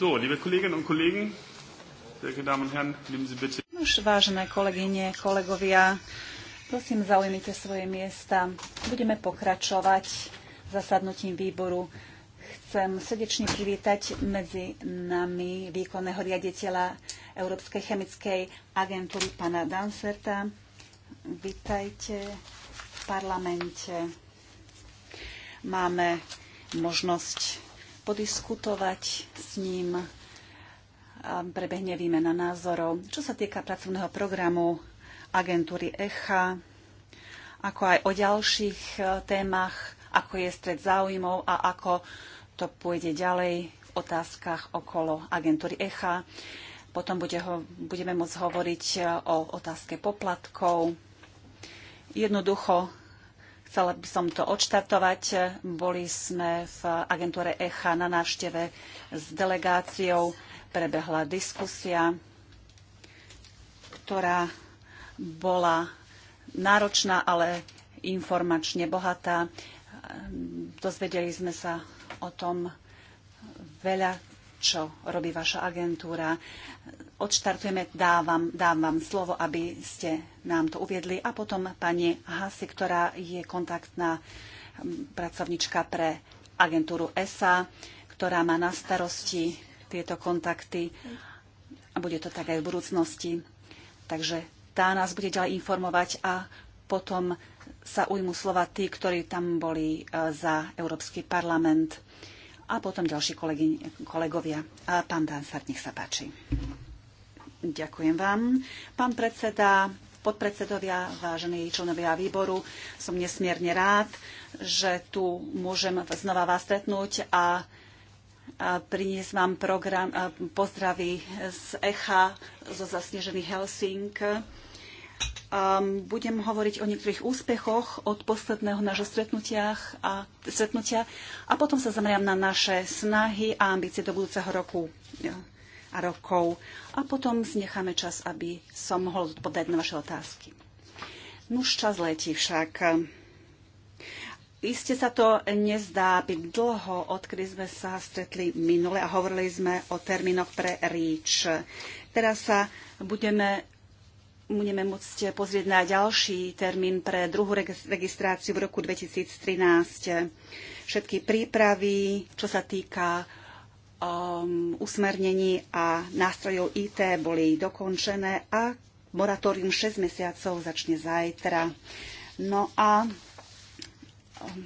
So, liebe Kolleginnen und Kollegen, sehr geehrte Damen und Herren, nehmen Sie bitte. Už vážené kolegyne, kolegovia, prosím zaujímite svoje miesta. Budeme pokračovať zasadnutím výboru. Chcem srdečne privítať medzi nami výkonného riaditeľa Európskej chemickej agentúry pana Danserta. Vítajte v parlamente. Máme možnosť podiskutovať s ním. A prebehne výmena názorov. Čo sa týka pracovného programu agentúry ECHA, ako aj o ďalších e, témach, ako je stred záujmov a ako to pôjde ďalej v otázkach okolo agentúry ECHA. Potom bude ho, budeme môcť hovoriť e, o otázke poplatkov. Jednoducho Chcela by som to odštartovať. Boli sme v agentúre ECHA na návšteve s delegáciou. Prebehla diskusia, ktorá bola náročná, ale informačne bohatá. Dozvedeli sme sa o tom veľa, čo robí vaša agentúra odštartujeme, dávam, dám vám slovo, aby ste nám to uviedli a potom pani Hasi, ktorá je kontaktná hm, pracovnička pre agentúru ESA, ktorá má na starosti tieto kontakty a bude to tak aj v budúcnosti. Takže tá nás bude ďalej informovať a potom sa ujmu slova tí, ktorí tam boli e, za Európsky parlament a potom ďalší kolegy, kolegovia. A pán Dansart, nech sa páči. Ďakujem vám. Pán predseda, podpredsedovia, vážení členovia výboru, som nesmierne rád, že tu môžem znova vás stretnúť a priniesť vám program, pozdravy z ECHA, zo zasnežených Helsing. Budem hovoriť o niektorých úspechoch od posledného nášho stretnutia a, stretnutia a potom sa zameriam na naše snahy a ambície do budúceho roku a rokov a potom necháme čas, aby som mohol odpovedať na vaše otázky. Nuž čas letí však. Iste sa to nezdá byť dlho, odkedy sme sa stretli minule a hovorili sme o termínoch pre REACH. Teraz sa budeme budeme môcť pozrieť na ďalší termín pre druhú registráciu v roku 2013. Všetky prípravy, čo sa týka um, usmernení a nástrojov IT boli dokončené a moratórium 6 mesiacov začne zajtra. No a um,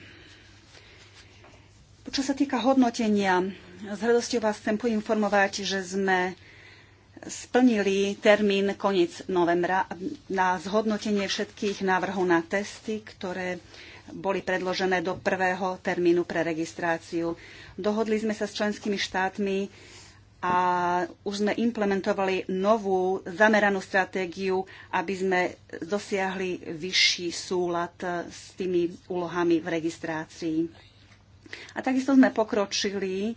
čo sa týka hodnotenia, s radosťou vás chcem poinformovať, že sme splnili termín koniec novembra na zhodnotenie všetkých návrhov na testy, ktoré uh, boli predložené do prvého termínu pre registráciu. Dohodli sme sa s členskými štátmi a už sme implementovali novú zameranú stratégiu, aby sme dosiahli vyšší súlad s tými úlohami v registrácii. A takisto sme pokročili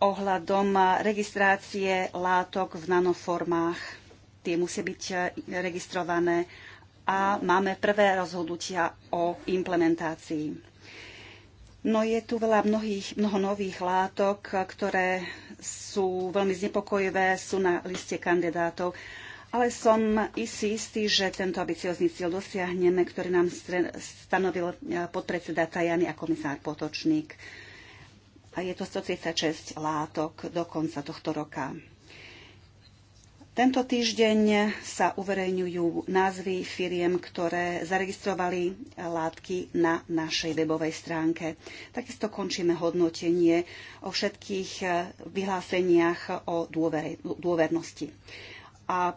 ohľadom registrácie látok v nanoformách. Tie musia byť registrované a máme prvé rozhodnutia o implementácii. No je tu veľa mnohých, mnoho nových látok, ktoré sú veľmi znepokojivé, sú na liste kandidátov. Ale som istý, si istý, že tento ambiciozný cieľ dosiahneme, ktorý nám stanovil e, podpredseda Tajany a komisár Potočník. A je to 136 látok do konca tohto roka. Tento týždeň sa uverejňujú názvy firiem, ktoré zaregistrovali látky na našej webovej stránke. Takisto končíme hodnotenie o všetkých eh, vyhláseniach o dôver, dôvernosti. A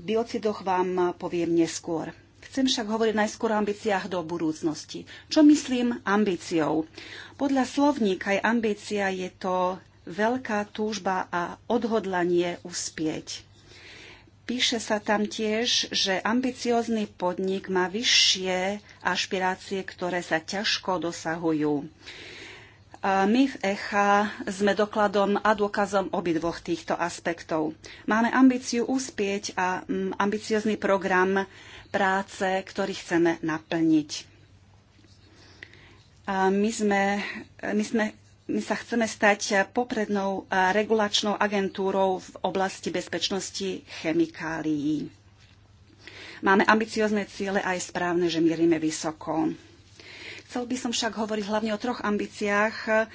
biocidoch vám poviem neskôr. Chcem však hovoriť najskôr o ambíciách do budúcnosti. Čo myslím ambíciou? Podľa slovníka je ambícia je to veľká túžba a odhodlanie uspieť. Píše sa tam tiež, že ambiciózny podnik má vyššie ašpirácie, ktoré sa ťažko dosahujú. A my v ECHA sme dokladom a dôkazom obidvoch týchto aspektov. Máme ambíciu uspieť a mm, ambiciózny program práce, ktorý chceme naplniť. A my sme, my sme my sa chceme stať poprednou regulačnou agentúrou v oblasti bezpečnosti chemikálií. Máme ambiciozne ciele a je správne, že mierime vysoko. Chcel by som však hovoriť hlavne o troch ambíciách.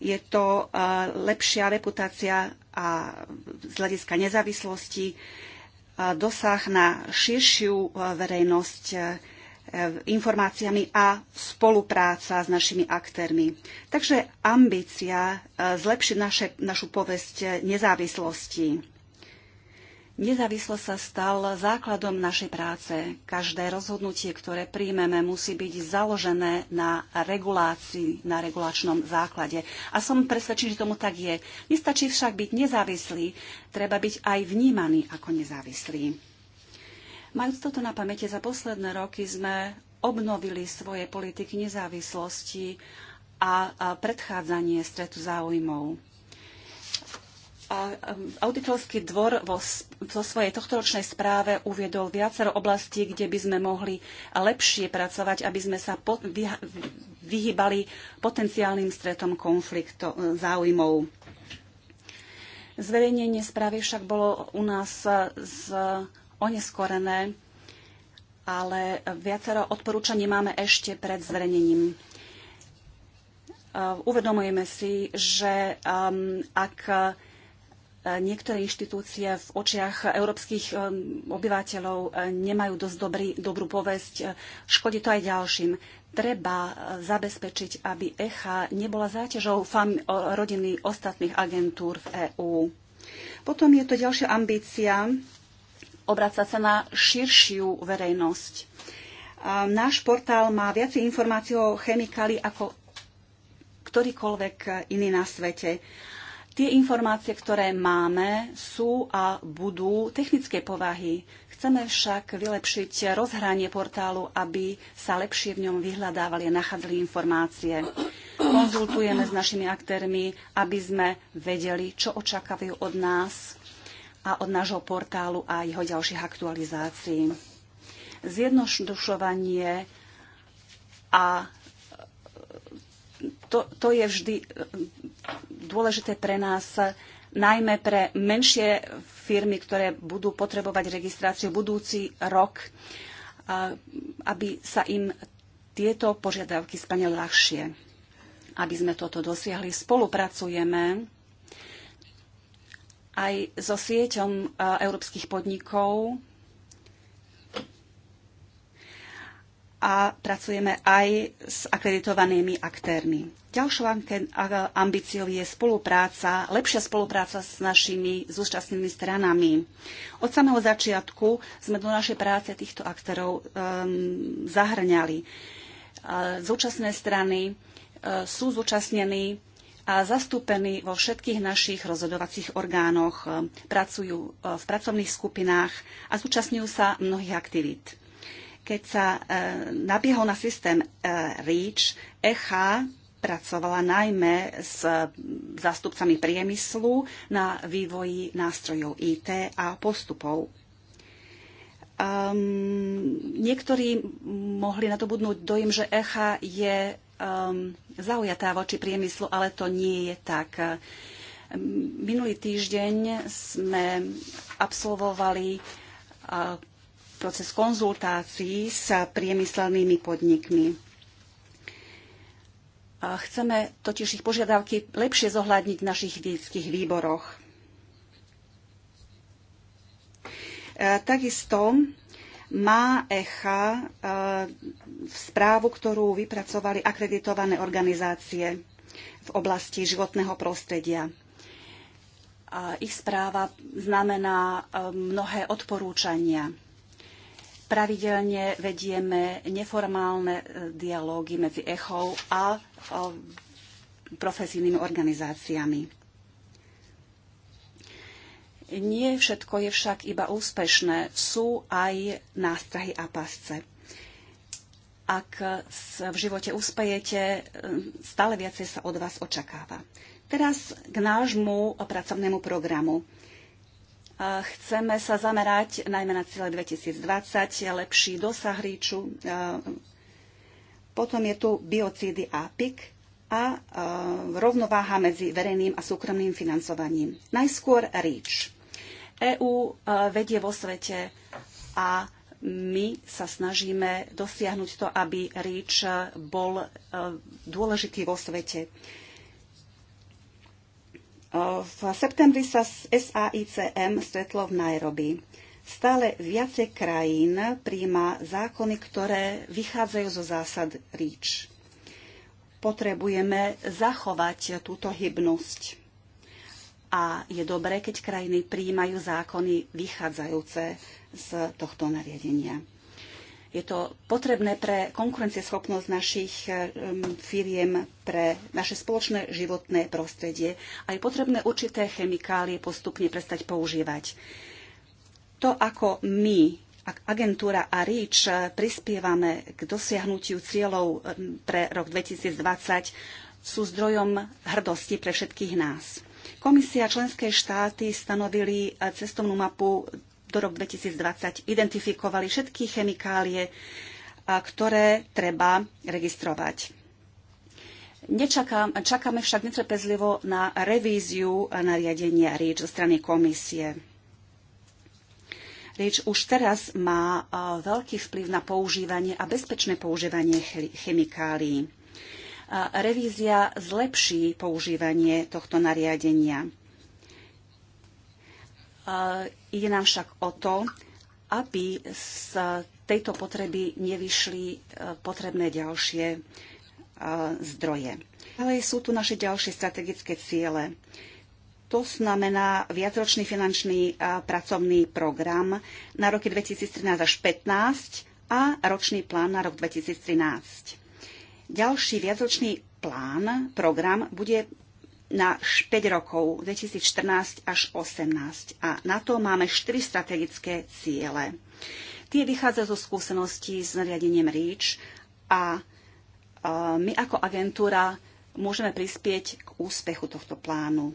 Je to eh, lepšia reputácia a z hľadiska nezávislosti, eh, dosah na širšiu eh, verejnosť, informáciami a spolupráca s našimi aktérmi. Takže ambícia e, zlepšiť naše, našu povesť nezávislosti. Nezávislosť sa stal základom našej práce. Každé rozhodnutie, ktoré príjmeme, musí byť založené na regulácii, na regulačnom základe. A som presvedčený, že tomu tak je. Nestačí však byť nezávislý, treba byť aj vnímaný ako nezávislý. Majúc toto na pamäte, za posledné roky sme obnovili svoje politiky nezávislosti a predchádzanie stretu záujmov. auditorský dvor vo, vo svojej tohtoročnej správe uviedol viacero oblastí, kde by sme mohli lepšie pracovať, aby sme sa po, vy, vyhybali potenciálnym stretom konflikto, e, záujmov. Zverejnenie správy však bolo u nás z, oneskorené, ale viacero odporúčaní máme ešte pred zverejnením. Uh, uvedomujeme si, že um, ak uh, niektoré inštitúcie v očiach európskych um, obyvateľov uh, nemajú dosť dobrý, dobrú povesť. Škodí to aj ďalším. Treba zabezpečiť, aby ECHA nebola záťažou rodiny ostatných agentúr v EÚ. Potom je to ďalšia ambícia obracať sa na širšiu verejnosť. Náš portál má viacej informácií o chemikáli ako ktorýkoľvek iný na svete. Tie informácie, ktoré máme, sú a budú technické povahy. Chceme však vylepšiť rozhranie portálu, aby sa lepšie v ňom vyhľadávali a nachádzali informácie. Konzultujeme s našimi aktérmi, aby sme vedeli, čo očakávajú od nás a od nášho portálu a jeho ďalších aktualizácií. Zjednodušovanie a e, to, to je vždy e, dôležité pre nás, najmä pre menšie firmy, ktoré budú potrebovať registráciu budúci rok, e, aby sa im tieto požiadavky splnili ľahšie. Aby sme toto dosiahli, spolupracujeme aj so sieťom e, európskych podnikov a pracujeme aj s akreditovanými aktérmi. Ďalšou ambíciou je spolupráca, lepšia spolupráca s našimi zúčastnými stranami. Od samého začiatku sme do našej práce týchto aktérov um, zahrňali. E, Zúčastné strany uh, sú zúčastnení a zastúpení vo všetkých našich rozhodovacích orgánoch, e, pracujú e, v pracovných skupinách a zúčastňujú sa mnohých aktivít. Keď sa e, nabiehol na systém REACH, EH pracovala najmä s zástupcami priemyslu na vývoji nástrojov IT a postupov. Um, niektorí mohli nadobudnúť dojem, že ECHA je um, zaujatá voči priemyslu, ale to nie je tak. Minulý týždeň sme absolvovali uh, proces konzultácií s priemyselnými podnikmi. A chceme totiž ich požiadavky lepšie zohľadniť v našich vedeckých výboroch. E, takisto má ECHA e, v správu, ktorú vypracovali akreditované organizácie v oblasti životného prostredia. A ich správa znamená e, mnohé odporúčania. Pravidelne vedieme neformálne e, dialógy medzi ECHO a profesijnými organizáciami. Nie všetko je však iba úspešné. Sú aj nástrahy a pasce. Ak v živote uspejete, stále viacej sa od vás očakáva. Teraz k nášmu pracovnému programu. Chceme sa zamerať najmä na cieľe 2020, lepší dosah ríču. Potom je tu biocídy a PIK, a rovnováha medzi verejným a súkromným financovaním. Najskôr REACH. EÚ e, vedie vo svete a my sa snažíme dosiahnuť to, aby REACH bol e, dôležitý vo svete. E, v septembri sa SAICM stretlo v Nairobi. Stále viacej krajín príjma zákony, ktoré vychádzajú zo zásad REACH. Potrebujeme zachovať túto hybnosť a je dobré, keď krajiny prijímajú zákony vychádzajúce z tohto nariadenia. Je to potrebné pre konkurencieschopnosť našich firiem, pre naše spoločné životné prostredie a je potrebné určité chemikálie postupne prestať používať. To, ako my agentúra a REACH prispievame k dosiahnutiu cieľov pre rok 2020, sú zdrojom hrdosti pre všetkých nás. Komisia a členské štáty stanovili e, cestovnú mapu do roku 2020. Identifikovali všetky chemikálie, e, ktoré treba registrovať. Nečakám, čakáme však netrpezlivo na revíziu nariadenia REACH zo strany komisie. REACH už teraz má e, veľký vplyv na používanie a bezpečné používanie chemikálií revízia zlepší používanie tohto nariadenia. Ide nám však o to, aby z tejto potreby nevyšli e, potrebné ďalšie e, zdroje. Ale sú tu naše ďalšie strategické ciele. To znamená viacročný finančný e, pracovný program na roky 2013 až 2015 a ročný plán na rok 2013. Ďalší viacročný plán, program bude na 5 rokov 2014 až 2018 a na to máme 4 strategické ciele. Tie vychádzajú zo skúseností s nariadením REACH a e, my ako agentúra môžeme prispieť k úspechu tohto plánu. E,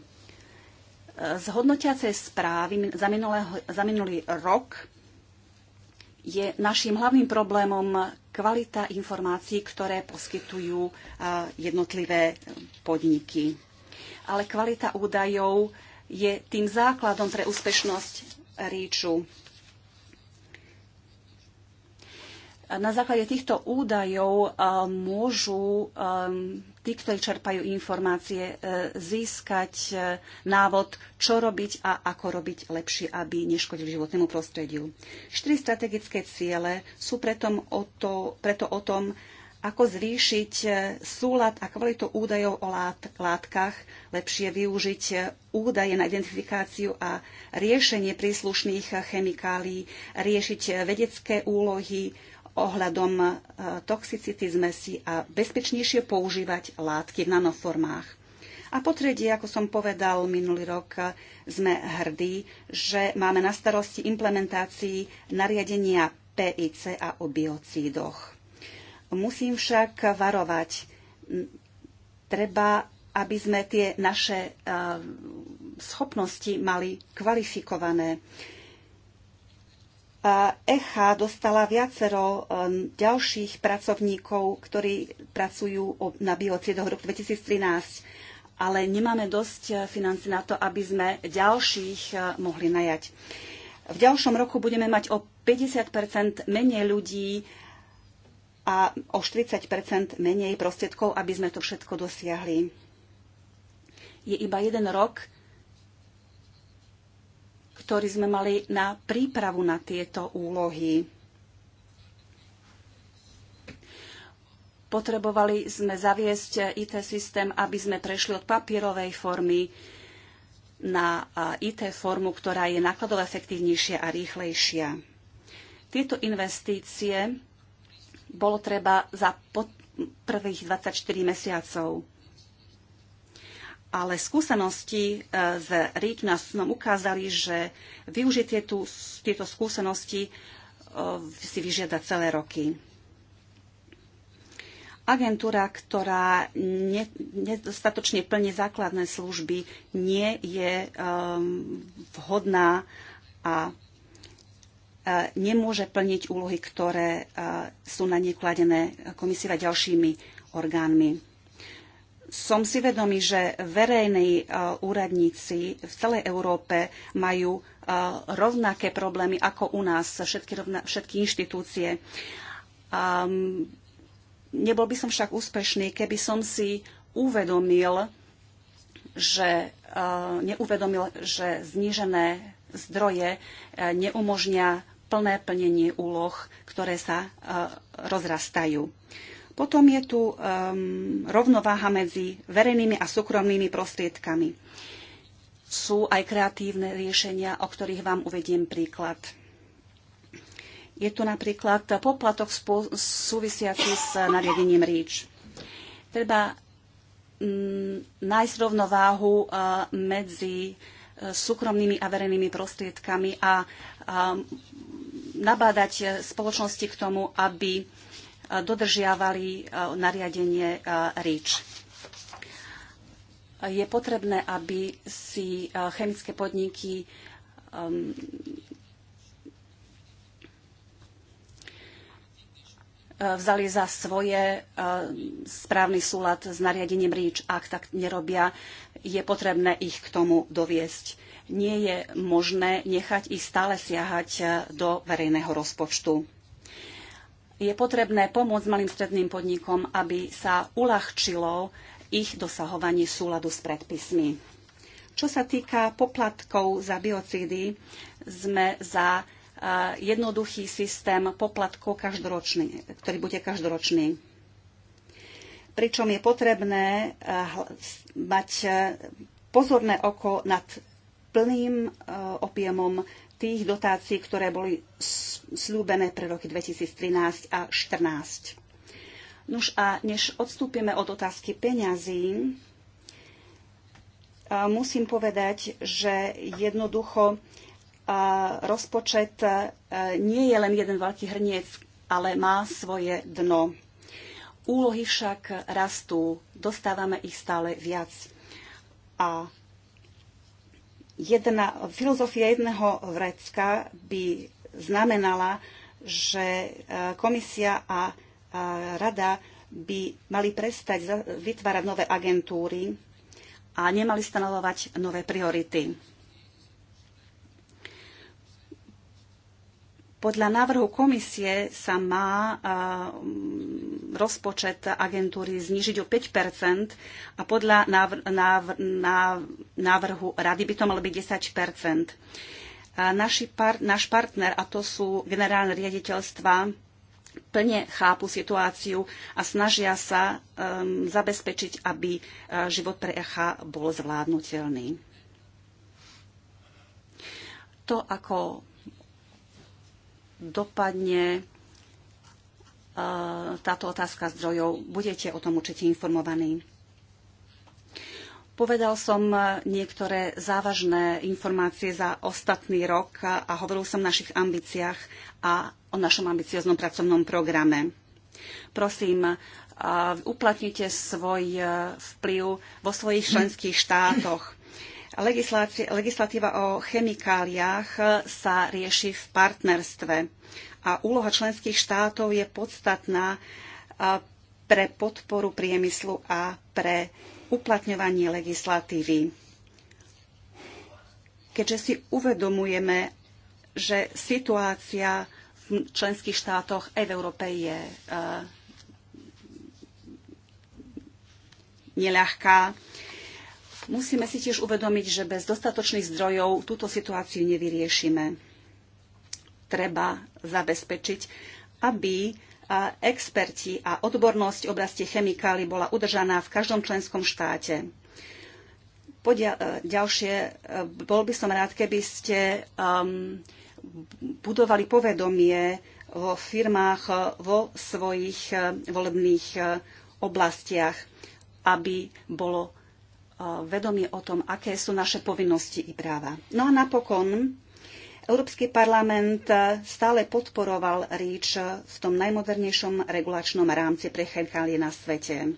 Z hodnotiacej správy za, minulého, za minulý rok je našim hlavným problémom kvalita informácií, ktoré poskytujú jednotlivé podniky. Ale kvalita údajov je tým základom pre úspešnosť ríču. Na základe týchto údajov môžu tí, ktorí čerpajú informácie, e, získať e, návod, čo robiť a ako robiť lepšie, aby neškodili životnému prostrediu. Štyri strategické ciele sú preto o, to, preto o tom, ako zvýšiť e, súlad a kvalitu údajov o látkach, lepšie využiť údaje na identifikáciu a riešenie príslušných chemikálií, riešiť vedecké úlohy, ohľadom e, toxicity zmesi a bezpečnejšie používať látky v nanoformách. A po tretie, ako som povedal minulý rok, sme hrdí, že máme na starosti implementácii nariadenia PIC a o biocídoch. Musím však varovať, treba, aby sme tie naše e, schopnosti mali kvalifikované ECHA dostala viacero e, ďalších pracovníkov, ktorí pracujú na biocidoch roku 2013, ale nemáme dosť e, financí na to, aby sme ďalších e, mohli najať. V ďalšom roku budeme mať o 50 menej ľudí a o 40 menej prostriedkov, aby sme to všetko dosiahli. Je iba jeden rok, ktorý sme mali na prípravu na tieto úlohy. Potrebovali sme zaviesť IT systém, aby sme prešli od papierovej formy na IT formu, ktorá je nákladovo efektívnejšia a rýchlejšia. Tieto investície bolo treba za prvých 24 mesiacov ale skúsenosti e, z RIK nás nám ukázali, že využiť tieto, tieto skúsenosti e, si vyžiada celé roky. Agentúra, ktorá nedostatočne plne základné služby, nie je e, vhodná a nemôže plniť úlohy, ktoré sú na nej kladené komisiou a ďalšími orgánmi som si vedomý, že verejní e, úradníci v celej Európe majú e, rovnaké problémy ako u nás, všetky, rovna, všetky inštitúcie. Um, nebol by som však úspešný, keby som si uvedomil, že uh, neuvedomil, že znížené zdroje uh, neumožňa plné plnenie úloh, ktoré sa uh, rozrastajú. Uh, potom je tu um, rovnováha medzi verejnými a súkromnými prostriedkami. Sú aj kreatívne riešenia, o ktorých vám uvediem príklad. Je tu napríklad poplatok súvisiaci s nariadením ríč. Treba mm, nájsť rovnováhu uh, medzi uh, súkromnými a verejnými prostriedkami a um, nabádať uh, spoločnosti k tomu, aby dodržiavali e, nariadenie e, REACH je potrebné, aby si e, chemické podniky um, vzali za svoje správny súlad s nariadením REACH. Ak tak nerobia, je potrebné ich k tomu doviesť. Nie je možné nechať ich stále siahať do verejného rozpočtu je potrebné pomôcť malým stredným podnikom, aby sa uľahčilo ich dosahovanie súladu s predpismi. Čo sa týka poplatkov za biocídy, sme za e, jednoduchý systém poplatkov každoročný, ktorý bude každoročný. Pričom je potrebné e, mať e, pozorné oko nad plným objemom tých dotácií, ktoré boli slúbené pre roky 2013 a 2014. Nuž a než odstúpime od otázky peňazí, musím povedať, že jednoducho rozpočet nie je len jeden veľký hrniec, ale má svoje dno. Úlohy však rastú, dostávame ich stále viac. A jedna, filozofia jedného vrecka by znamenala, že e, komisia a e, rada by mali prestať vytvárať nové agentúry a nemali stanovovať nové priority. Podľa návrhu komisie sa má e, rozpočet agentúry znižiť o 5 a podľa návrhu rady by to malo byť 10 Naši par, náš partner, a to sú generálne riaditeľstva, plne chápu situáciu a snažia sa um, zabezpečiť, aby uh, život pre ECHA bol zvládnutelný. To, ako dopadne E, táto otázka zdrojov. Budete o tom určite informovaní. Povedal som niektoré závažné informácie za ostatný rok a hovoril som o našich ambíciách a o našom ambicioznom pracovnom programe. Prosím, e, uplatnite svoj e, vplyv vo svojich členských štátoch. Legislatíva o chemikáliách sa rieši v partnerstve a úloha členských štátov je podstatná pre podporu priemyslu a pre uplatňovanie legislatívy. Keďže si uvedomujeme, že situácia v členských štátoch aj v Európe je neľahká, musíme si tiež uvedomiť, že bez dostatočných zdrojov túto situáciu nevyriešime. Treba zabezpečiť, aby experti a odbornosť v oblasti chemikály bola udržaná v každom členskom štáte. Podia- e, ďalšie, e, bol by som rád, keby ste um, budovali povedomie vo firmách e, vo svojich volebných oblastiach, aby bolo vedomie o tom, aké sú naše povinnosti i práva. No a napokon Európsky parlament e, stále podporoval REACH v tom najmodernejšom regulačnom rámci pre chemikálie na svete.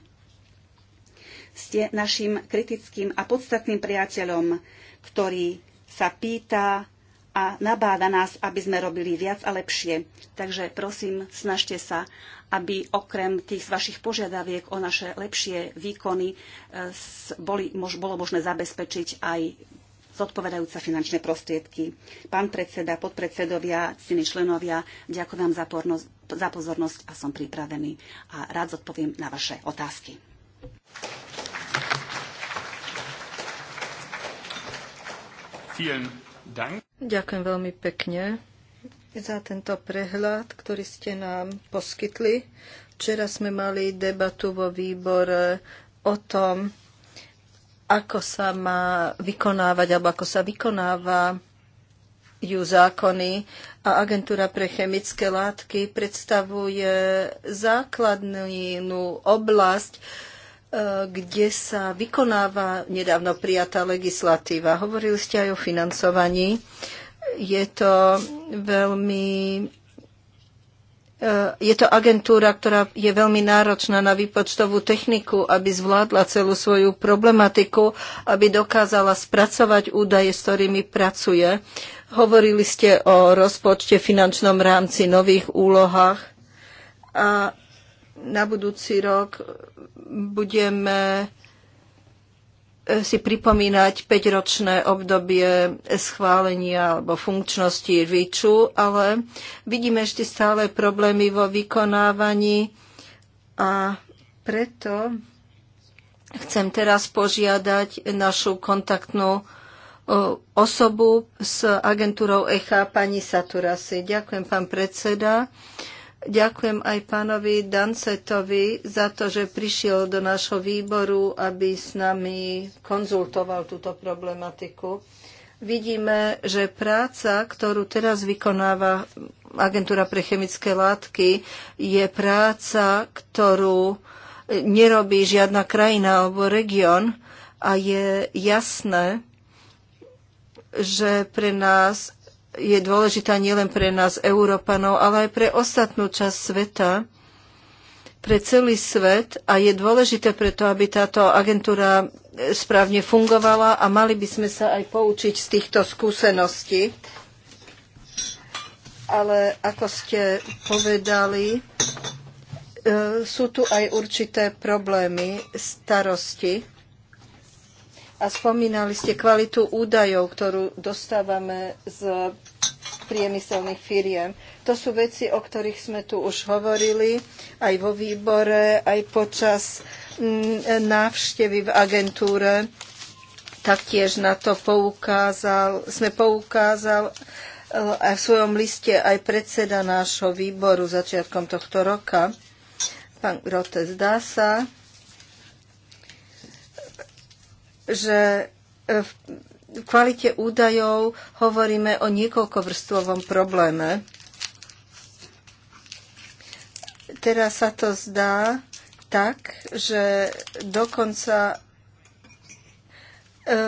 Ste našim kritickým a podstatným priateľom, ktorý sa pýta a nabáda nás, aby sme robili viac a lepšie. Takže prosím, snažte sa, aby okrem tých vašich požiadaviek o naše lepšie výkony e, boli, bolo možné zabezpečiť aj zodpovedajúce finančné prostriedky. Pán predseda, podpredsedovia, ctení členovia, ďakujem vám za, pornosť, za pozornosť a som pripravený a rád zodpoviem na vaše otázky. Ďakujem veľmi pekne za tento prehľad, ktorý ste nám poskytli. Včera sme mali debatu vo výbore o tom, ako sa má vykonávať alebo ako sa vykonáva ju zákony a agentúra pre chemické látky predstavuje základnú oblasť, e, kde sa vykonáva nedávno prijatá legislatíva. Hovorili ste aj o financovaní. Je to veľmi Eh, je to agentúra, ktorá je veľmi náročná na výpočtovú techniku, aby zvládla celú svoju problematiku, aby dokázala spracovať údaje, s ktorými pracuje. Hovorili ste o rozpočte, finančnom rámci, nových úlohách a na budúci rok budeme si pripomínať 5-ročné obdobie schválenia alebo funkčnosti REACHu, ale vidíme ešte stále problémy vo vykonávaní a preto chcem teraz požiadať našu kontaktnú osobu s agentúrou ECHA, pani Saturasi. Ďakujem, pán predseda. Ďakujem aj pánovi Dancetovi za to, že prišiel do nášho výboru, aby s nami konzultoval túto problematiku. Vidíme, že práca, ktorú teraz vykonáva Agentúra pre chemické látky, je práca, ktorú nerobí žiadna krajina alebo región a je jasné, že pre nás je dôležitá nielen pre nás, Európanov, ale aj pre ostatnú časť sveta, pre celý svet a je dôležité preto, aby táto agentúra e, správne fungovala a mali by sme sa aj poučiť z týchto skúseností. Ale ako ste povedali, e, sú tu aj určité problémy, starosti a spomínali ste kvalitu údajov, ktorú dostávame z priemyselných firiem. To sú veci, o ktorých sme tu už hovorili aj vo výbore, aj počas mm, návštevy v agentúre. Taktiež na to poukázal, sme poukázal aj eh, v svojom liste aj predseda nášho výboru začiatkom tohto roka. Pán Grote, zdá sa, že e, v kvalite údajov hovoríme o niekoľkovrstvovom probléme. Teraz sa to zdá tak, že dokonca e,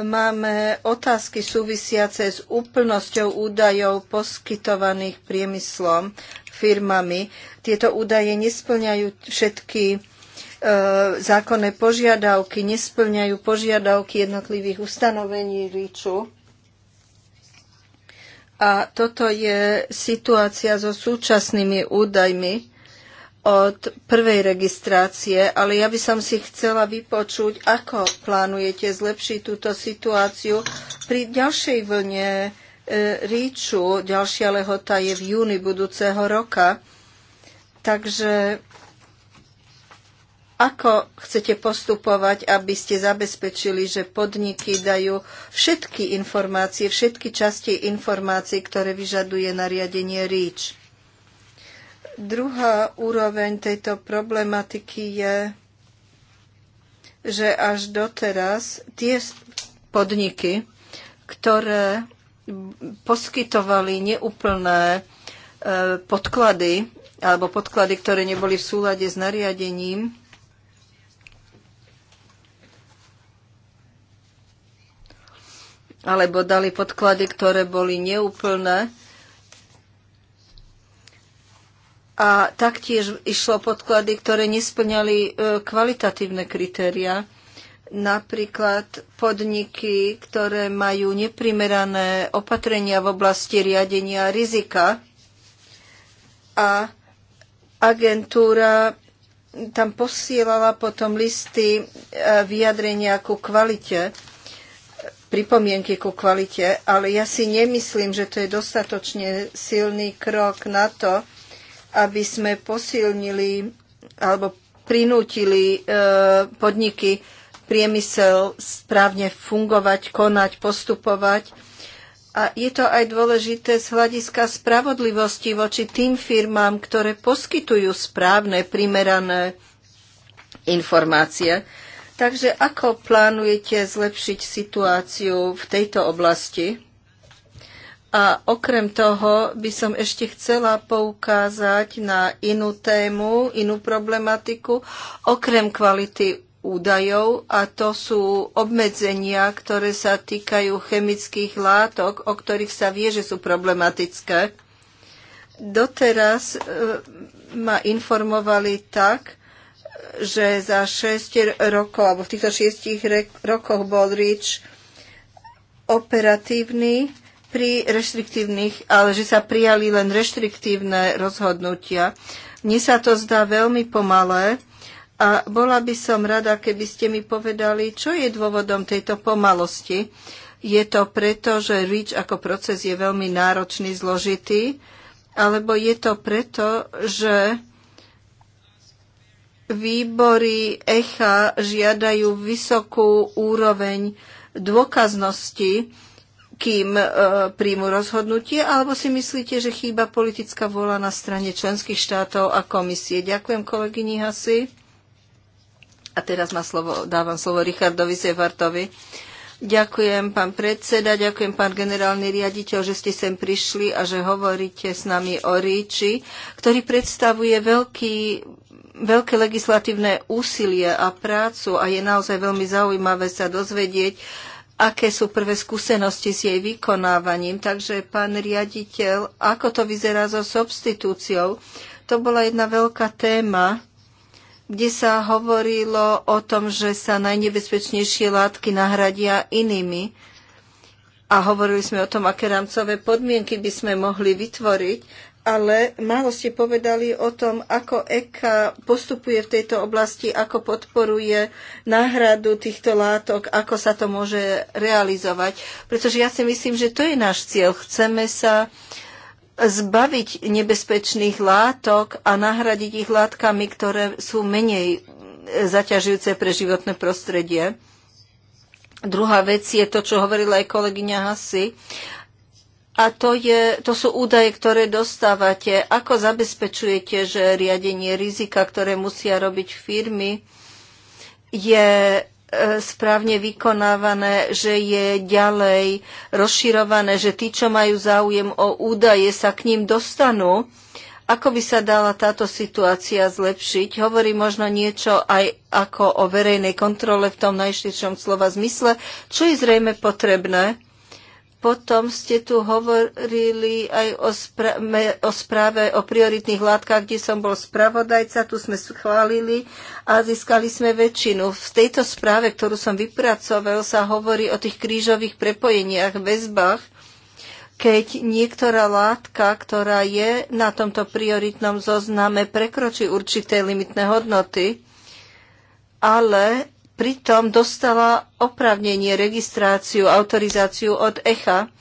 máme otázky súvisiace s úplnosťou údajov poskytovaných priemyslom, firmami. Tieto údaje nesplňajú všetky E, zákonné požiadavky, nesplňajú požiadavky jednotlivých ustanovení ríču. A toto je situácia so súčasnými údajmi od prvej registrácie, ale ja by som si chcela vypočuť, ako plánujete zlepšiť túto situáciu pri ďalšej vlne e, ríču. Ďalšia lehota je v júni budúceho roka. Takže ako chcete postupovať, aby ste zabezpečili, že podniky dajú všetky informácie, všetky časti informácií, ktoré vyžaduje nariadenie REACH? Druhá úroveň tejto problematiky je, že až doteraz tie podniky, ktoré poskytovali neúplné e, podklady alebo podklady, ktoré neboli v súlade s nariadením, alebo dali podklady, ktoré boli neúplné. A taktiež išlo podklady, ktoré nesplňali e, kvalitatívne kritéria. Napríklad podniky, ktoré majú neprimerané opatrenia v oblasti riadenia rizika a agentúra tam posielala potom listy e, vyjadrenia ku kvalite pripomienky ku kvalite, ale ja si nemyslím, že to je dostatočne silný krok na to, aby sme posilnili alebo prinútili e, podniky priemysel správne fungovať, konať, postupovať. A je to aj dôležité z hľadiska spravodlivosti voči tým firmám, ktoré poskytujú správne, primerané informácie. Takže ako plánujete zlepšiť situáciu v tejto oblasti? A okrem toho by som ešte chcela poukázať na inú tému, inú problematiku, okrem kvality údajov a to sú obmedzenia, ktoré sa týkajú chemických látok, o ktorých sa vie, že sú problematické. Doteraz e, ma informovali tak, že za 6 rokov, alebo v týchto 6 rokoch bol REACH operatívny pri reštriktívnych, ale že sa prijali len reštriktívne rozhodnutia. Mne sa to zdá veľmi pomalé a bola by som rada, keby ste mi povedali, čo je dôvodom tejto pomalosti. Je to preto, že REACH ako proces je veľmi náročný, zložitý, alebo je to preto, že výbory ECHA žiadajú vysokú úroveň dôkaznosti, kým e, príjmu rozhodnutie, alebo si myslíte, že chýba politická vola na strane členských štátov a komisie? Ďakujem kolegyni Hasi. A teraz má slovo, dávam slovo Richardovi Sevartovi. Ďakujem, pán predseda, ďakujem, pán generálny riaditeľ, že ste sem prišli a že hovoríte s nami o Ríči, ktorý predstavuje veľký veľké legislatívne úsilie a prácu a je naozaj veľmi zaujímavé sa dozvedieť, aké sú prvé skúsenosti s jej vykonávaním. Takže, pán riaditeľ, ako to vyzerá so substitúciou? To bola jedna veľká téma, kde sa hovorilo o tom, že sa najnebezpečnejšie látky nahradia inými. A hovorili sme o tom, aké rámcové podmienky by sme mohli vytvoriť ale málo ste povedali o tom, ako EKA postupuje v tejto oblasti, ako podporuje náhradu týchto látok, ako sa to môže realizovať. Pretože ja si myslím, že to je náš cieľ. Chceme sa zbaviť nebezpečných látok a nahradiť ich látkami, ktoré sú menej zaťažujúce pre životné prostredie. Druhá vec je to, čo hovorila aj kolegyňa Hasi a to, je, to sú údaje, ktoré dostávate. Ako zabezpečujete, že riadenie rizika, ktoré musia robiť firmy, je e, správne vykonávané, že je ďalej rozširované, že tí, čo majú záujem o údaje, sa k ním dostanú. Ako by sa dala táto situácia zlepšiť? Hovorí možno niečo aj ako o verejnej kontrole v tom najširšom slova zmysle, čo je zrejme potrebné. Potom ste tu hovorili aj o, spra- o správe o prioritných látkach, kde som bol spravodajca, tu sme schválili a získali sme väčšinu. V tejto správe, ktorú som vypracoval, sa hovorí o tých krížových prepojeniach, väzbách, keď niektorá látka, ktorá je na tomto prioritnom zozname, prekročí určité limitné hodnoty, ale pritom dostala opravnenie, registráciu, autorizáciu od ECHA.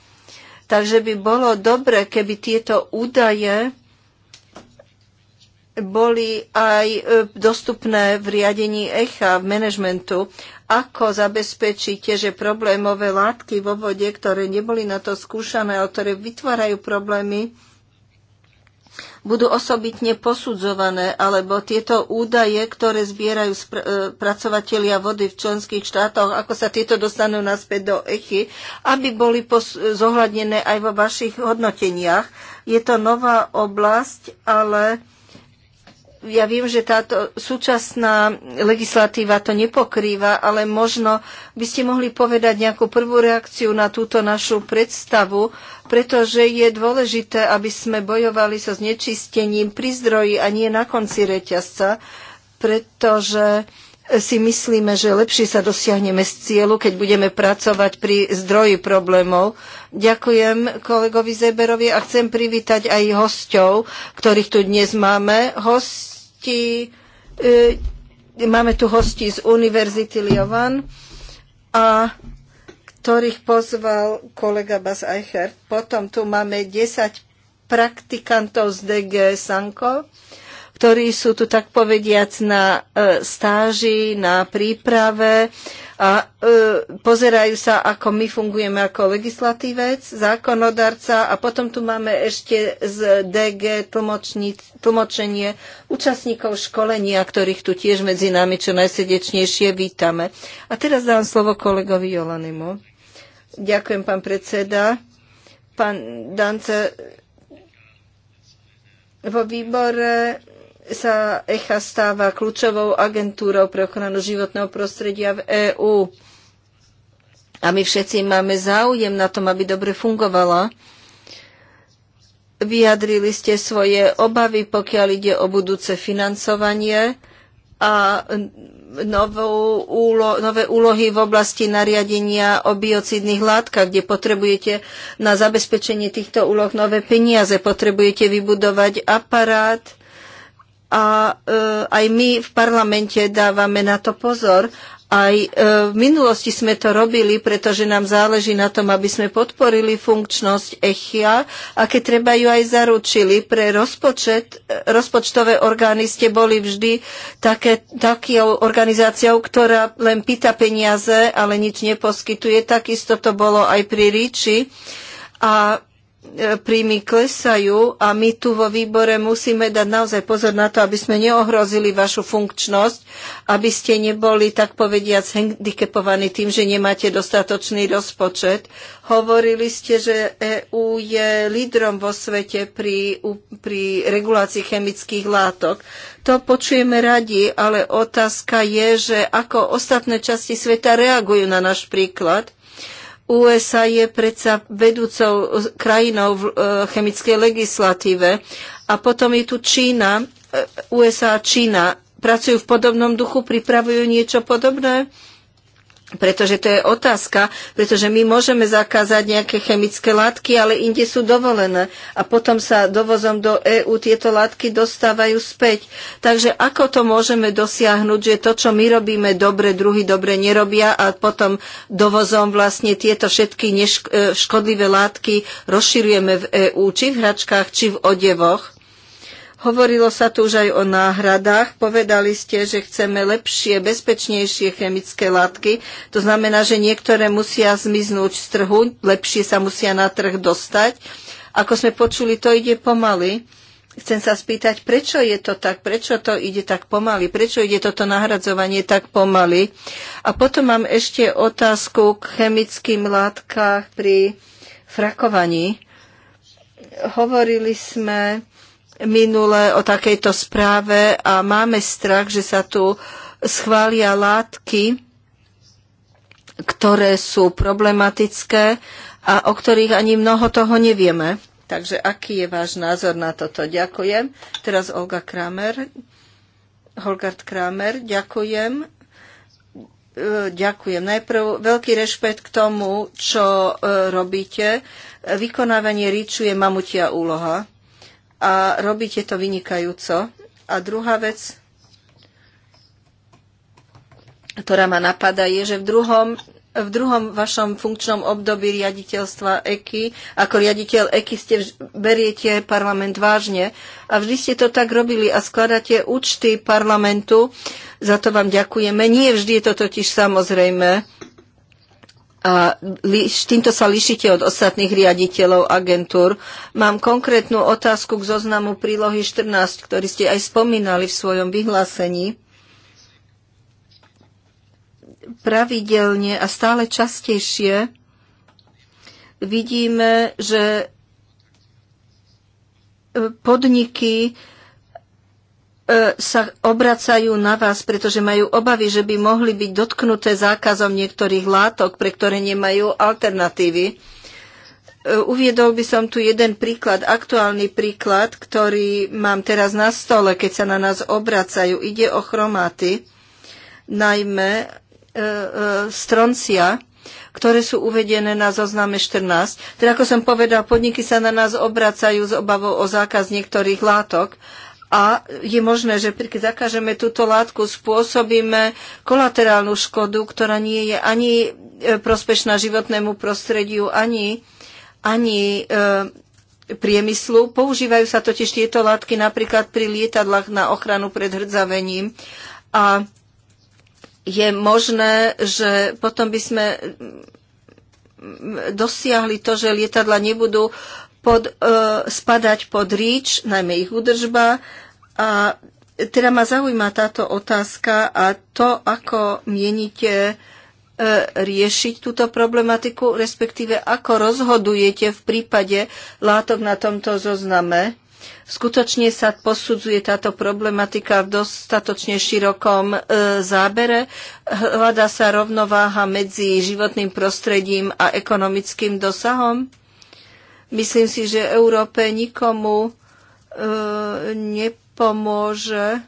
Takže by bolo dobre, keby tieto údaje boli aj e, dostupné v riadení ECHA, v manažmentu. Ako zabezpečíte, že problémové látky vo vode, ktoré neboli na to skúšané, ale ktoré vytvárajú problémy, budú osobitne posudzované, alebo tieto údaje, ktoré zbierajú spr- e, pracovatelia vody v členských štátoch, ako sa tieto dostanú naspäť do ECHY, aby boli zohľadnené aj vo vašich hodnoteniach. Je to nová oblasť, ale ja viem, že táto súčasná legislatíva to nepokrýva, ale možno by ste mohli povedať nejakú prvú reakciu na túto našu predstavu, pretože je dôležité, aby sme bojovali so znečistením pri zdroji a nie na konci reťazca, pretože uh, si myslíme, že lepšie sa dosiahneme z cieľu, keď budeme pracovať pri zdroji problémov. Ďakujem kolegovi Zeberovi a chcem privítať aj hostov, ktorých tu dnes máme. Hosti, e, máme tu hosti z Univerzity Liovan a ktorých pozval kolega Bas Eichert. Potom tu máme 10 praktikantov z DG Sanko ktorí sú tu tak povediac na e, stáži, na príprave a e, pozerajú sa, ako my fungujeme ako legislatívec, zákonodarca a potom tu máme ešte z DG tlmočenie účastníkov školenia, ktorých tu tiež medzi nami čo najsrdečnejšie vítame. A teraz dám slovo kolegovi Jolanimu. Ďakujem, pán predseda. Pán Dance, vo výbore sa ECHA stáva kľúčovou agentúrou pre ochranu životného prostredia v EÚ. A my všetci máme záujem na tom, aby dobre fungovala. Vyjadrili ste svoje obavy, pokiaľ ide o budúce financovanie a úlo- nové úlohy v oblasti nariadenia o biocidných látkach, kde potrebujete na zabezpečenie týchto úloh nové peniaze, potrebujete vybudovať aparát, a e, aj my v parlamente dávame na to pozor. Aj e, v minulosti sme to robili, pretože nám záleží na tom, aby sme podporili funkčnosť ECHIA a keď treba ju aj zaručili. Pre rozpočet, e, rozpočtové orgány ste boli vždy také, takou organizáciou, ktorá len pýta peniaze, ale nič neposkytuje. Takisto to bolo aj pri Ríči. A E, príjmy klesajú a my tu vo výbore musíme dať naozaj pozor na to, aby sme neohrozili vašu funkčnosť, aby ste neboli, tak povediac, handicapovaní tým, že nemáte dostatočný rozpočet. Hovorili ste, že EÚ je lídrom vo svete pri, pri regulácii chemických látok. To počujeme radi, ale otázka je, že ako ostatné časti sveta reagujú na náš príklad – USA je predsa vedúcou krajinou v e, chemickej legislatíve. A potom je tu Čína, e, USA a Čína. Pracujú v podobnom duchu, pripravujú niečo podobné? Pretože to je otázka, pretože my môžeme zakázať nejaké chemické látky, ale inde sú dovolené. A potom sa dovozom do EÚ tieto látky dostávajú späť. Takže ako to môžeme dosiahnuť, že to, čo my robíme dobre, druhý dobre nerobia a potom dovozom vlastne tieto všetky neškodlivé e, látky rozširujeme v EÚ, či v hračkách, či v odevoch? Hovorilo sa tu už aj o náhradách. Povedali ste, že chceme lepšie, bezpečnejšie chemické látky. To znamená, že niektoré musia zmiznúť z trhu, lepšie sa musia na trh dostať. Ako sme počuli, to ide pomaly. Chcem sa spýtať, prečo je to tak, prečo to ide tak pomaly, prečo ide toto nahradzovanie tak pomaly. A potom mám ešte otázku k chemickým látkach pri frakovaní. Hovorili sme minule o takejto správe a máme strach, že sa tu schvália látky, ktoré sú problematické a o ktorých ani mnoho toho nevieme. Takže aký je váš názor na toto? Ďakujem. Teraz Olga Kramer. Holgard Kramer, ďakujem. Ďakujem. Najprv veľký rešpekt k tomu, čo e, robíte. Vykonávanie ríču je mamutia úloha a robíte to vynikajúco. A druhá vec, ktorá ma napadá, je, že v druhom v druhom vašom funkčnom období riaditeľstva EKI, ako riaditeľ EKI ste vž- beriete parlament vážne a vždy ste to tak robili a skladáte účty parlamentu, za to vám ďakujeme. Nie vždy je to totiž samozrejme a liš, týmto sa lišíte od ostatných riaditeľov agentúr. Mám konkrétnu otázku k zoznamu prílohy 14, ktorý ste aj spomínali v svojom vyhlásení. Pravidelne a stále častejšie vidíme, že podniky E, sa obracajú na vás, pretože majú obavy, že by mohli byť dotknuté zákazom niektorých látok, pre ktoré nemajú alternatívy. E, uviedol by som tu jeden príklad, aktuálny príklad, ktorý mám teraz na stole, keď sa na nás obracajú. Ide o chromáty, najmä e, e, stroncia, ktoré sú uvedené na zozname 14. Teda ako som povedal, podniky sa na nás obracajú s obavou o zákaz niektorých látok a je možné, že keď zakážeme túto látku, spôsobíme kolaterálnu škodu, ktorá nie je ani e, prospešná životnému prostrediu, ani, ani e, priemyslu. Používajú sa totiž tieto látky napríklad pri lietadlách na ochranu pred hrdzavením a je možné, že potom by sme dosiahli to, že lietadla nebudú pod, e, spadať pod ríč, najmä ich údržba. A teda ma zaujíma táto otázka a to, ako mienite e, riešiť túto problematiku, respektíve ako rozhodujete v prípade látok na tomto zozname. Skutočne sa posudzuje táto problematika v dostatočne širokom e, zábere. Hľada sa rovnováha medzi životným prostredím a ekonomickým dosahom. Myslím si, že Európe nikomu e, nepomôže,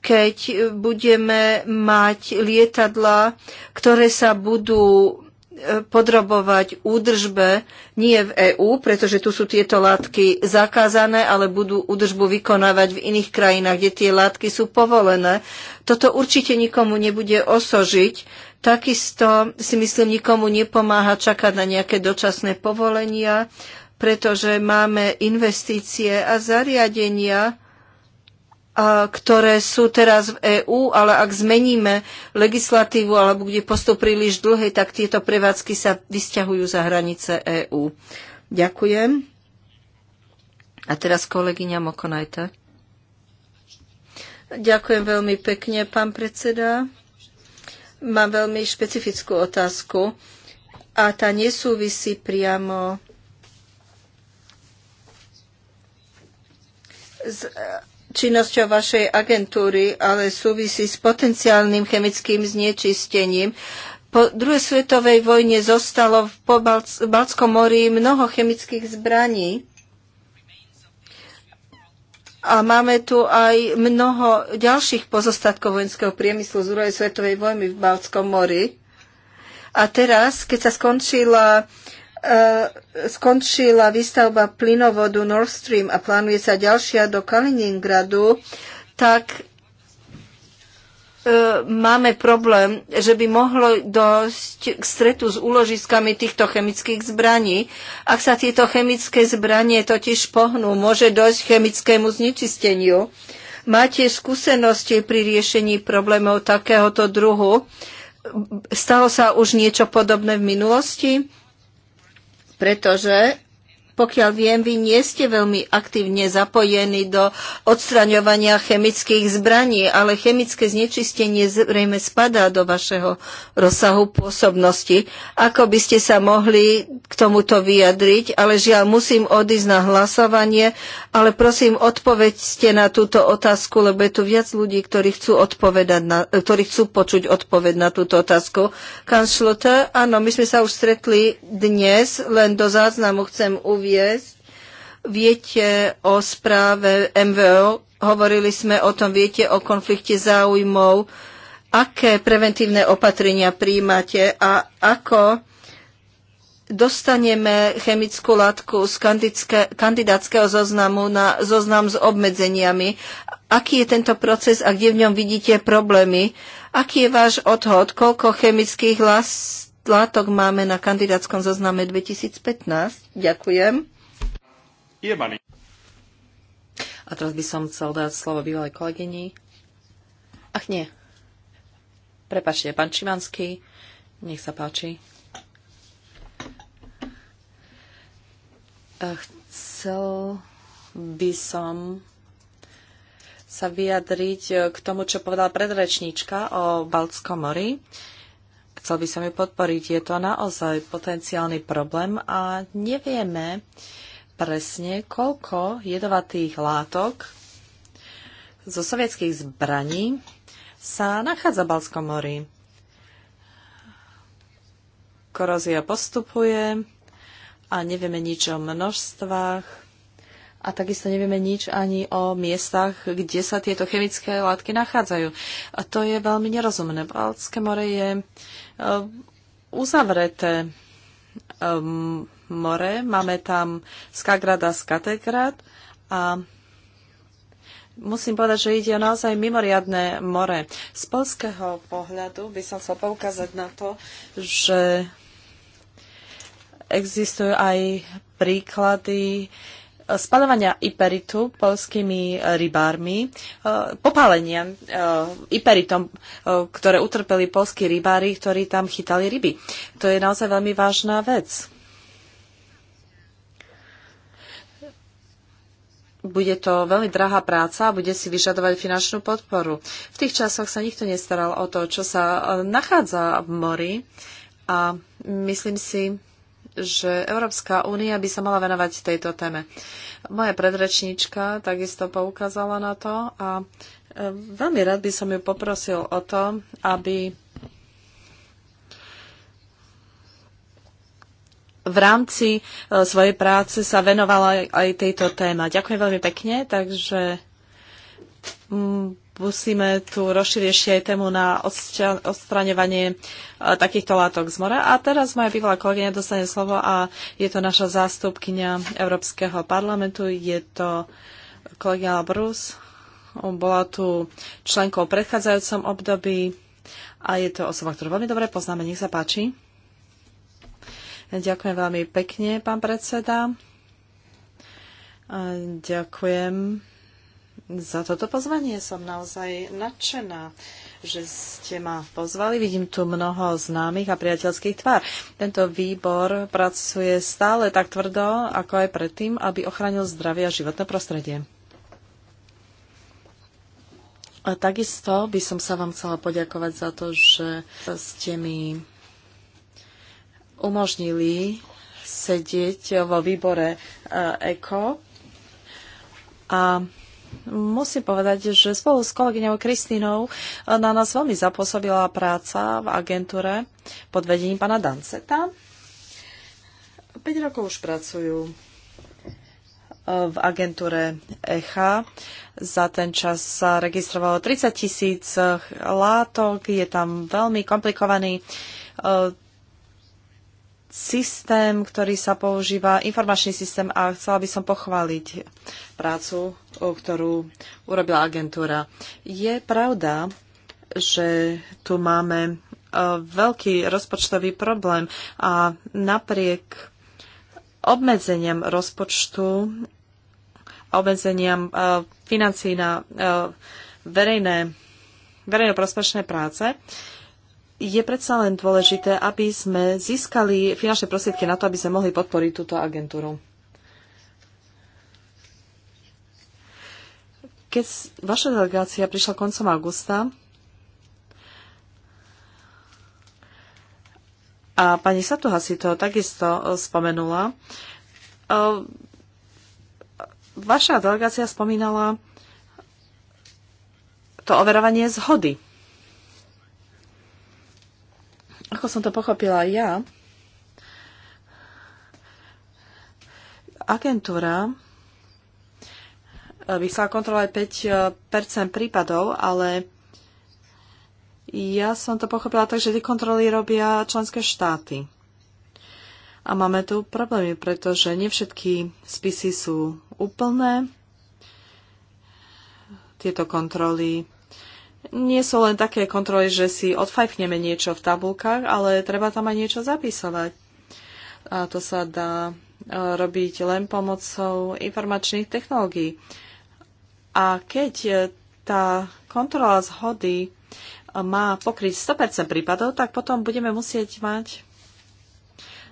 keď budeme mať lietadla, ktoré sa budú e, podrobovať údržbe nie v EÚ, pretože tu sú tieto látky zakázané, ale budú údržbu vykonávať v iných krajinách, kde tie látky sú povolené. Toto určite nikomu nebude osožiť, Takisto si myslím, nikomu nepomáha čakať na nejaké dočasné povolenia, pretože máme investície a zariadenia, ktoré sú teraz v EÚ, ale ak zmeníme legislatívu alebo bude postup príliš dlhý, tak tieto prevádzky sa vysťahujú za hranice EÚ. Ďakujem. A teraz kolegyňa Mokonajte. Ďakujem veľmi pekne, pán predseda mám veľmi špecifickú otázku a tá nesúvisí priamo s e, činnosťou vašej agentúry, ale súvisí s potenciálnym chemickým znečistením. Po druhej svetovej vojne zostalo v Balckom mori mnoho chemických zbraní a máme tu aj mnoho ďalších pozostatkov vojenského priemyslu z druhej svetovej vojny v Baltskom mori. A teraz, keď sa skončila, uh, skončila výstavba plynovodu Nord Stream a plánuje sa ďalšia do Kaliningradu, tak E, máme problém, že by mohlo dosť k stretu s úložiskami týchto chemických zbraní. Ak sa tieto chemické zbranie totiž pohnú, môže dosť chemickému znečisteniu. Máte skúsenosti pri riešení problémov takéhoto druhu? Stalo sa už niečo podobné v minulosti? Pretože pokiaľ viem, vy nie ste veľmi aktívne zapojení do odstraňovania chemických zbraní, ale chemické znečistenie zrejme spadá do vašeho rozsahu pôsobnosti. Ako by ste sa mohli k tomuto vyjadriť, ale žiaľ musím odísť na hlasovanie, ale prosím odpovedzte na túto otázku, lebo je tu viac ľudí, ktorí chcú, odpovedať na, ktorí chcú počuť odpoveď na túto otázku. Kanclote, áno, my sme sa už stretli dnes, len do záznamu chcem uvieť, viesť. Viete o správe MVO, hovorili sme o tom, viete o konflikte záujmov, aké preventívne opatrenia príjmate a ako dostaneme chemickú látku z kandidátskeho zoznamu na zoznam s obmedzeniami. Aký je tento proces a kde v ňom vidíte problémy? Aký je váš odhod? Koľko chemických last látok máme na kandidátskom zozname 2015. Ďakujem. A teraz by som chcel dať slovo bývalej kolegyni. Ach nie. Prepačte, pán Čivanský. Nech sa páči. Chcel by som sa vyjadriť k tomu, čo povedala predrečníčka o Baltskom mori. Uh, Chcel by som ju podporiť. Je to naozaj potenciálny problém a nevieme presne, koľko jedovatých látok zo sovietských zbraní sa nachádza v Balskom mori. Korózia postupuje a nevieme nič o množstvách a takisto nevieme nič ani o miestach, kde sa tieto chemické látky nachádzajú. A to je veľmi nerozumné. Baltské more je e, uzavreté e, more. Máme tam Skagrada Skategrad a musím povedať, že ide o naozaj mimoriadné more. Z polského pohľadu by som chcel poukázať na to, že existujú aj príklady uh, spalovania iperitu polskými e, rybármi, e, popálenia e, iperitom, ktoré utrpeli polskí rybári, ktorí tam chytali ryby. To je naozaj veľmi vážna vec. Bude to veľmi drahá práca a bude si vyžadovať finančnú podporu. V tých časoch sa nikto nestaral o to, čo sa nachádza v mori a myslím si, že Európska únia by sa mala venovať tejto téme. Moja predrečníčka takisto poukázala na to a e, veľmi rád by som ju poprosil o to, aby v rámci e, svojej práce sa venovala aj tejto téma. Ďakujem veľmi pekne, takže musíme tu rozšíriť ešte aj tému na odstraňovanie e, takýchto látok z mora. A teraz moja bývalá kolegyňa dostane slovo a je to naša zástupkynia Európskeho parlamentu. Je to kolegyňa Brus. Bola tu členkou v predchádzajúcom období a je to osoba, ktorú veľmi dobre poznáme. Nech sa páči. Ďakujem veľmi pekne, pán predseda. Ďakujem za toto pozvanie. Som naozaj nadšená, že ste ma pozvali. Vidím tu mnoho známych a priateľských tvár. Tento výbor pracuje stále tak tvrdo, ako aj predtým, aby ochránil zdravie a životné prostredie. A takisto by som sa vám chcela poďakovať za to, že ste mi umožnili sedieť vo výbore ECO a musím povedať, že spolu s kolegyňou Kristínou eh, na nás veľmi zapôsobila práca v agentúre pod vedením pana Danceta. 5 rokov už pracujú eh, v agentúre ECHA. Za ten čas sa registrovalo 30 tisíc eh, látok, je tam veľmi komplikovaný systém, ktorý sa používa, informačný systém a chcela by som pochváliť prácu, ktorú urobila agentúra. Je pravda, že tu máme e, veľký rozpočtový problém a napriek obmedzeniam rozpočtu a obmedzeniam e, financí na e, verejné, verejnoprospečné práce, je predsa len dôležité, aby sme získali finančné prostriedky na to, aby sme mohli podporiť túto agentúru. Keď vaša delegácia prišla koncom augusta a pani Satuha si to takisto e, spomenula, e, vaša delegácia spomínala to overovanie zhody ako som to pochopila ja, agentúra e, by chcela kontrolovať 5% e, prípadov, ale ja som to pochopila tak, že tie kontroly robia členské štáty. A máme tu problémy, pretože nevšetky spisy sú úplné. Tieto kontroly nie sú len také kontroly, že si odfajpneme niečo v tabulkách, ale treba tam aj niečo zapisovať. A to sa dá e, robiť len pomocou informačných technológií. A keď e, tá kontrola zhody e, má pokryť 100% prípadov, tak potom budeme musieť mať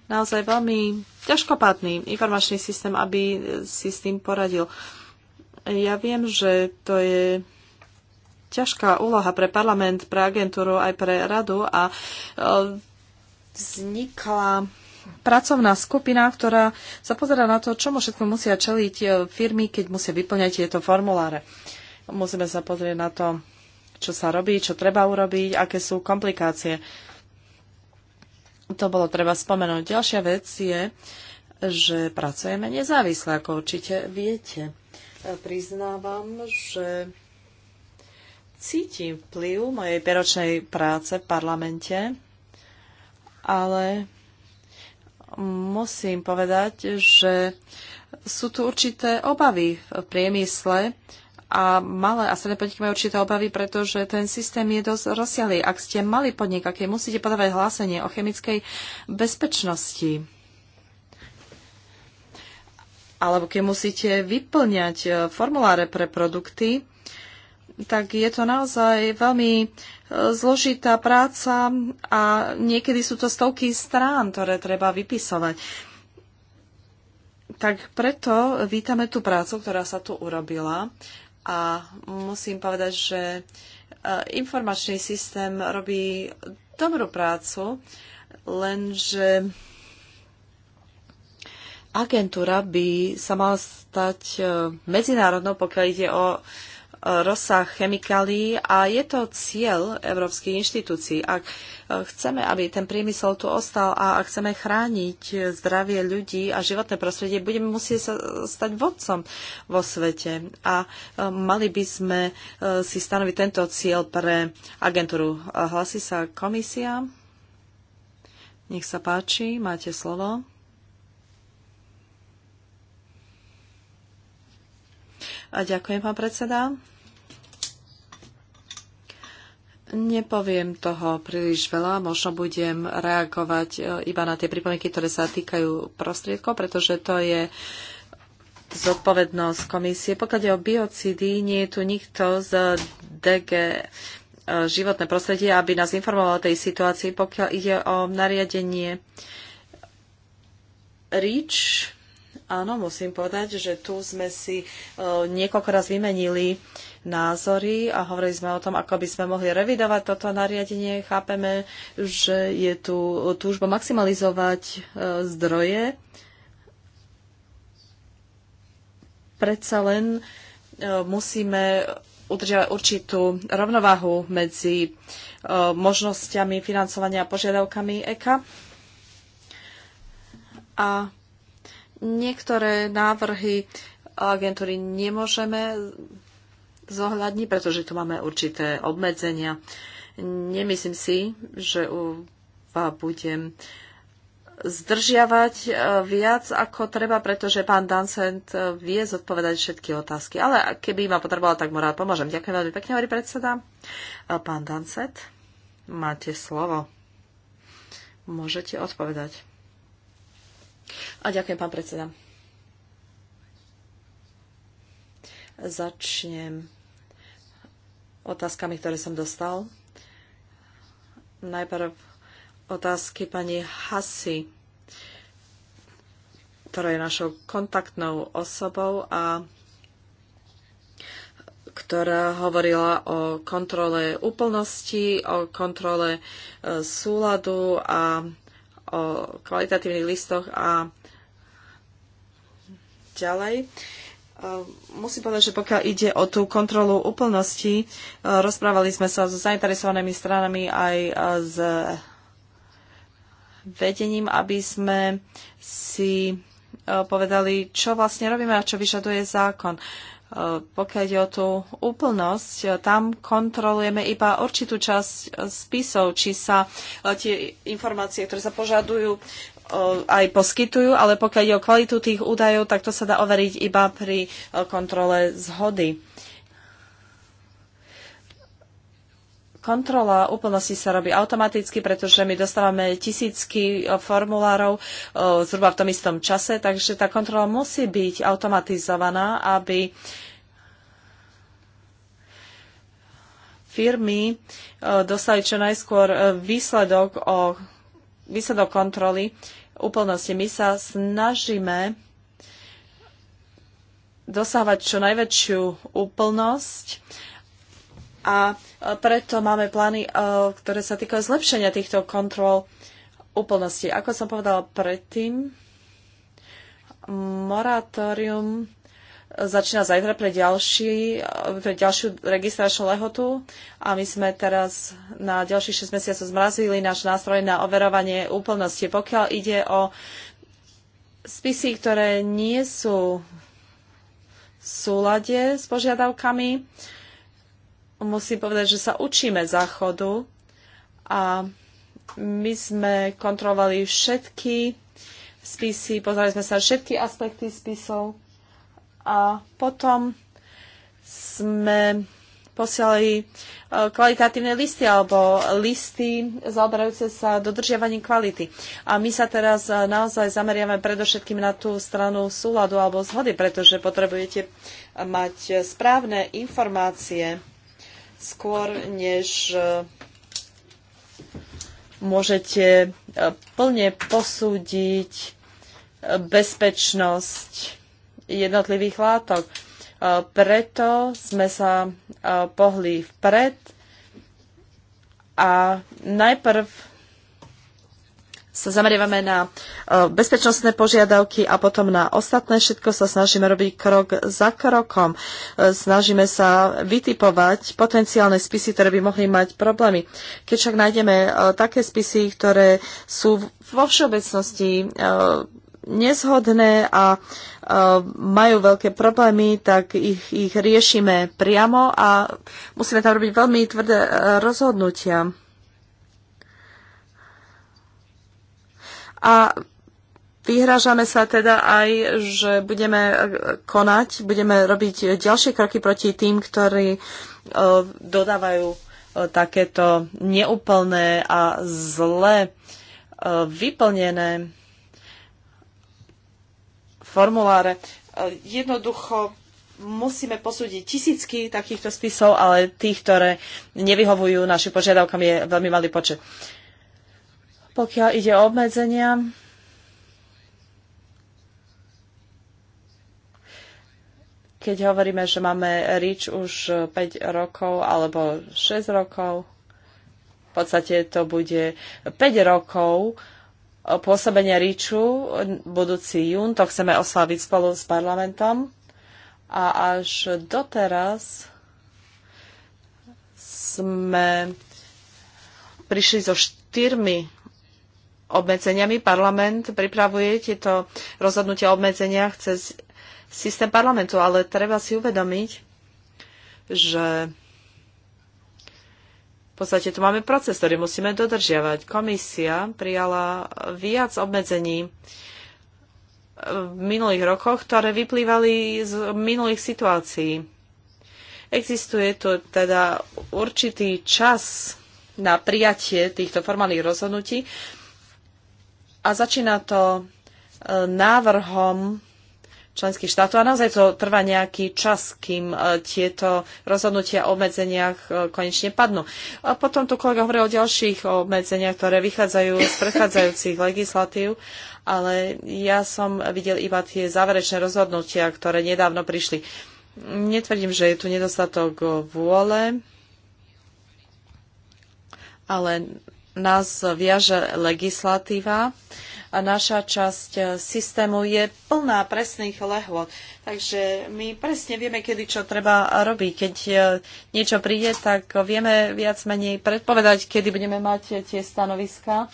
naozaj veľmi ťažkopádny informačný systém, aby si s tým poradil. Ja viem, že to je ťažká úloha pre parlament, pre agentúru, aj pre radu a e, vznikla pracovná skupina, ktorá sa pozera na to, čomu všetko musia čeliť e, firmy, keď musia vyplňať tieto formuláre. Musíme sa pozrieť na to, čo sa robí, čo treba urobiť, aké sú komplikácie. To bolo treba spomenúť. Ďalšia vec je, že pracujeme nezávisle, ako určite viete. E, priznávam, že cítim vplyv mojej peročnej práce v parlamente, ale musím povedať, že sú tu určité obavy v priemysle a malé a stredné podniky majú určité obavy, pretože ten systém je dosť rozsiahlý. Ak ste mali podnik, aké musíte podávať hlásenie o chemickej bezpečnosti, alebo keď musíte vyplňať e, formuláre pre produkty, tak je to naozaj veľmi e, zložitá práca a niekedy sú to stovky strán, ktoré treba vypisovať. Tak preto vítame tú prácu, ktorá sa tu urobila a musím povedať, že e, informačný systém robí dobrú prácu, lenže agentúra by sa mala stať e, medzinárodnou, pokiaľ ide o rozsah chemikálií a je to cieľ európskych inštitúcií. Ak e, chceme, aby ten priemysel tu ostal a ak chceme chrániť zdravie ľudí a životné prostredie, budeme musieť sa stať vodcom vo svete. A e, mali by sme e, si stanoviť tento cieľ pre agentúru. Hlasí sa komisia? Nech sa páči, máte slovo. ďakujem, pán predseda. Nepoviem toho príliš veľa, možno budem reagovať e, iba na tie pripomienky, ktoré sa týkajú prostriedkov, pretože to je zodpovednosť komisie. Pokiaľ je o biocidy, nie je tu nikto z DG e, životné prostredie, aby nás informoval o tej situácii, pokiaľ ide o nariadenie REACH Áno, musím povedať, že tu sme si e, niekoľko raz vymenili názory a hovorili sme o tom, ako by sme mohli revidovať toto nariadenie. Chápeme, že je tu túžba maximalizovať e, zdroje. Predsa len e, musíme udržiavať určitú rovnováhu medzi možnosťami financovania a požiadavkami EKA. A Niektoré návrhy agentúry nemôžeme zohľadniť, pretože tu máme určité obmedzenia. Nemyslím si, že budem zdržiavať e, viac ako treba, pretože pán Dancent e, vie zodpovedať všetky otázky. Ale keby ma potrebovala, tak mu rád pomôžem. Ďakujem veľmi pekne, hovorí predseda. E, pán Dancent, máte slovo. Môžete odpovedať. A ďakujem, pán predseda. Začnem otázkami, ktoré som dostal. Najprv otázky pani Hasi, ktorá je našou kontaktnou osobou a ktorá hovorila o kontrole úplnosti, o kontrole e, súladu a o kvalitatívnych listoch a ďalej. E, musím povedať, že pokiaľ ide o tú kontrolu úplnosti, e, rozprávali sme sa so zainteresovanými stranami aj e, s vedením, aby sme si povedali, čo vlastne robíme a čo vyžaduje zákon. Uh, Eh, pokiaľ ide o tú úplnosť, eh, tam kontrolujeme iba určitú časť eh, spisov, či sa tie informácie, ktoré sa požadujú, aj poskytujú, ale pokiaľ ide o kvalitu tých údajov, tak to sa dá overiť iba pri kontrole zhody. Kontrola úplnosti sa robí automaticky, pretože my dostávame tisícky e, formulárov e, zhruba v tom istom čase, takže tá kontrola musí byť automatizovaná, aby firmy e, dostali čo najskôr výsledok, o, výsledok kontroly úplnosti. My sa snažíme dosávať čo najväčšiu úplnosť a e, preto máme plány, e, ktoré sa týkajú zlepšenia týchto kontrol úplnosti. Ako som povedala predtým, moratórium začína zajtra pre, ďalší, e, pre ďalšiu registračnú lehotu a my sme teraz na ďalších 6 mesiacov zmrazili náš nástroj na overovanie úplnosti. Pokiaľ ide o spisy, ktoré nie sú v súlade s požiadavkami, musím povedať, že sa učíme záchodu a my sme kontrolovali všetky spisy, pozerali sme sa všetky aspekty spisov a potom sme posielali e, kvalitatívne listy alebo listy zaoberajúce sa dodržiavaním kvality. A my sa teraz e, naozaj zameriame predovšetkým na tú stranu súladu alebo zhody, pretože potrebujete mať správne informácie skôr než e, môžete e, plne posúdiť e, bezpečnosť jednotlivých látok. Preto sme sa pohli vpred a najprv sa zameriavame na e, bezpečnostné požiadavky a potom na ostatné. Všetko sa snažíme robiť krok za krokom. E, snažíme sa vytipovať potenciálne spisy, ktoré by mohli mať problémy. Keď však nájdeme e, také spisy, ktoré sú vo všeobecnosti nezhodné a majú veľké problémy, tak ich, ich riešime priamo a musíme tam robiť veľmi tvrdé rozhodnutia. A vyhrážame sa teda aj, že budeme konať, budeme robiť ďalšie kroky proti tým, ktorí e, dodávajú e, takéto neúplné a zle vyplnené formuláre. E, jednoducho musíme posúdiť tisícky takýchto spisov, ale tých, ktoré nevyhovujú našim požiadavkám, je veľmi malý počet. Uh, pokiaľ ide o obmedzenia, keď hovoríme, že máme rič už 5 rokov alebo 6 rokov, v podstate to bude 5 rokov pôsobenia riču budúci jún, to chceme oslaviť spolu s parlamentom. A až doteraz sme prišli so štyrmi obmedzeniami. Parlament pripravuje tieto rozhodnutia o obmedzeniach cez systém parlamentu, ale treba si uvedomiť, že v podstate tu máme proces, ktorý musíme dodržiavať. Komisia prijala viac obmedzení v minulých rokoch, ktoré vyplývali z minulých situácií. Existuje tu teda určitý čas na prijatie týchto formálnych rozhodnutí, a začína to e, návrhom členských štátov a naozaj to trvá nejaký čas, kým e, tieto rozhodnutia o obmedzeniach e, konečne padnú. A potom tu kolega hovorí o ďalších obmedzeniach, ktoré vychádzajú z predchádzajúcich legislatív, ale ja som videl iba tie záverečné rozhodnutia, ktoré nedávno prišli. Netvrdím, že je tu nedostatok vôle, ale nás viaže legislatíva a naša časť systému je plná presných lehôd. Takže my presne vieme, kedy čo treba robiť. Keď e, niečo príde, tak vieme viac menej predpovedať, kedy budeme mať tie stanoviska.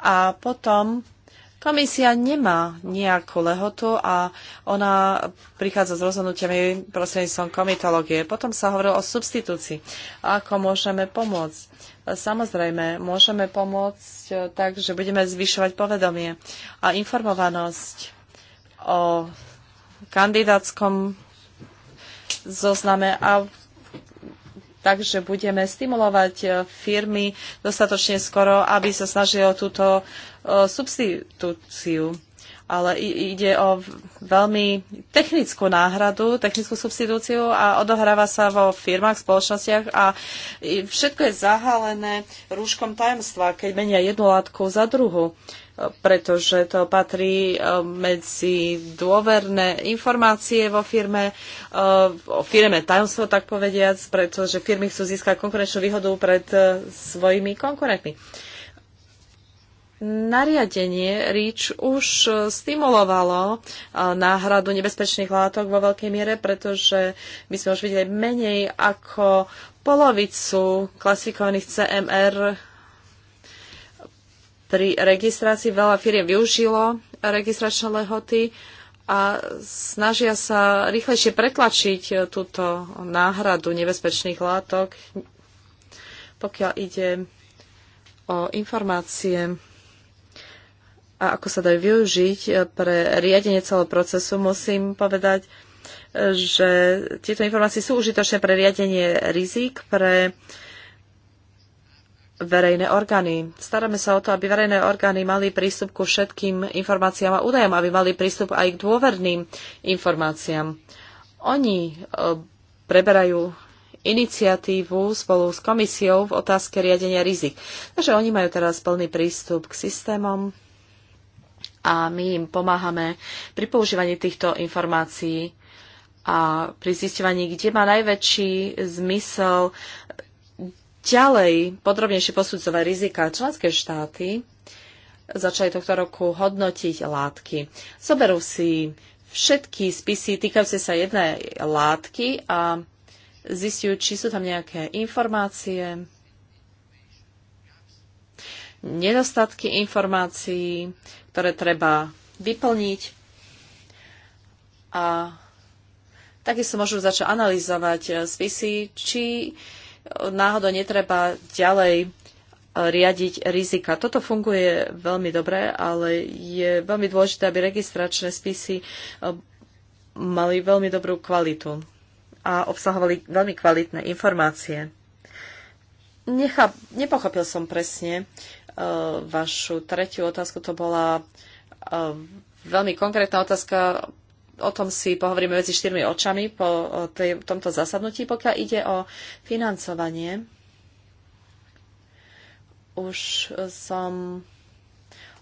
A potom komisia nemá nejakú lehotu a ona prichádza s rozhodnutiami prostredníctvom komitológie. Potom sa hovorilo o substitúcii. Ako môžeme pomôcť? Samozrejme, môžeme pomôcť eh, tak, že budeme zvyšovať povedomie a informovanosť o kandidátskom zozname a takže budeme stimulovať eh, firmy dostatočne skoro, aby sa snažili o túto eh, substitúciu ale ide o veľmi technickú náhradu, technickú substitúciu a odohráva sa vo firmách, spoločnostiach a všetko je zahalené rúškom tajomstva, keď menia jednu látku za druhu pretože to patrí e, medzi dôverné informácie vo firme, e, o firme tajomstvo, tak povediac, pretože firmy chcú získať konkurenčnú výhodu pred e, svojimi konkurentmi. Nariadenie REACH už e, stimulovalo e, náhradu nebezpečných látok vo veľkej miere, pretože my sme už videli menej ako polovicu klasikovaných CMR pri registrácii. Veľa firiem využilo registračné lehoty a snažia sa rýchlejšie pretlačiť e, túto náhradu nebezpečných látok, pokiaľ ide o informácie a ako sa dajú využiť e, pre riadenie celého procesu, musím povedať, e, že tieto informácie sú užitočné pre riadenie rizik, pre verejné orgány. Staráme sa o to, aby verejné orgány mali prístup ku všetkým informáciám a údajom, aby mali prístup aj k dôverným informáciám. Oni e, preberajú iniciatívu spolu s komisiou v otázke riadenia rizik. Takže oni majú teraz plný prístup k systémom, a my im pomáhame pri používaní týchto informácií a pri zistovaní, kde má najväčší zmysel ďalej podrobnejšie posudzovať rizika. Členské štáty začali tohto roku hodnotiť látky. Zoberú si všetky spisy týkajúce sa jednej látky a zistiu, či sú tam nejaké informácie, nedostatky informácií, ktoré treba vyplniť a takisto môžu začať analyzovať eh, spisy, či eh, náhodou netreba ďalej eh, riadiť rizika. Toto funguje veľmi dobre, ale je veľmi dôležité, aby registračné spisy mali veľmi dobrú kvalitu a obsahovali veľmi kvalitné informácie. Necha- nepochopil som presne, Eh, vašu tretiu otázku. To bola eh, veľmi konkrétna otázka. O tom si pohovoríme medzi štyrmi očami po eh, tej, tomto zasadnutí. Pokiaľ ide o financovanie, už som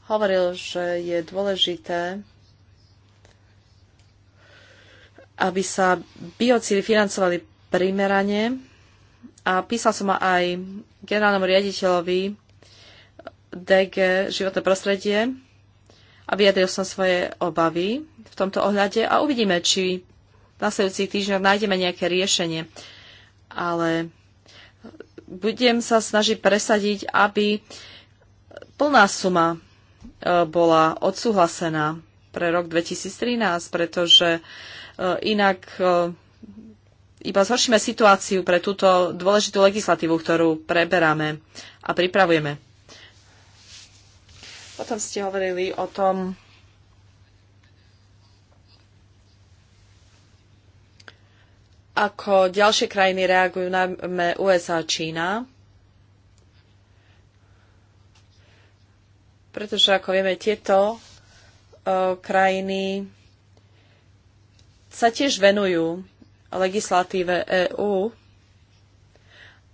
hovoril, že je dôležité, aby sa biocíly financovali primerane. A písal som aj generálnemu riaditeľovi DG životné prostredie a vyjadril som svoje obavy v tomto ohľade a uvidíme, či v nasledujúcich týždňoch nájdeme nejaké riešenie. Ale budem sa snažiť presadiť, aby plná suma e, bola odsúhlasená pre rok 2013, pretože e, inak e, iba zhoršíme situáciu pre túto dôležitú legislatívu, ktorú preberáme a pripravujeme. Potom ste hovorili o tom, ako ďalšie krajiny reagujú, najmä USA a Čína. Pretože, ako vieme, tieto o, e, krajiny sa tiež venujú legislatíve EÚ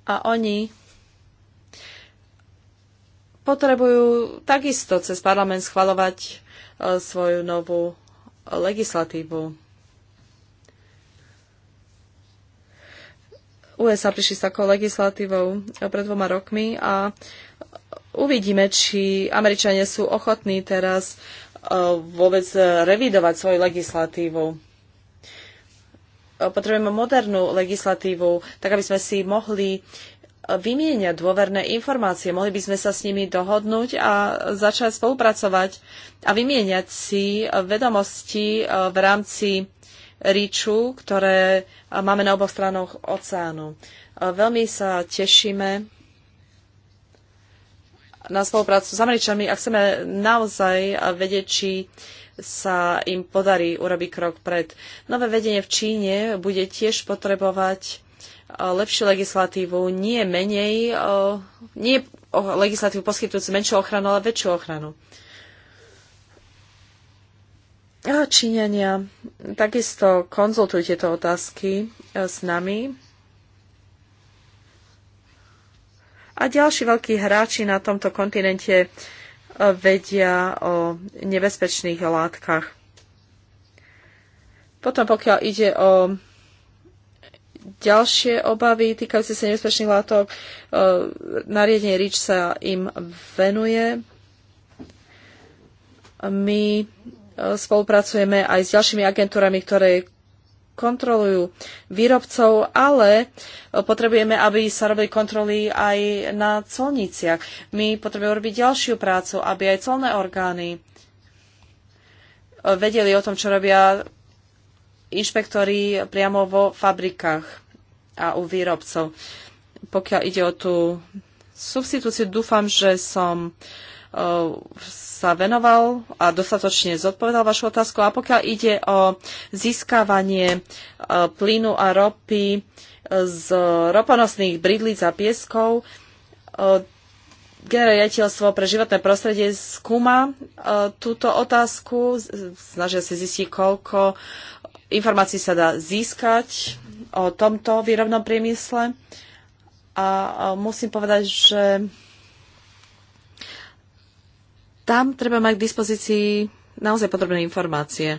a oni potrebujú takisto cez parlament schvalovať e, svoju novú legislatívu. USA prišli s takou legislatívou e, pred dvoma rokmi a uvidíme, či Američania sú ochotní teraz e, vôbec revidovať svoju legislatívu. Potrebujeme modernú legislatívu, tak aby sme si mohli vymieňať dôverné informácie. Mohli by sme sa s nimi dohodnúť a začať spolupracovať a vymieňať si vedomosti e, v rámci ríču, ktoré máme na oboch stranách oceánu. E, veľmi sa tešíme na spoluprácu s Američanmi a chceme naozaj vedieť, či sa im podarí urobiť krok pred. Nové vedenie v Číne bude tiež potrebovať lepšiu legislatívu, nie menej, nie legislatívu poskytujúcu menšiu ochranu, ale väčšiu ochranu. A Číňania, takisto konzultujte tieto otázky e, s nami. A ďalší veľkí hráči na tomto kontinente e, vedia o nebezpečných látkach. Potom pokiaľ ide o ďalšie obavy týkajúce sa nebezpečných látok. E, nariadenie REACH sa im venuje. My e, spolupracujeme aj s ďalšími agentúrami, ktoré kontrolujú výrobcov, ale e, potrebujeme, aby sa robili kontroly aj na colniciach. My potrebujeme robiť ďalšiu prácu, aby aj colné orgány vedeli o tom, čo robia inšpektori priamo vo fabrikách a u výrobcov. Pokiaľ ide o tú substitúciu, dúfam, že som e, sa venoval a dostatočne zodpovedal vašu otázku. A pokiaľ ide o získavanie e, plynu a ropy e, z roponosných bridlíc a pieskov, Generáliteľstvo pre životné prostredie skúma túto otázku, snažia sa zistiť, koľko informácií sa dá získať o tomto výrobnom priemysle a musím povedať, že tam treba mať k dispozícii naozaj podrobné informácie.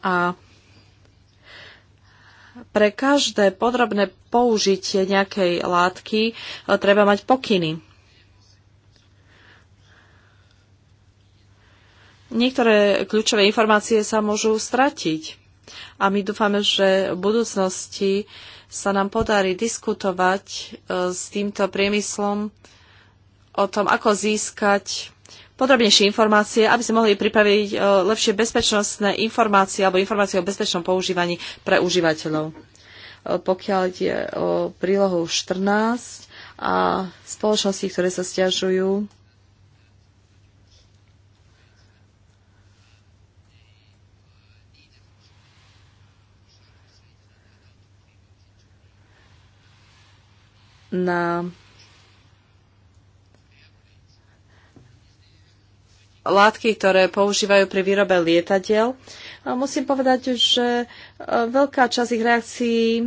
A pre každé podrobné použitie nejakej látky e, treba mať pokyny. niektoré kľúčové informácie sa môžu stratiť. A my dúfame, že v budúcnosti sa nám podarí diskutovať e, s týmto priemyslom o tom, ako získať podrobnejšie informácie, aby sme mohli pripraviť e, lepšie bezpečnostné informácie alebo informácie o bezpečnom používaní pre užívateľov. E, pokiaľ ide o prílohu 14 a spoločnosti, ktoré sa stiažujú na látky, ktoré používajú pri výrobe lietadiel. A musím povedať, že e, veľká časť ich reakcií e,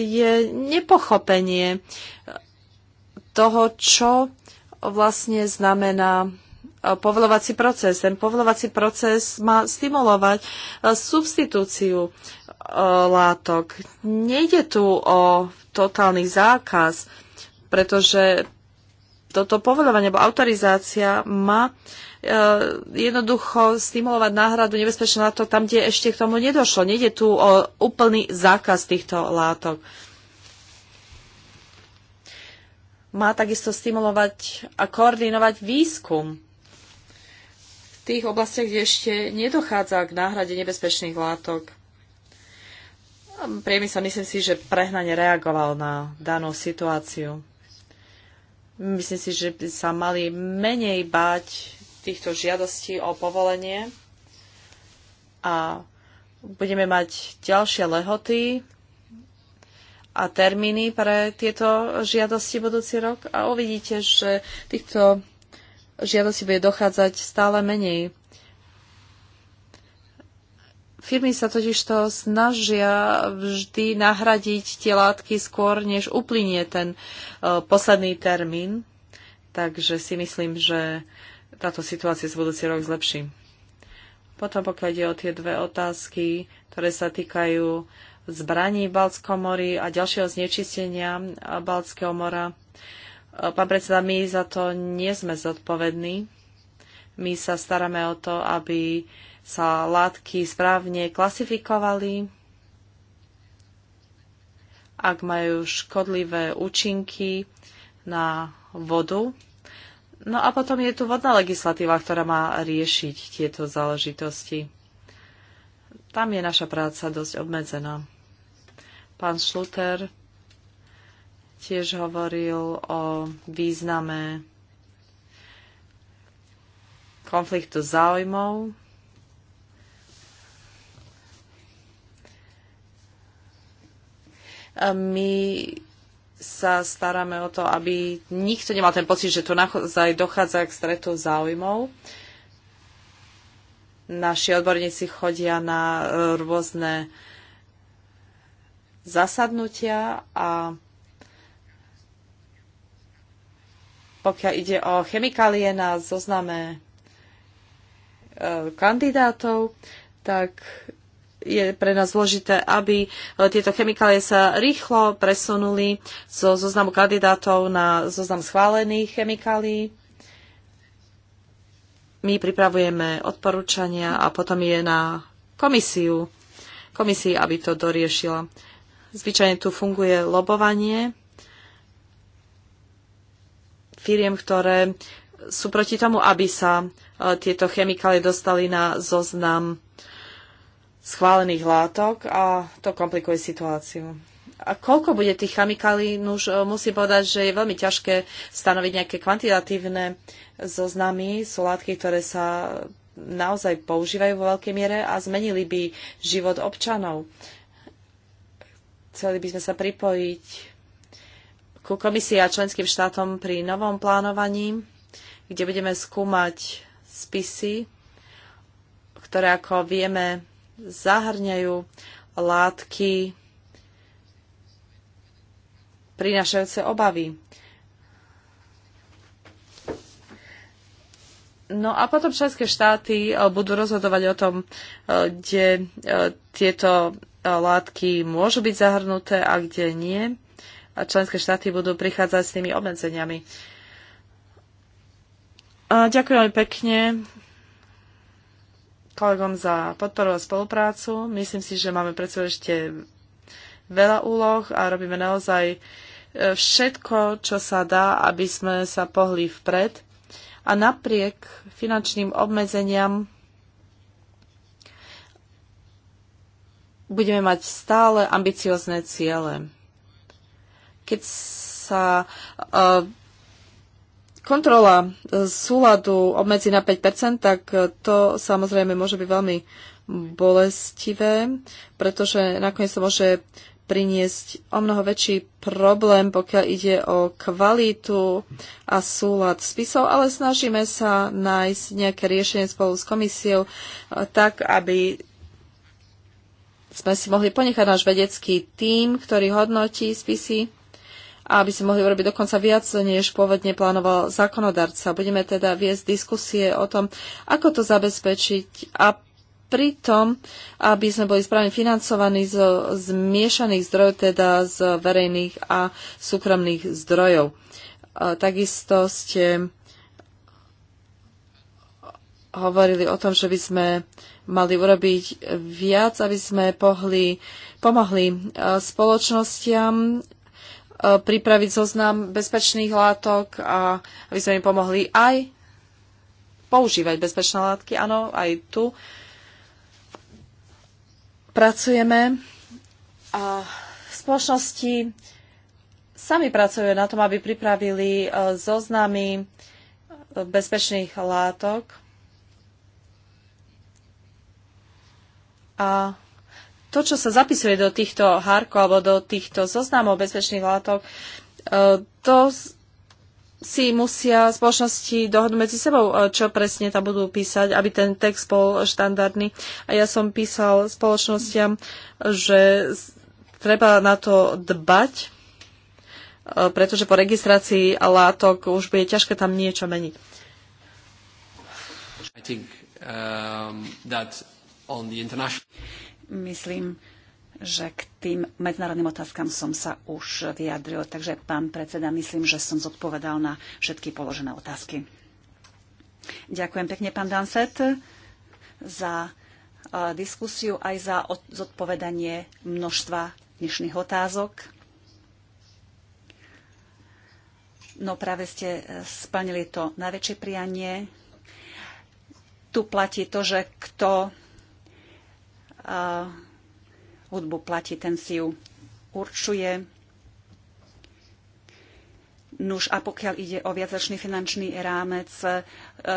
je nepochopenie toho, čo vlastne znamená e, povolovací proces. Ten povolovací proces má stimulovať substitúciu látok. Nejde tu o totálny zákaz pretože toto povolovanie alebo autorizácia má e, jednoducho stimulovať náhradu nebezpečných látok tam, kde ešte k tomu nedošlo. Nejde tu o úplný zákaz týchto látok. Má takisto stimulovať a koordinovať výskum v tých oblastiach, kde ešte nedochádza k náhrade nebezpečných látok. Priemysel myslím si, že prehnane reagoval na danú situáciu. Myslím si, že by sa mali menej báť týchto žiadostí o povolenie a budeme mať ďalšie lehoty a termíny pre tieto žiadosti budúci rok a uvidíte, že týchto žiadosti bude dochádzať stále menej. Firmy sa totiž to snažia vždy nahradiť tie látky skôr, než uplynie ten e, posledný termín. Takže si myslím, že táto situácia z budúci rok zlepší. Potom pokiaľ ide o tie dve otázky, ktoré sa týkajú zbraní v mori a ďalšieho znečistenia Baltského mora. E, pán predseda, my za to nie sme zodpovední. My sa staráme o to, aby uh, sa látky správne klasifikovali, ak majú škodlivé účinky na vodu. No a potom je tu vodná legislatíva, ktorá má riešiť tieto záležitosti. Tam je naša práca dosť obmedzená. Pán Šluter tiež hovoril o význame konfliktu záujmov My sa staráme o to, aby nikto nemal ten pocit, že tu naozaj dochádza k stretu záujmov. Naši odborníci chodia na e, rôzne zasadnutia a pokiaľ ide o chemikálie na zozname e, kandidátov, tak je pre nás zložité, aby e, tieto chemikálie sa rýchlo presunuli zo zoznamu kandidátov na zoznam schválených chemikálií. My pripravujeme odporúčania a potom je na komisiu, komisii, aby to doriešila. Zvyčajne tu funguje lobovanie firiem, ktoré sú proti tomu, aby sa e, tieto chemikálie dostali na zoznam uh, schválených látok a to komplikuje situáciu. A koľko bude tých chemikálií? No už e, musím povedať, že je veľmi ťažké stanoviť nejaké kvantitatívne zoznamy. Sú látky, ktoré sa naozaj používajú vo veľkej miere a zmenili by život občanov. Chceli by sme sa pripojiť ku komisii a členským štátom pri novom plánovaní, kde budeme skúmať spisy, ktoré, ako vieme, zahrňajú látky prinašajúce obavy. No a potom členské štáty eh, budú rozhodovať o tom, eh, kde eh, tieto látky môžu byť zahrnuté a kde nie. A členské štáty budú prichádzať s tými obmedzeniami. ďakujem pekne kolegom za podporu a spoluprácu. Myslím si, že máme pred sebou ešte veľa úloh a robíme naozaj e, všetko, čo sa dá, aby sme sa pohli vpred. A napriek finančným obmedzeniam budeme mať stále ambiciozne ciele. Keď sa uh, kontrola e, súladu obmedzi na 5%, tak e, to samozrejme môže byť veľmi bolestivé, pretože nakoniec to môže priniesť o mnoho väčší problém, pokiaľ ide o kvalitu a súlad spisov, ale snažíme sa nájsť nejaké riešenie spolu s komisiou e, tak, aby sme si mohli ponechať náš vedecký tím, ktorý hodnotí spisy aby sme mohli urobiť dokonca viac, než pôvodne plánoval zákonodarca. Budeme teda viesť diskusie o tom, ako to zabezpečiť a pritom, aby sme boli správne financovaní zo zmiešaných zdrojov, teda z verejných a súkromných zdrojov. Takisto ste hovorili o tom, že by sme mali urobiť viac, aby sme pohli, pomohli e, spoločnostiam E, pripraviť zoznam bezpečných látok a aby sme im pomohli aj používať bezpečné látky. Áno, aj tu pracujeme a spoločnosti sami pracujú na tom, aby pripravili e, zoznamy e, bezpečných látok. A to, čo sa zapisuje do týchto hárkov alebo do týchto zoznamov bezpečných látok, e, to si musia spoločnosti dohodnúť medzi sebou, e, čo presne tam budú písať, aby ten text bol štandardný. A ja som písal spoločnostiam, že treba na to dbať, e, pretože po registrácii látok už bude ťažké tam niečo meniť. I think, um, that on the international... Myslím, že k tým medzinárodným otázkam som sa už vyjadril, takže pán predseda, myslím, že som zodpovedal na všetky položené otázky. Ďakujem pekne, pán Danset, za e, diskusiu aj za zodpovedanie množstva dnešných otázok. No práve ste e, splnili to najväčšie prianie. Tu platí to, že kto Eh, hudbu platí, ten si ju určuje. Nuž a pokiaľ ide o viacročný finančný rámec, eh,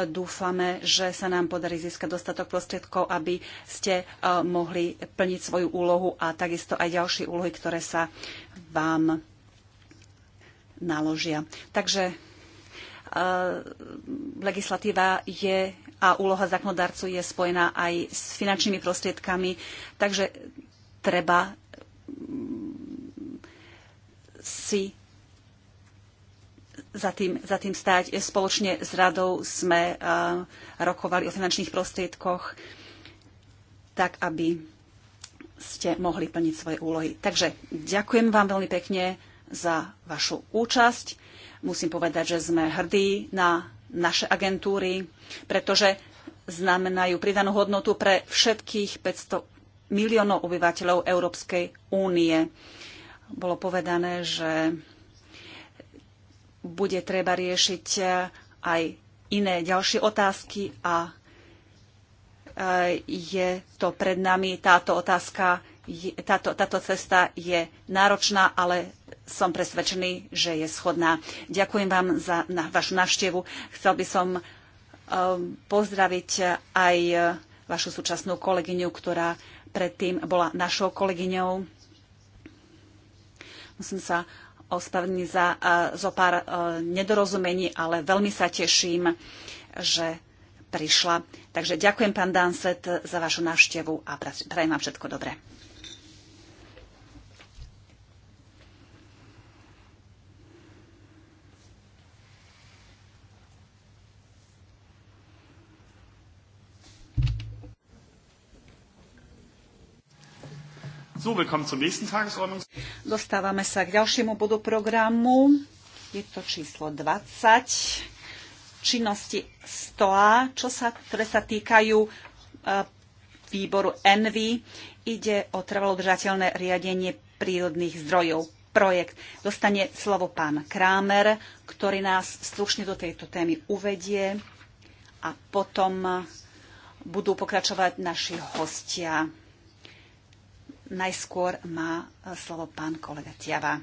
dúfame, že sa nám podarí získať dostatok prostriedkov, aby ste eh, mohli plniť svoju úlohu a takisto aj ďalšie úlohy, ktoré sa vám naložia. Takže legislatíva je a úloha zákonodarcu je spojená aj s finančnými prostriedkami, takže treba mm, si za tým, za tým stať. Spoločne s radou sme e, rokovali o finančných prostriedkoch tak, aby ste mohli plniť svoje úlohy. Takže ďakujem vám veľmi pekne za vašu účasť. Musím povedať, že sme hrdí na naše agentúry, pretože znamenajú pridanú hodnotu pre všetkých 500 miliónov obyvateľov Európskej únie. Bolo povedané, že bude treba riešiť eh, aj iné ďalšie otázky a eh, je to pred nami táto otázka táto, táto cesta je náročná, ale som presvedčený, že je schodná. Ďakujem vám za na, vašu návštevu. Chcel by som um, pozdraviť uh, aj uh, vašu súčasnú kolegyňu, ktorá predtým bola našou kolegyňou. Musím sa ospravedlniť za uh, zo pár uh, nedorozumení, ale veľmi sa teším, že prišla. Takže ďakujem, pán Danset, za vašu návštevu a prajem vám všetko dobré. Dostávame sa k ďalšiemu bodu programu. Je to číslo 20. Činnosti STOA, čo sa, ktoré sa týkajú e, výboru ENVY. Ide o trvalodržateľné riadenie prírodných zdrojov. Projekt. Dostane slovo pán Krámer, ktorý nás stručne do tejto témy uvedie a potom budú pokračovať naši hostia najskôr má e, slovo pán kolega Tiava.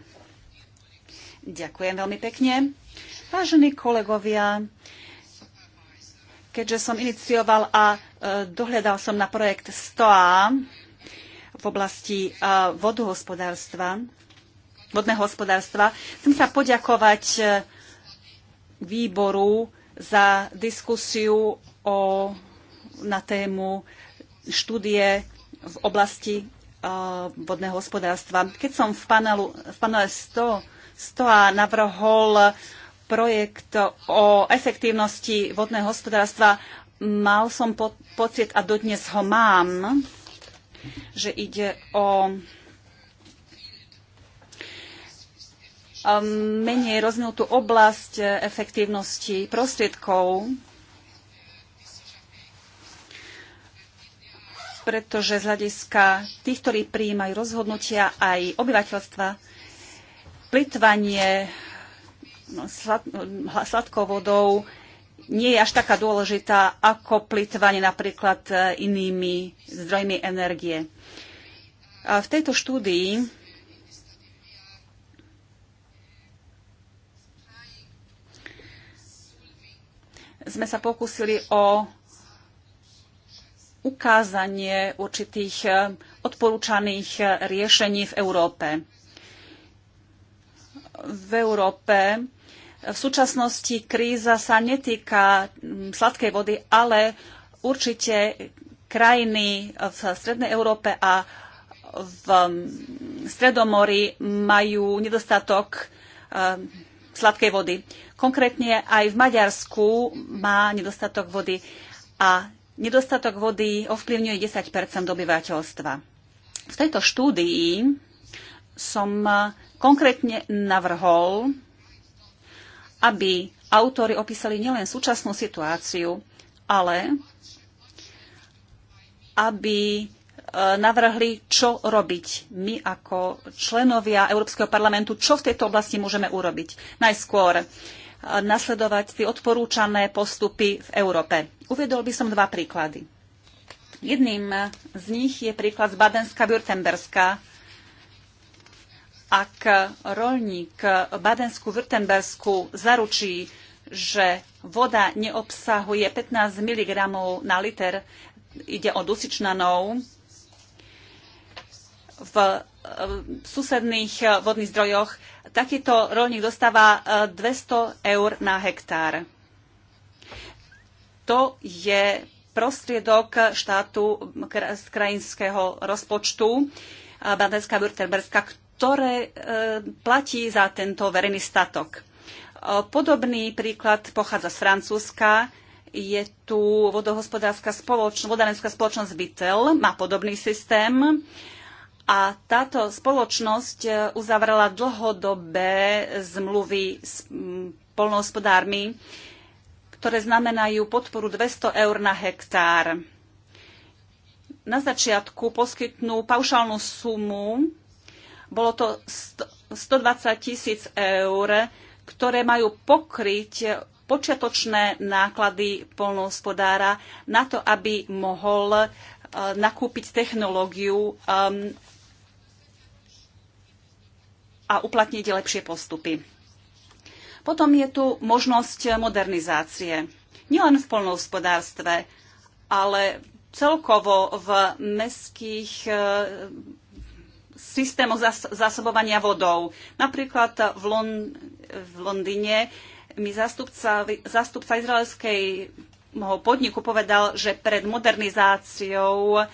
Ďakujem veľmi pekne. Vážení kolegovia, keďže som inicioval a e, dohľadal som na projekt STOA v oblasti e, vodohospodárstva, vodného hospodárstva, chcem sa poďakovať výboru za diskusiu o, na tému štúdie v oblasti Eh, vodného hospodárstva. Keď som v, panelu, v panele 100, 100 a navrhol projekt o efektívnosti vodného hospodárstva, mal som po, pocit, a dodnes ho mám, že ide o eh, menej rozvinutú oblasť efektívnosti prostriedkov pretože z hľadiska tých, ktorí prijímajú rozhodnutia aj obyvateľstva, plitvanie no, sladkou vodou nie je až taká dôležitá ako plitvanie napríklad e, inými zdrojmi energie. A v tejto štúdii sme sa pokúsili o ukázanie určitých eh, odporúčaných eh, riešení v Európe. V Európe eh, v súčasnosti kríza sa netýka hm, sladkej vody, ale určite krajiny v Strednej Európe a v hm, Stredomori majú nedostatok sladkej vody. Konkrétne aj v Maďarsku má nedostatok vody a Nedostatok vody ovplyvňuje 10 obyvateľstva. V tejto štúdii som konkrétne navrhol, aby autory opísali nielen súčasnú situáciu, ale aby e, navrhli, čo robiť my ako členovia Európskeho parlamentu, čo v tejto oblasti môžeme urobiť. Najskôr nasledovať tie odporúčané postupy v Európe. Uvedol by som dva príklady. Jedným z nich je príklad z Badenska-Württemberska. Ak rolník Badensku-Württembersku zaručí, že voda neobsahuje 15 mg na liter, ide o dusičnanov, v susedných eh, vodných zdrojoch, takýto roľník dostáva 200 eh, eur na hektár. To je prostriedok štátu z krajinského rozpočtu eh, Badenská Württemberska, ktoré platí za tento verejný statok. Podobný príklad pochádza z Francúzska, je tu vodohospodárska spoločnosť, vodárenská spoločnosť Vitel, má podobný systém. A táto spoločnosť e, uzavrela dlhodobé zmluvy s polnohospodármi, ktoré znamenajú podporu 200 eur na hektár. Na začiatku poskytnú paušálnu sumu, bolo to 120 tisíc eur, ktoré majú pokryť počiatočné náklady polnohospodára na to, aby mohol e, nakúpiť technológiu e, a uplatniť lepšie postupy. Potom je tu možnosť modernizácie. Nielen v polnohospodárstve, ale celkovo v mestských e, systémoch zásobovania vodou. Napríklad v, Lon- v Londýne mi zástupca, izraelskej moho podniku povedal, že pred modernizáciou e,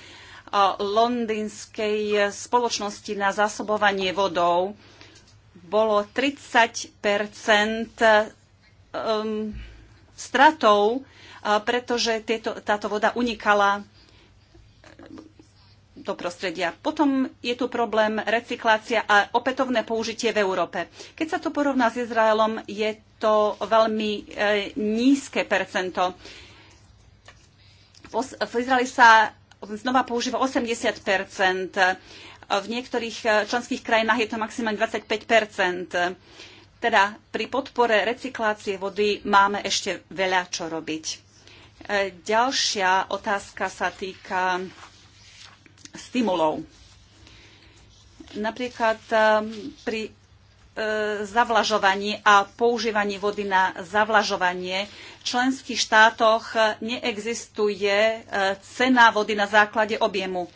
londýnskej spoločnosti na zásobovanie vodou bolo 30 um, stratov, pretože tieto, táto voda unikala do prostredia. Potom je tu problém recyklácia a opätovné použitie v Európe. Keď sa to porovná s Izraelom, je to veľmi e, nízke percento. V, v Izraeli sa znova používa 80 v niektorých eh, členských krajinách je to maximálne 25 Teda pri podpore recyklácie vody máme ešte veľa čo robiť. Eh, ďalšia otázka sa týka stimulov. Napríklad eh, pri zavlažovaní a používaní vody na zavlažovanie. V členských štátoch neexistuje cena vody na základe objemu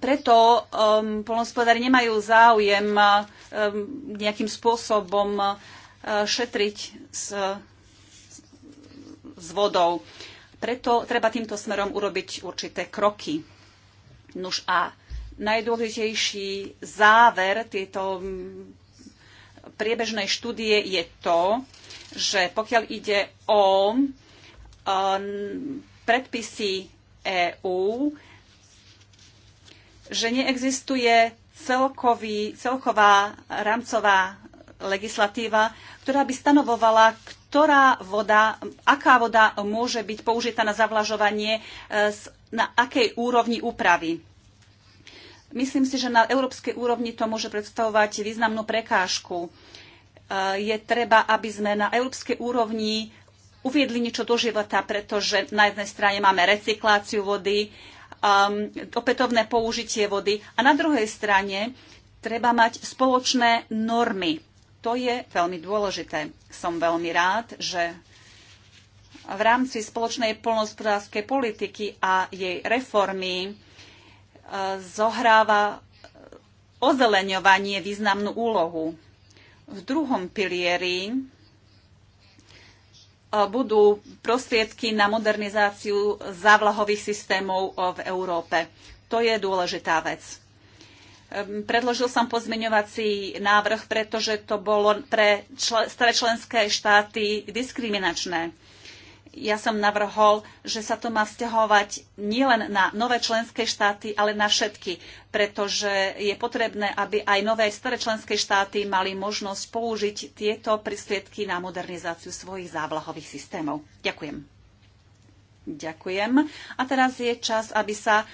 preto um, polnospodári nemajú záujem um, nejakým spôsobom uh, šetriť s, s vodou. Preto treba týmto smerom urobiť určité kroky. Nuž a najdôležitejší záver tieto um, priebežnej štúdie je to, že pokiaľ ide o um, predpisy EÚ, že neexistuje celkový, celková rámcová legislatíva, ktorá by stanovovala, ktorá voda, aká voda môže byť použitá na zavlažovanie, e, na akej úrovni úpravy. Myslím si, že na európskej úrovni to môže predstavovať významnú prekážku. E, je treba, aby sme na európskej úrovni uviedli niečo do života, pretože na jednej strane máme recykláciu vody, Um, opätovné použitie vody a na druhej strane treba mať spoločné normy. To je veľmi dôležité. Som veľmi rád, že v rámci spoločnej polnospodárskej politiky a jej reformy uh, zohráva ozeleňovanie významnú úlohu. V druhom pilieri E, budú prostriedky na modernizáciu závlahových systémov e, v Európe. To je dôležitá vec. Predložil som pozmeňovací návrh, pretože to bolo pre staré členské štáty diskriminačné ja som navrhol, že sa to má vzťahovať nielen na nové členské štáty, ale na všetky, pretože je potrebné, aby aj nové aj staré členské štáty mali možnosť použiť tieto prostriedky na modernizáciu svojich závlahových systémov. Ďakujem. Ďakujem. A teraz je čas, aby sa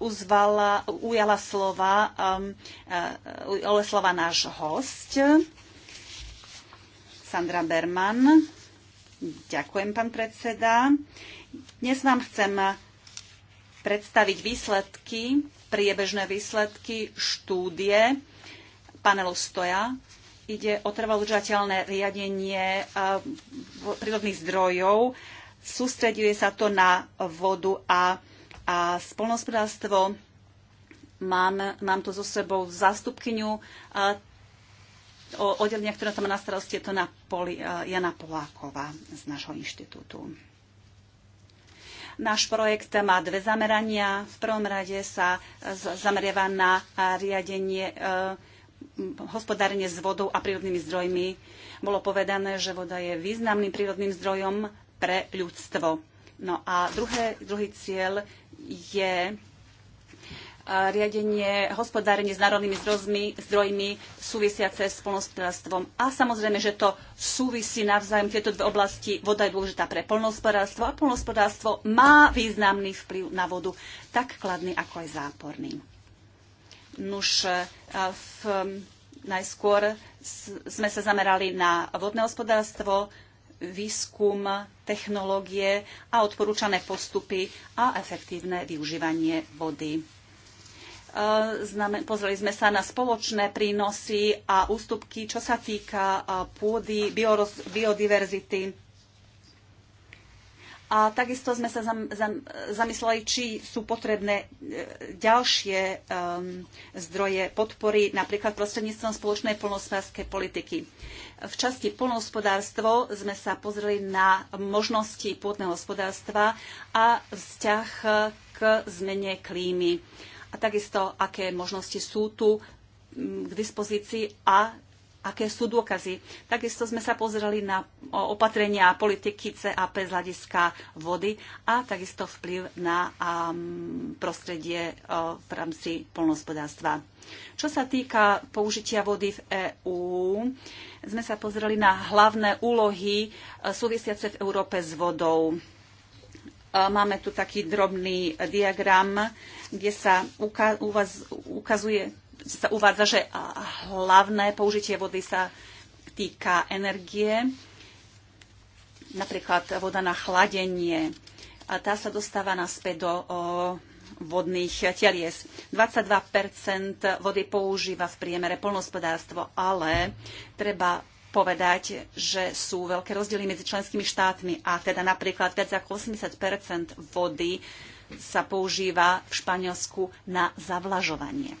uzvala, ujala slova, um, uh, slova náš host, Sandra Berman Ďakujem, pán predseda. Dnes vám chcem predstaviť výsledky, priebežné výsledky štúdie panelu Stoja. Ide o trvalúžateľné riadenie eh, prírodných zdrojov. Sústreďuje sa to na vodu a, a spolnospodárstvo. Mám, mám tu so sebou zástupkyňu eh, o oddelenia, ktoré to má na starosti, je to na poli, e, Jana Poláková z nášho inštitútu. Náš projekt má dve zamerania. V prvom rade sa zameriava na riadenie e, hospodárenie s vodou a prírodnými zdrojmi. Bolo povedané, že voda je významným prírodným zdrojom pre ľudstvo. No a druhé, druhý cieľ je riadenie, hospodárenie s národnými zdrojmi, zdrojmi súvisiace s polnospodárstvom. A samozrejme, že to súvisí navzájom tieto dve oblasti. Voda je dôležitá pre polnospodárstvo a polnospodárstvo má významný vplyv na vodu, tak kladný ako aj záporný. Nuž, e, v, najskôr sme sa zamerali na vodné hospodárstvo, výskum, technológie a odporúčané postupy a efektívne využívanie vody pozreli sme sa na spoločné prínosy a ústupky, čo sa týka pôdy, biodiverzity. A takisto sme sa zamysleli, či sú potrebné e, ďalšie e, zdroje podpory, napríklad prostredníctvom spoločnej polnospodárskej politiky. V časti poľnohospodárstvo sme sa pozreli na možnosti pôdneho hospodárstva a vzťah e, k zmene klímy a takisto, aké možnosti sú tu mm, k dispozícii a aké sú dôkazy. Takisto sme sa pozreli na opatrenia politiky CAP z hľadiska vody a takisto vplyv na prostredie v rámci polnohospodárstva. Čo sa týka použitia vody v EÚ, sme sa pozreli na hlavné úlohy e, súvisiace v Európe s vodou. Máme tu taký drobný diagram, kde sa ukazuje, sa uvádza, že hlavné použitie vody sa týka energie, napríklad voda na chladenie. A tá sa dostáva naspäť do vodných telies. 22 vody používa v priemere polnospodárstvo, ale treba povedať, že sú veľké rozdiely medzi členskými štátmi a teda napríklad viac ako 80 vody sa používa v Španielsku na zavlažovanie.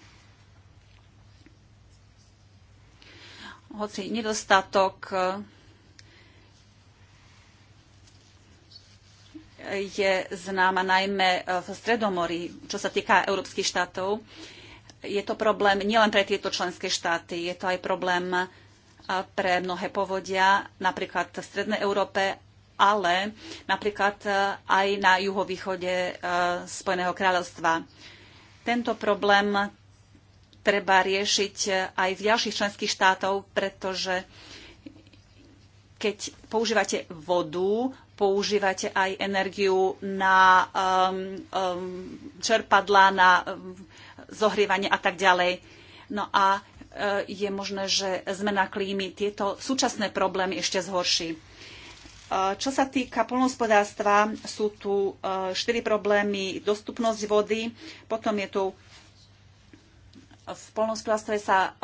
Hoci nedostatok eh, je známa najmä eh, v Stredomorí, čo sa týka európskych štátov, je to problém nielen pre tieto členské štáty, je to aj problém pre mnohé povodia, napríklad v Strednej Európe, ale napríklad e, aj na juhovýchode e, Spojeného kráľovstva. Tento problém treba riešiť e, aj v ďalších členských štátov, pretože keď používate vodu, používate aj energiu na um, um, čerpadla, na um, zohrievanie a tak ďalej. No a Eh, je možné, že zmena klímy tieto súčasné problémy ešte zhorší. Eh, čo sa týka polnohospodárstva, sú tu eh, štyri problémy. Dostupnosť vody, potom je tu v polnohospodárstve sa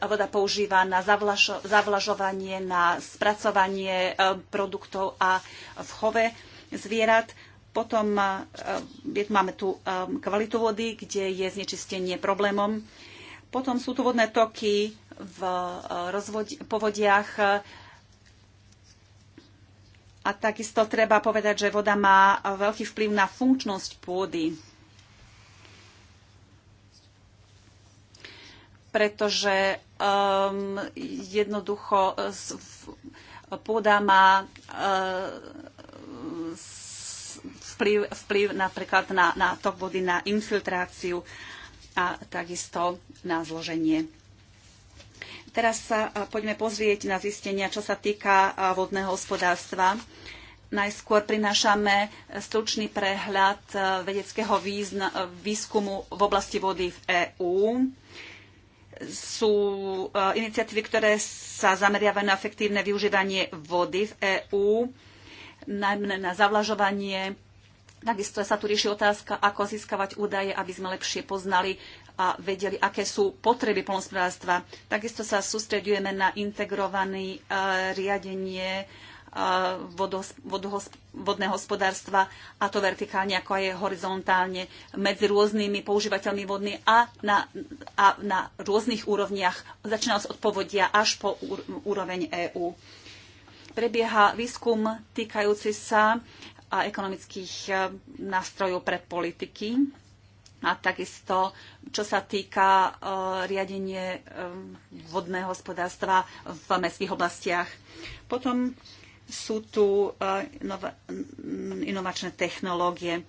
voda, používa na zavlažo, zavlažovanie, na spracovanie produktov a v chove zvierat. Potom máme tu kvalitu vody, kde je znečistenie problémom. Potom sú tu vodné toky v eh, rozvodi- povodiach. A takisto treba povedať, že voda má veľký vplyv na funkčnosť pôdy. Pretože um, jednoducho pôda má uh, vplyv, vplyv napríklad na, na tok vody, na infiltráciu. Uh, a takisto na zloženie. Teraz sa poďme pozrieť na zistenia, čo sa týka vodného hospodárstva. Najskôr prinášame stručný prehľad vedeckého výskumu v oblasti vody v EÚ. Sú iniciatívy, ktoré sa zameriavajú na efektívne využívanie vody v EÚ, najmä na zavlažovanie Takisto sa tu rieši otázka, ako získavať údaje, aby sme lepšie poznali a vedeli, aké sú potreby polnospodárstva. Takisto sa sústredujeme na integrované e, riadenie e, vodného hospodárstva a to vertikálne, ako aj horizontálne medzi rôznymi používateľmi vodny a na, a na rôznych úrovniach, začínajúc od povodia až po úroveň EÚ. Prebieha výskum týkajúci sa a ekonomických e, nástrojov pre politiky a takisto, čo sa týka e, riadenie e, vodného hospodárstva v mestských oblastiach. Potom sú tu inovačné technológie.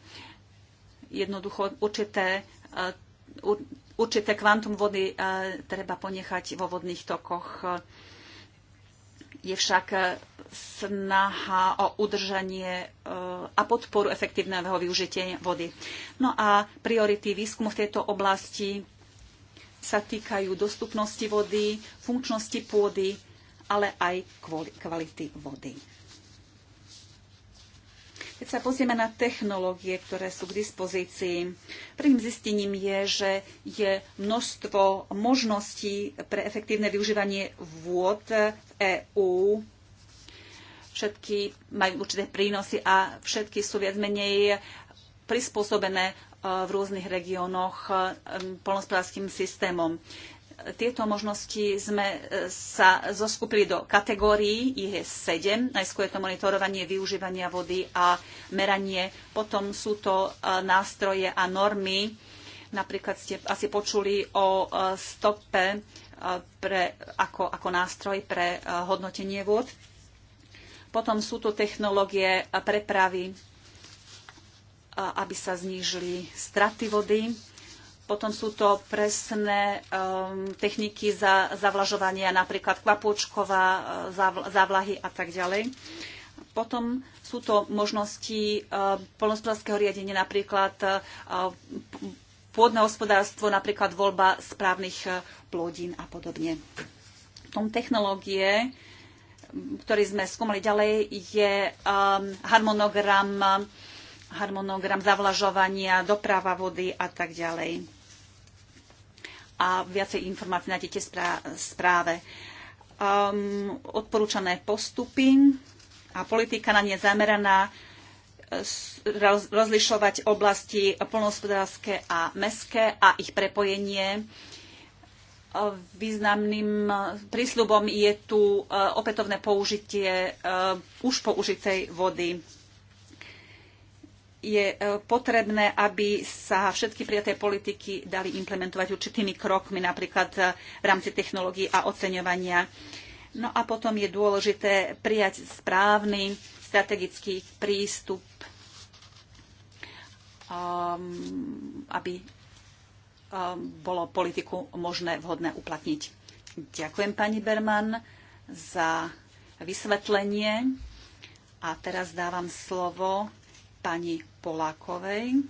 Jednoducho určité, určité kvantum vody treba ponechať vo vodných tokoch je však e, snaha o udržanie e, a podporu efektívneho využitia vody. No a priority výskumu v tejto oblasti sa týkajú dostupnosti vody, funkčnosti pôdy, ale aj kvality vody. Keď sa pozrieme na technológie, ktoré sú k dispozícii, prvým zistením je, že je množstvo možností pre efektívne využívanie vôd v EÚ. Všetky majú určité prínosy a všetky sú viac menej prispôsobené eh, v rôznych regiónoch eh, polnospodárským systémom tieto možnosti sme e, sa zoskupili do kategórií, ich je sedem. Najskôr je to monitorovanie využívania vody a meranie. Potom sú to e, nástroje a normy. Napríklad ste asi počuli o e, stope pre, ako, ako nástroj pre hodnotenie vôd. Potom sú tu technológie prepravy, aby sa znížili straty vody potom sú to presné um, techniky za, zavlažovania, napríklad kvapôčková uh, zavl, zavlahy a tak ďalej. Potom sú to možnosti uh, polnospodárskeho riadenia, napríklad uh, pôdne hospodárstvo, napríklad voľba správnych uh, plodín a podobne. Tom technológie, ktorý sme skúmali ďalej, je um, harmonogram, harmonogram zavlažovania, doprava vody a tak ďalej a viacej informácií nájdete v správe. Um, odporúčané postupy a politika na ne zameraná eh, rozlišovať oblasti polnohospodárske a meské a ich prepojenie. Významným eh, prísľubom je tu eh, opätovné použitie už použitej vody je e, potrebné, aby sa všetky prijaté politiky dali implementovať určitými krokmi, napríklad e, v rámci technológií a oceňovania. No a potom je dôležité prijať správny strategický prístup, um, aby um, bolo politiku možné vhodné uplatniť. Ďakujem pani Berman za vysvetlenie a teraz dávam slovo pani Polákovej.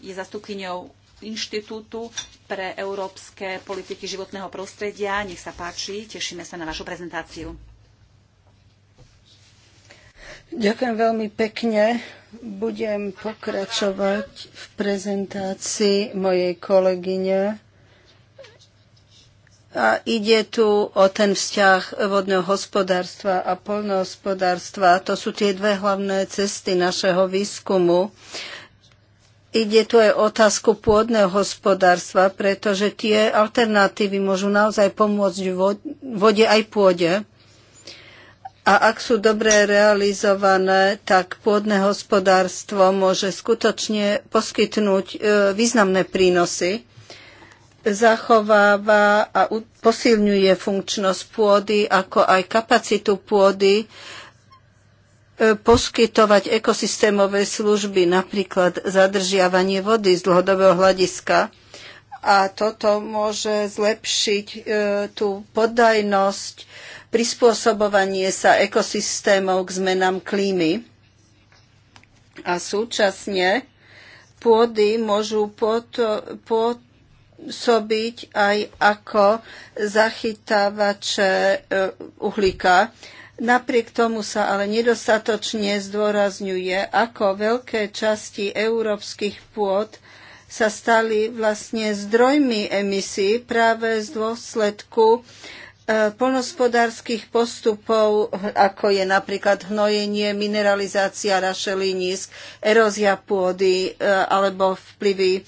Je zastupkyňou Inštitútu pre európske politiky životného prostredia. Nech sa páči, tešíme sa na vašu prezentáciu. Ďakujem veľmi pekne. Budem pokračovať v prezentácii mojej kolegyne a ide tu o ten vzťah vodného hospodárstva a polnohospodárstva. To sú tie dve hlavné cesty našeho výskumu. Ide tu aj otázku pôdneho hospodárstva, pretože tie alternatívy môžu naozaj pomôcť vode aj pôde. A ak sú dobre realizované, tak pôdne hospodárstvo môže skutočne poskytnúť e, významné prínosy zachováva a posilňuje funkčnosť pôdy, ako aj kapacitu pôdy e, poskytovať ekosystémové služby, napríklad zadržiavanie vody z dlhodobého hľadiska. A toto môže zlepšiť e, tú podajnosť, prispôsobovanie sa ekosystémov k zmenám klímy. A súčasne pôdy môžu pot, pot, pôsobiť aj ako zachytávače e, uhlíka. Napriek tomu sa ale nedostatočne zdôrazňuje, ako veľké časti európskych pôd sa stali vlastne zdrojmi emisí práve z dôsledku e, polnospodárských postupov, ako je napríklad hnojenie, mineralizácia rašelinísk, erózia pôdy e, alebo vplyvy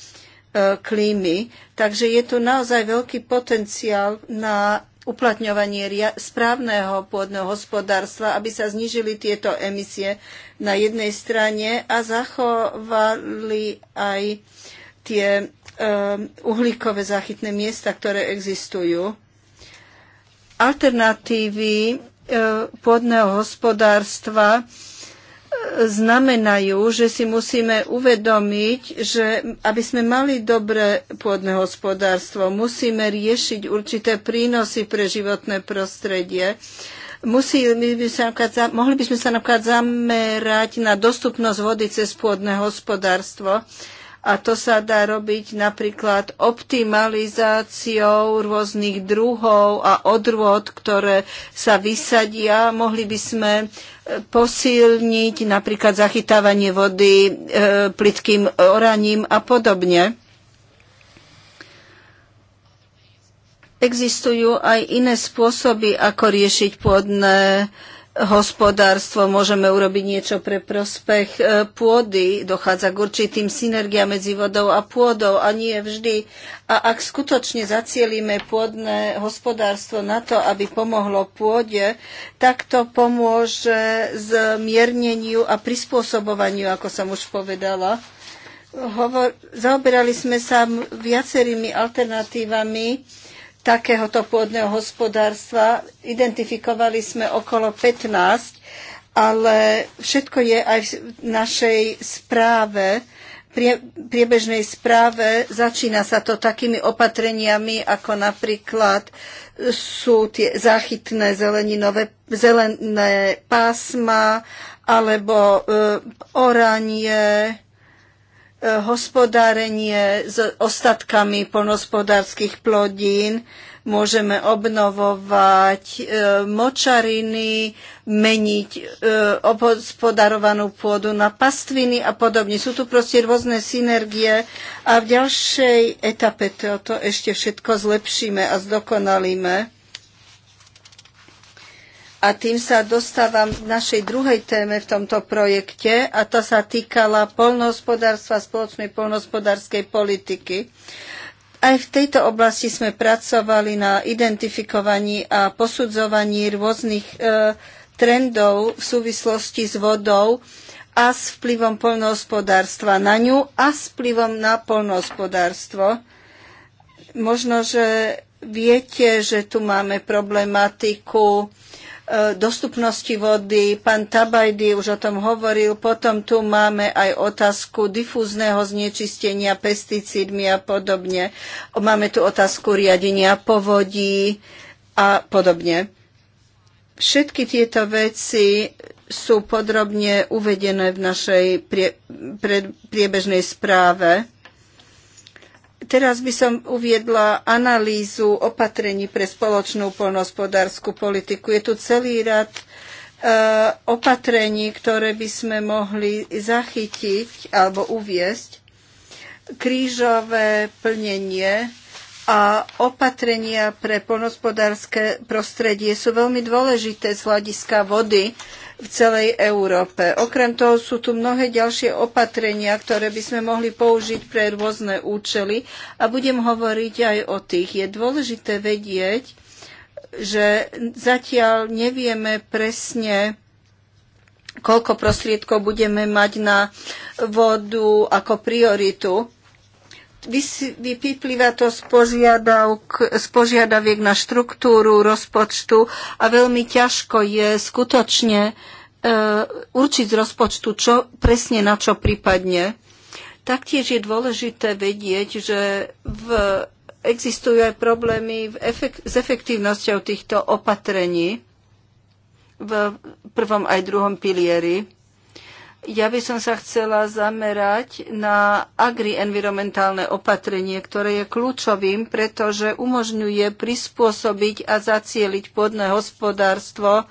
E, klímy. Takže je tu naozaj veľký potenciál na uplatňovanie správneho pôdneho hospodárstva, aby sa znížili tieto emisie na jednej strane a zachovali aj tie e, uhlíkové záchytné miesta, ktoré existujú. Alternatívy e, pôdneho hospodárstva znamenajú, že si musíme uvedomiť, že aby sme mali dobré pôdne hospodárstvo, musíme riešiť určité prínosy pre životné prostredie. Musí, by sa napríklad, mohli by sme sa napríklad zamerať na dostupnosť vody cez pôdne hospodárstvo. A to sa dá robiť napríklad optimalizáciou rôznych druhov a odrôd, ktoré sa vysadia. Mohli by sme uh, posilniť napríklad zachytávanie vody e, plitkým oraním a podobne. Existujú aj iné spôsoby, ako riešiť pôdne e, hospodárstvo, môžeme urobiť niečo pre prospech e, pôdy, dochádza k určitým synergia medzi vodou a pôdou a nie vždy. A ak skutočne zacielíme pôdne hospodárstvo na to, aby pomohlo pôde, tak to pomôže zmierneniu a prispôsobovaniu, ako som už povedala. Hovor, zaoberali sme sa viacerými alternatívami, takéhoto pôdneho hospodárstva. Identifikovali sme okolo 15, ale všetko je aj v našej správe, prie, priebežnej správe. Začína sa to takými opatreniami, ako napríklad sú tie záchytné zeleninové, zelené pásma alebo e, oranie, hospodárenie s ostatkami polnospodárských plodín, môžeme obnovovať e, močariny, meniť e, obhospodarovanú pôdu na pastviny a podobne. Sú tu proste rôzne synergie a v ďalšej etape toto ešte všetko zlepšíme a zdokonalíme. A tým sa dostávam k našej druhej téme v tomto projekte a to sa týkala polnohospodárstva, spoločnej polnohospodárskej politiky. Aj v tejto oblasti sme pracovali na identifikovaní a posudzovaní rôznych e, trendov v súvislosti s vodou a s vplyvom polnohospodárstva na ňu a s vplyvom na polnohospodárstvo. Možno, že viete, že tu máme problematiku e, E, dostupnosti vody. Pán Tabajdy už o tom hovoril. Potom tu máme aj otázku difúzneho znečistenia pesticídmi a podobne. Máme tu otázku riadenia povodí a podobne. Všetky tieto veci sú podrobne uvedené v našej prie, priebežnej správe. Teraz by som uviedla analýzu opatrení pre spoločnú poľnohospodárskú politiku. Je tu celý rad e, opatrení, ktoré by sme mohli zachytiť alebo uviesť. Krížové plnenie a opatrenia pre poľnohospodárske prostredie sú veľmi dôležité z hľadiska vody, v celej Európe. Okrem toho sú tu mnohé ďalšie opatrenia, ktoré by sme mohli použiť pre rôzne účely a budem hovoriť aj o tých. Je dôležité vedieť, že zatiaľ nevieme presne, koľko prostriedkov budeme mať na vodu ako prioritu vyplýva to z, z požiadaviek na štruktúru rozpočtu a veľmi ťažko je skutočne e, určiť z rozpočtu, čo presne na čo prípadne. Taktiež je dôležité vedieť, že v, existujú aj problémy v efekt, s efektívnosťou týchto opatrení v prvom aj druhom pilieri ja by som sa chcela zamerať na agri-environmentálne opatrenie, ktoré je kľúčovým, pretože umožňuje prispôsobiť a zacieliť pôdne hospodárstvo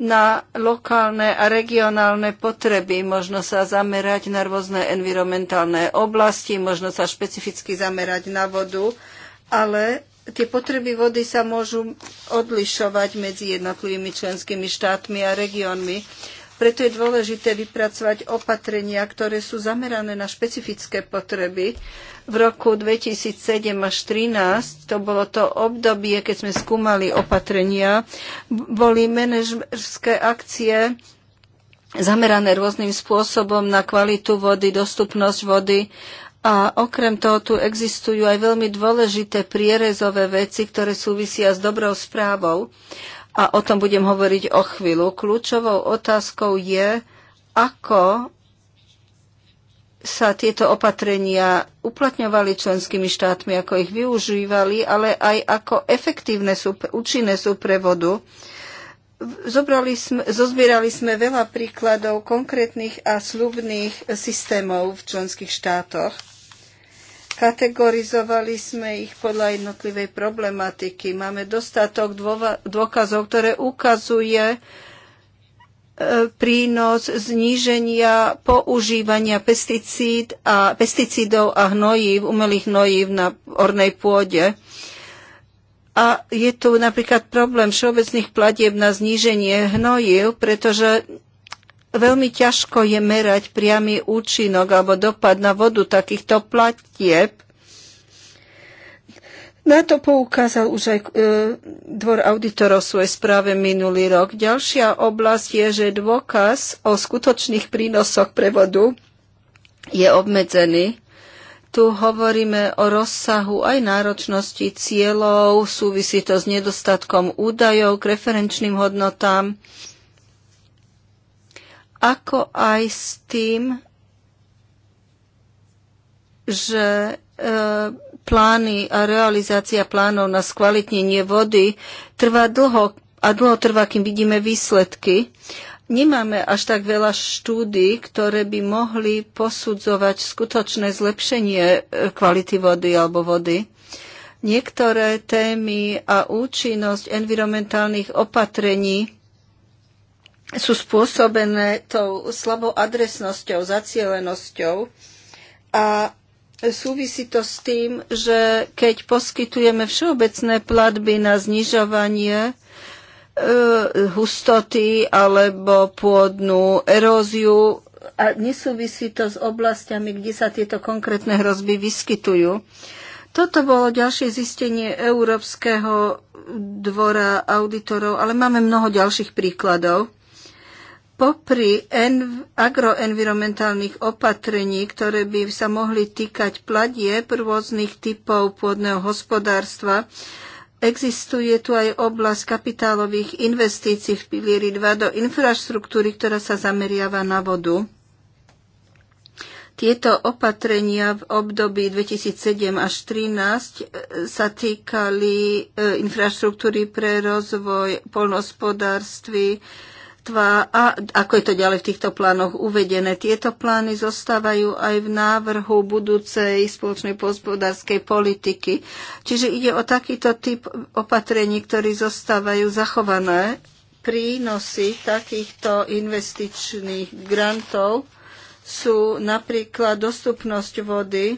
na lokálne a regionálne potreby. Možno sa zamerať na rôzne environmentálne oblasti, možno sa špecificky zamerať na vodu, ale tie potreby vody sa môžu odlišovať medzi jednotlivými členskými štátmi a regiónmi. Preto je dôležité vypracovať opatrenia, ktoré sú zamerané na špecifické potreby. V roku 2007 až 2013, to bolo to obdobie, keď sme skúmali opatrenia, boli manažerské akcie zamerané rôznym spôsobom na kvalitu vody, dostupnosť vody a okrem toho tu existujú aj veľmi dôležité prierezové veci, ktoré súvisia s dobrou správou a o tom budem hovoriť o chvíľu. Kľúčovou otázkou je, ako sa tieto opatrenia uplatňovali členskými štátmi, ako ich využívali, ale aj ako efektívne sú, účinné sú pre vodu. Zobrali sme, zozbierali sme veľa príkladov konkrétnych a slubných systémov v členských štátoch. Kategorizovali sme ich podľa jednotlivej problematiky. Máme dostatok dôkazov, ktoré ukazuje e, prínos zníženia používania pesticíd a, pesticídov a hnojív, umelých hnojív na ornej pôde. A je tu napríklad problém všeobecných platieb na zníženie hnojiv, pretože veľmi ťažko je merať priamy účinok alebo dopad na vodu takýchto platieb. Na to poukázal už aj e, dvor auditorov svojej správe minulý rok. Ďalšia oblasť je, že dôkaz o skutočných prínosoch prevodu je obmedzený. Tu hovoríme o rozsahu aj náročnosti cieľov, súvisí to s nedostatkom údajov k referenčným hodnotám. E, ako aj s tým, že e, plány a realizácia plánov na skvalitnenie vody trvá dlho a dlho trvá, kým vidíme výsledky. Nemáme až tak veľa štúdí, ktoré by mohli posudzovať skutočné zlepšenie e, kvality vody alebo vody. Niektoré témy a účinnosť environmentálnych opatrení sú spôsobené tou slabou adresnosťou, zacielenosťou a súvisí to s tým, že keď poskytujeme všeobecné platby na znižovanie e, hustoty alebo pôdnu eróziu a nesúvisí to s oblastiami, kde sa tieto konkrétne hrozby vyskytujú. Toto bolo ďalšie zistenie Európskeho dvora auditorov, ale máme mnoho ďalších príkladov popri env- agroenvironmentálnych opatrení, ktoré by sa mohli týkať platieb rôznych typov pôdneho hospodárstva, existuje tu aj oblasť kapitálových investícií v pilieri 2 do infraštruktúry, ktorá sa zameriava na vodu. Tieto opatrenia v období 2007 až 2013 e, sa týkali e, infraštruktúry pre rozvoj polnospodárstvy, a ako je to ďalej v týchto plánoch uvedené. Tieto plány zostávajú aj v návrhu budúcej spoločnej pospodárskej politiky. Čiže ide o takýto typ opatrení, ktorí zostávajú zachované. Prínosy takýchto investičných grantov sú napríklad dostupnosť vody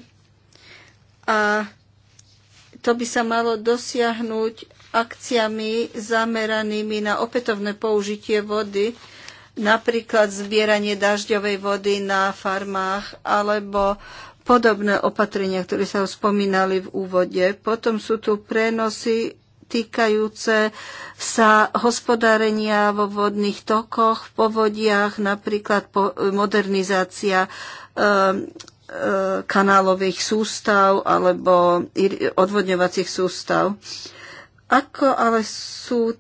a to by sa malo dosiahnuť akciami zameranými na opätovné použitie vody, napríklad zbieranie dažďovej vody na farmách alebo podobné opatrenia, ktoré sa spomínali v úvode. Potom sú tu prenosy týkajúce sa hospodárenia vo vodných tokoch, v povodiach, napríklad po, modernizácia e, e, kanálových sústav alebo odvodňovacích sústav. E, ako ale sú,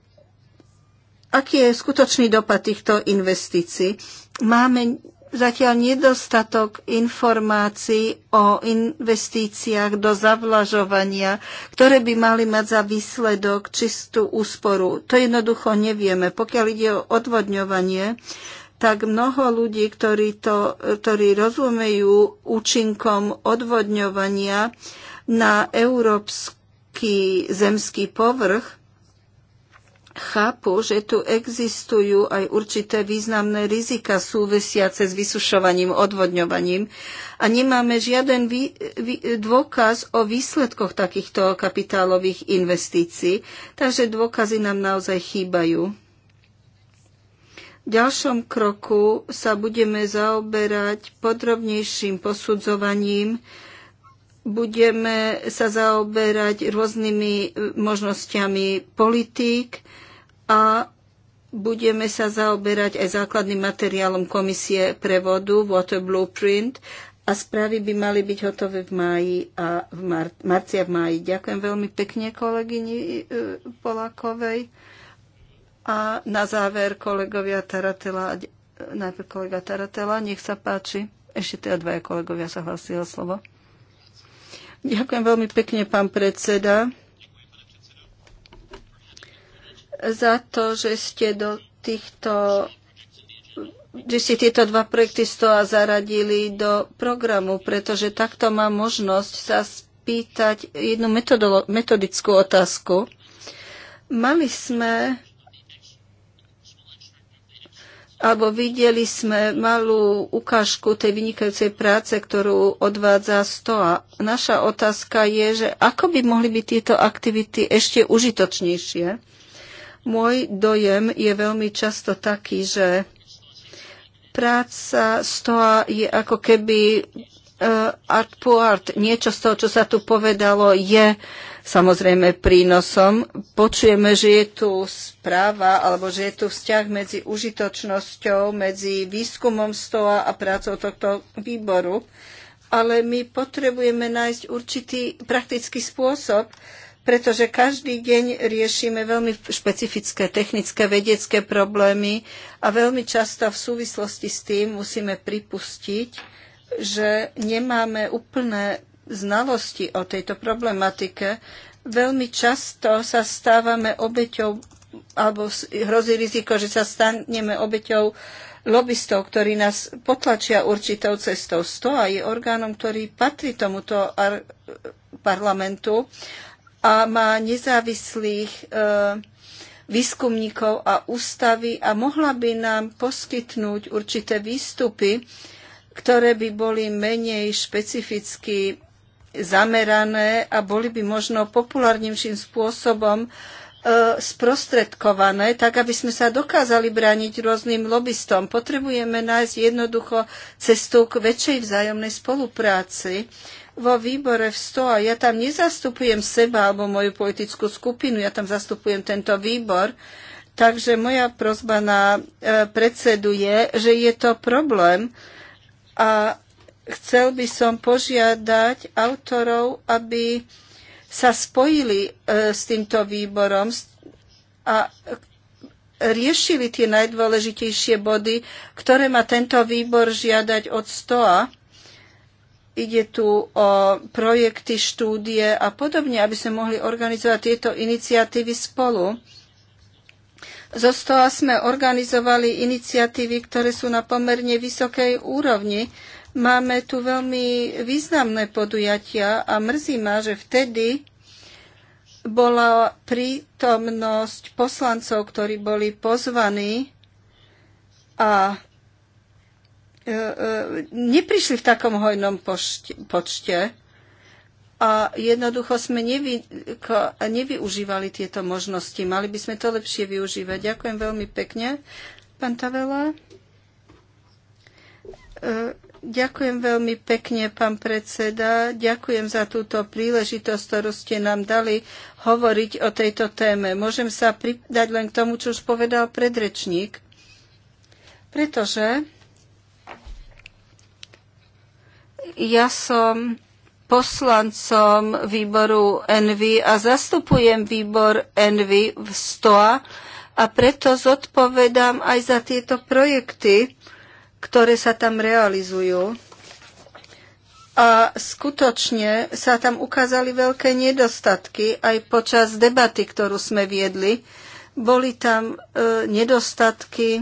aký je skutočný dopad týchto investícií? Máme zatiaľ nedostatok informácií o investíciách do zavlažovania, ktoré by mali mať za výsledok čistú úsporu. To jednoducho nevieme. Pokiaľ ide o odvodňovanie, tak mnoho ľudí, ktorí, to, ktorí rozumejú účinkom odvodňovania na európsku prudký zemský povrch, chápu, že tu existujú aj určité významné rizika súvisiace s vysušovaním, odvodňovaním a nemáme žiaden vý, vý, dôkaz o výsledkoch takýchto kapitálových investícií, takže dôkazy nám naozaj chýbajú. V ďalšom kroku sa budeme zaoberať podrobnejším posudzovaním budeme sa zaoberať rôznymi e, možnosťami politík a budeme sa zaoberať aj základným materiálom komisie pre vodu, Water Blueprint a správy by mali byť hotové v máji a v mar- marci a v máji. Ďakujem veľmi pekne kolegyni e, Polákovej. A na záver kolegovia Taratela, e, najprv kolega Taratela, nech sa páči. Ešte teda dvaja kolegovia sa hlasili o slovo. Ďakujem veľmi pekne, pán predseda, za to, že ste do týchto že ste tieto dva projekty stoa zaradili do programu, pretože takto mám možnosť sa spýtať jednu metodickú otázku. Mali sme alebo videli sme malú ukážku tej vynikajúcej práce, ktorú odvádza STOA. Naša otázka je, že ako by mohli byť tieto aktivity ešte užitočnejšie? Môj dojem je veľmi často taký, že práca STOA je ako keby uh, art po art. Niečo z toho, čo sa tu povedalo, je uh, samozrejme prínosom. Počujeme, že je tu správa alebo že je tu vzťah medzi užitočnosťou, medzi výskumom stoa a prácou tohto výboru, ale my potrebujeme nájsť určitý praktický spôsob, pretože každý deň riešime veľmi špecifické technické vedecké problémy a veľmi často v súvislosti s tým musíme pripustiť, že nemáme úplné znalosti o tejto problematike, veľmi často sa stávame obeťou alebo hrozí riziko, že sa staneme obeťou lobbystov, ktorí nás potlačia určitou cestou. a je orgánom, ktorý patrí tomuto parlamentu a má nezávislých e, výskumníkov a ústavy a mohla by nám poskytnúť určité výstupy, ktoré by boli menej špecificky zamerané a boli by možno populárnejším spôsobom e, sprostredkované, tak aby sme sa dokázali brániť rôznym lobbystom. Potrebujeme nájsť jednoducho cestu k väčšej vzájomnej spolupráci. Vo výbore v A ja tam nezastupujem seba alebo moju politickú skupinu, ja tam zastupujem tento výbor. Takže moja prozba na e, predsedu je, že je to problém a Chcel by som požiadať autorov, aby sa spojili e, s týmto výborom a riešili tie najdôležitejšie body, ktoré má tento výbor žiadať od STOA. Ide tu o projekty, štúdie a podobne, aby sme mohli organizovať tieto iniciatívy spolu. Zo STOA sme organizovali iniciatívy, ktoré sú na pomerne vysokej úrovni Máme tu veľmi významné podujatia a mrzí ma, že vtedy bola prítomnosť poslancov, ktorí boli pozvaní a e, e, neprišli v takom hojnom počte a jednoducho sme nevy, nevyužívali tieto možnosti. Mali by sme to lepšie využívať. Ďakujem veľmi pekne, pán Tavela. E, Ďakujem veľmi pekne, pán predseda. Ďakujem za túto príležitosť, ktorú ste nám dali hovoriť o tejto téme. Môžem sa pridať len k tomu, čo už povedal predrečník, pretože ja som poslancom výboru Envy a zastupujem výbor Envy v STOA a preto zodpovedám aj za tieto projekty, ktoré sa tam realizujú. A skutočne sa tam ukázali veľké nedostatky aj počas debaty, ktorú sme viedli. Boli tam e, nedostatky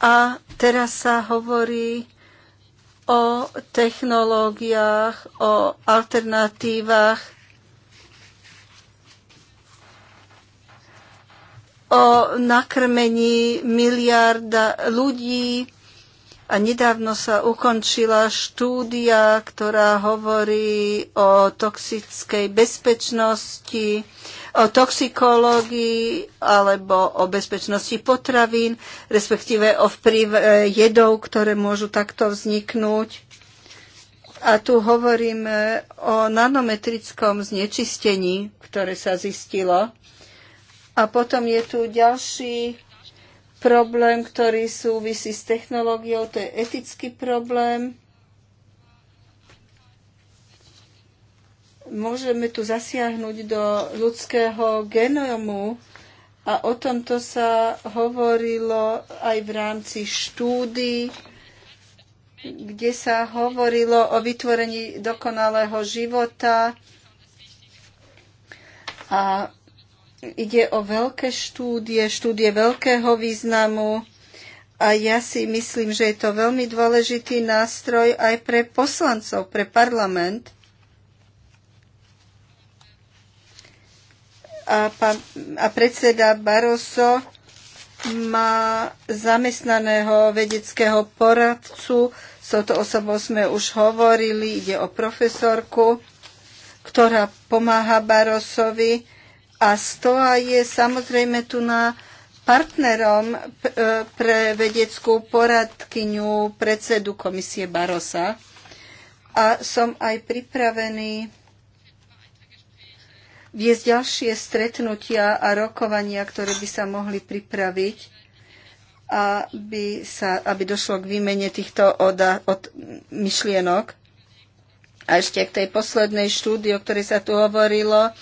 a teraz sa hovorí o technológiách, o alternatívach, o nakrmení miliarda ľudí, a nedávno sa ukončila štúdia, ktorá hovorí o toxickej bezpečnosti, o toxikológii alebo o bezpečnosti potravín, respektíve o vplyve jedov, ktoré môžu takto vzniknúť. A tu hovoríme o nanometrickom znečistení, ktoré sa zistilo. A potom je tu ďalší problém, ktorý súvisí s technológiou, to je etický problém. Môžeme tu zasiahnuť do ľudského genómu a o tomto sa hovorilo aj v rámci štúdy, kde sa hovorilo o vytvorení dokonalého života a Ide o veľké štúdie, štúdie veľkého významu a ja si myslím, že je to veľmi dôležitý nástroj aj pre poslancov, pre parlament. A, pa, a predseda Barroso má zamestnaného vedeckého poradcu. S touto osobou sme už hovorili, ide o profesorku, ktorá pomáha Barosovi a STOA je samozrejme tu na partnerom e, pre vedeckú poradkyňu predsedu komisie Barosa. A som aj pripravený viesť ďalšie stretnutia a rokovania, ktoré by sa mohli pripraviť, aby, sa, aby došlo k výmene týchto od, od myšlienok. A ešte k tej poslednej štúdii, o ktorej sa tu hovorilo,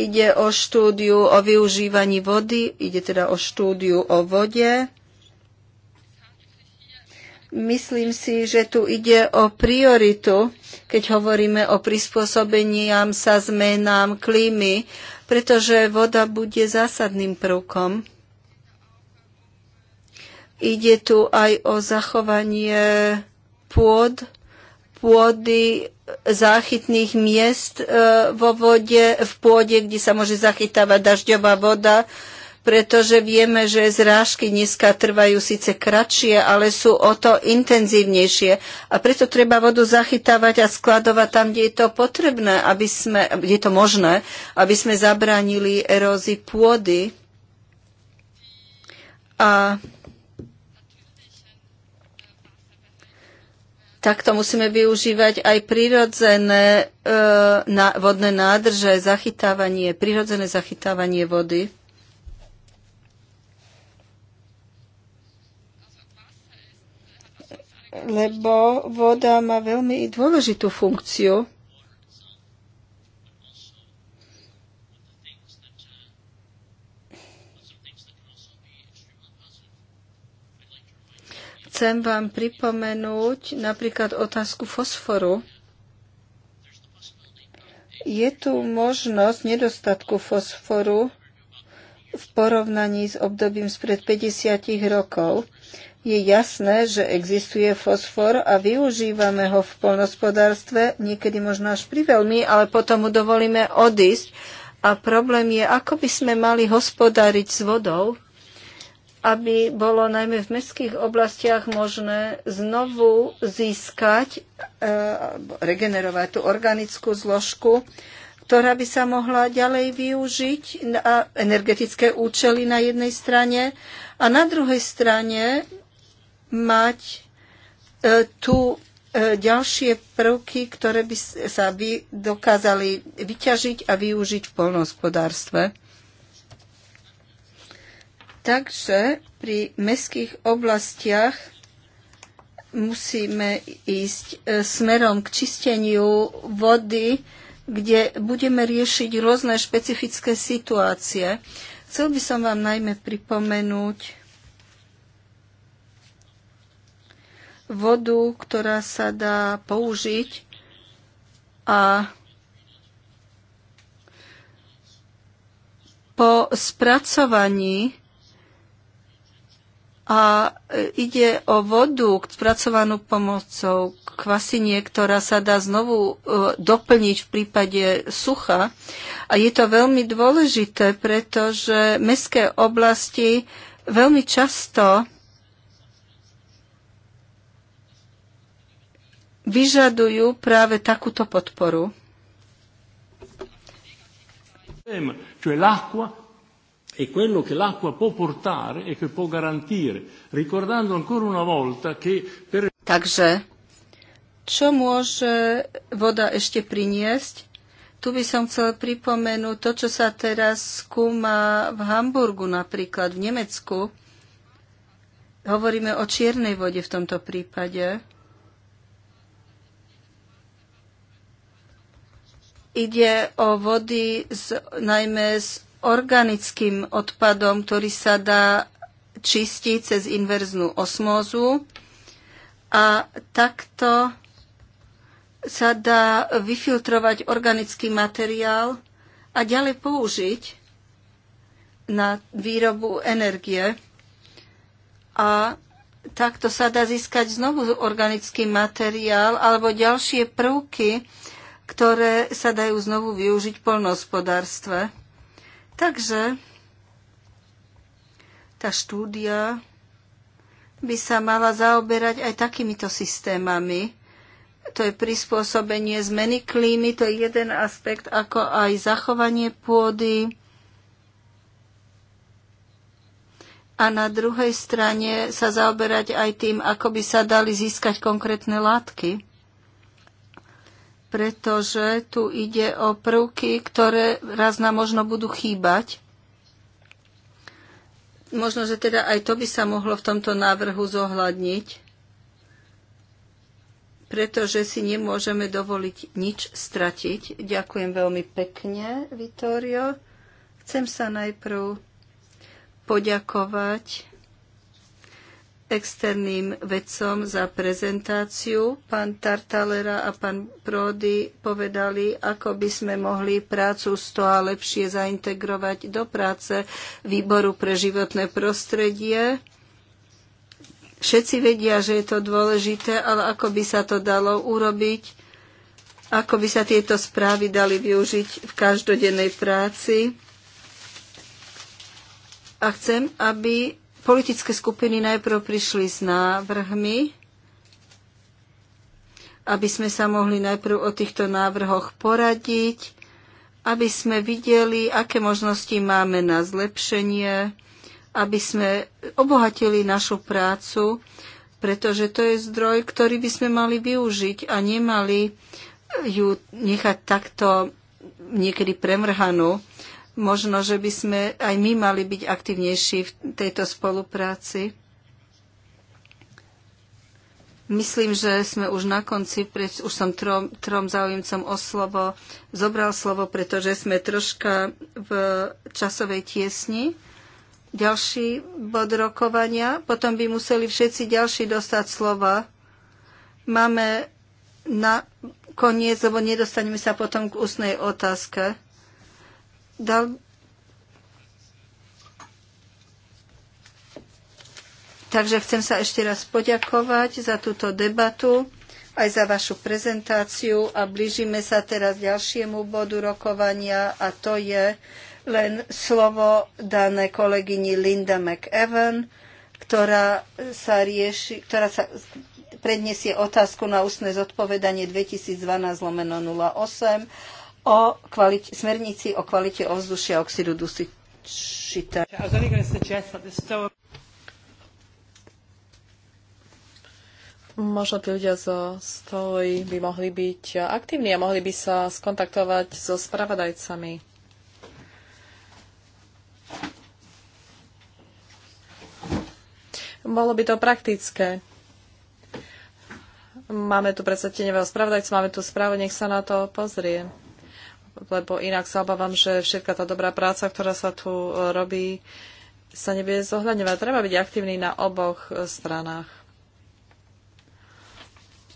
Ide o štúdiu o využívaní vody, ide teda o štúdiu o vode. Myslím si, že tu ide o prioritu, keď hovoríme o prispôsobeniam sa zmenám klímy, pretože voda bude zásadným prvkom. Ide tu aj o zachovanie pôd, pôdy záchytných miest e, vo vode, v pôde, kde sa môže zachytávať dažďová voda, pretože vieme, že zrážky dneska trvajú síce kratšie, ale sú o to intenzívnejšie. A preto treba vodu zachytávať a skladovať tam, kde je to potrebné, aby sme, kde je to možné, aby sme zabránili erózii pôdy. A takto musíme využívať aj prírodzené e, na, vodné nádrže, zachytávanie, prírodzené zachytávanie vody. Lebo voda má veľmi dôležitú funkciu. Chcem vám pripomenúť napríklad otázku fosforu. Je tu možnosť nedostatku fosforu v porovnaní s obdobím spred 50 rokov. Je jasné, že existuje fosfor a využívame ho v polnospodárstve, niekedy možno až pri veľmi, ale potom mu dovolíme odísť. A problém je, ako by sme mali hospodáriť s vodou, aby bolo najmä v mestských oblastiach možné znovu získať, e, regenerovať tú organickú zložku, ktorá by sa mohla ďalej využiť na energetické účely na jednej strane a na druhej strane mať e, tu e, ďalšie prvky, ktoré by sa by dokázali vyťažiť a využiť v polnohospodárstve. Takže pri mestských oblastiach musíme ísť e, smerom k čisteniu vody, kde budeme riešiť rôzne špecifické situácie. Chcel by som vám najmä pripomenúť vodu, ktorá sa dá použiť a po spracovaní a e, ide o vodu spracovanú pomocou kvasinie, ktorá sa dá znovu e, doplniť v prípade sucha. A je to veľmi dôležité, pretože mestské oblasti veľmi často vyžadujú práve takúto podporu è e quello che l'acqua può portare e che può garantire, ricordando ancora una volta che per... Takže, čo môže voda ešte priniesť? Tu by som chcel pripomenúť to, čo sa teraz skúma v Hamburgu napríklad, v Nemecku. Hovoríme o čiernej vode v tomto prípade. Ide o vody z, najmä z organickým odpadom, ktorý sa dá čistiť cez inverznú osmózu a takto sa dá vyfiltrovať organický materiál a ďalej použiť na výrobu energie. A takto sa dá získať znovu organický materiál alebo ďalšie prvky, ktoré sa dajú znovu využiť v polnohospodárstve. Takže tá štúdia by sa mala zaoberať aj takýmito systémami. To je prispôsobenie zmeny klímy, to je jeden aspekt, ako aj zachovanie pôdy. A na druhej strane sa zaoberať aj tým, ako by sa dali získať konkrétne látky pretože tu ide o prvky, ktoré raz nám možno budú chýbať. Možno, že teda aj to by sa mohlo v tomto návrhu zohľadniť, pretože si nemôžeme dovoliť nič stratiť. Ďakujem veľmi pekne, Vitorio. Chcem sa najprv poďakovať externým vedcom za prezentáciu. Pán Tartalera a pán Prody povedali, ako by sme mohli prácu z toho lepšie zaintegrovať do práce Výboru pre životné prostredie. Všetci vedia, že je to dôležité, ale ako by sa to dalo urobiť, ako by sa tieto správy dali využiť v každodennej práci. A chcem, aby politické skupiny najprv prišli s návrhmi, aby sme sa mohli najprv o týchto návrhoch poradiť, aby sme videli, aké možnosti máme na zlepšenie, aby sme obohatili našu prácu, pretože to je zdroj, ktorý by sme mali využiť a nemali ju nechať takto niekedy premrhanú. Možno, že by sme aj my mali byť aktívnejší v tejto spolupráci. Myslím, že sme už na konci, preč, už som trom, trom záujemcom o slovo zobral slovo, pretože sme troška v časovej tiesni. Ďalší bod rokovania, potom by museli všetci ďalší dostať slova. Máme na koniec, lebo nedostaneme sa potom k ústnej otázke dal... Takže chcem sa ešte raz poďakovať za túto debatu, aj za vašu prezentáciu a blížime sa teraz ďalšiemu bodu rokovania a to je len slovo dané kolegyni Linda McEwan, ktorá sa rieši, ktorá sa predniesie otázku na ústne zodpovedanie 2012 08 o kvalite, smernici o kvalite ovzdušia oxidu dusičita. Možno tí ľudia zo stoj by mohli byť aktívni a mohli by sa skontaktovať so spravodajcami. Bolo by to praktické. Máme tu predsa tenevého spravodajca, máme tu správu, nech sa na to pozrie lebo inak sa obávam, že všetka tá dobrá práca, ktorá sa tu e, robí, sa nebude zohľadňovať. Treba byť aktívny na oboch e, stranách.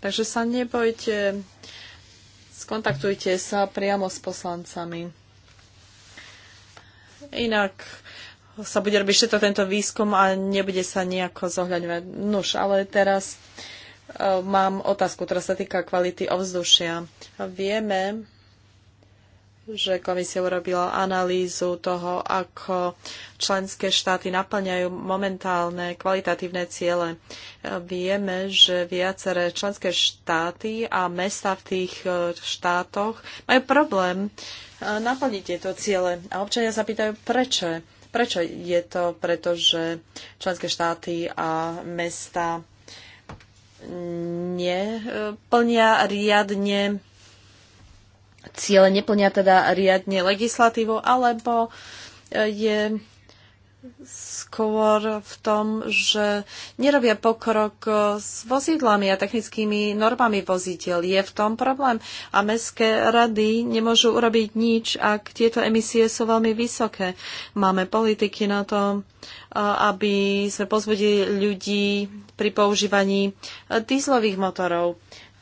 Takže sa nebojte, skontaktujte sa priamo s poslancami. Inak sa bude robiť všetko tento výskum a nebude sa nejako zohľadňovať. Nuž, ale teraz e, mám otázku, ktorá sa týka kvality ovzdušia. Vieme, že komisia urobila analýzu toho, ako členské štáty naplňajú momentálne kvalitatívne ciele. Vieme, že viaceré členské štáty a mesta v tých e, štátoch majú problém e, naplniť tieto ciele. A občania sa pýtajú, prečo. Prečo je to? Pretože členské štáty a mesta neplnia e, riadne ciele neplnia teda riadne legislatívu, alebo e, je skôr v tom, že nerobia pokrok e, s vozidlami a technickými normami vozidiel. Je v tom problém a mestské rady nemôžu urobiť nič, ak tieto emisie sú veľmi vysoké. Máme politiky na to, e, aby sme pozbudili ľudí pri používaní dýzlových motorov.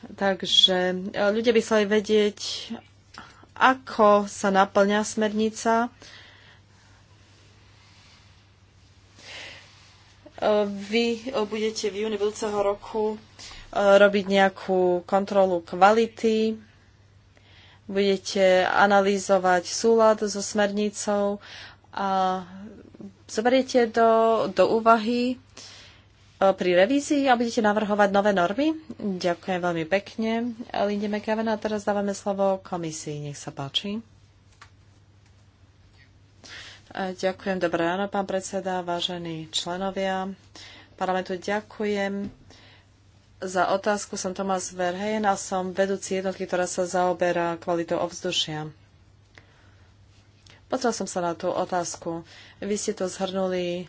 Takže ľudia by sa aj vedieť, ako sa naplňa smernica. E, vy budete v júni budúceho roku e, robiť nejakú kontrolu kvality, budete analýzovať súlad so smernicou a zoberiete do, do úvahy E, pri revízii a budete navrhovať nové normy? Ďakujem veľmi pekne. Linde McAven a teraz dávame slovo komisii. Nech sa páči. E, ďakujem. Dobré ráno, pán predseda, vážení členovia parlamentu. Ďakujem za otázku. Som Tomás Verheyen a som vedúci jednotky, ktorá sa zaoberá kvalitou ovzdušia. Pozrel som sa na tú otázku. Vy ste to zhrnuli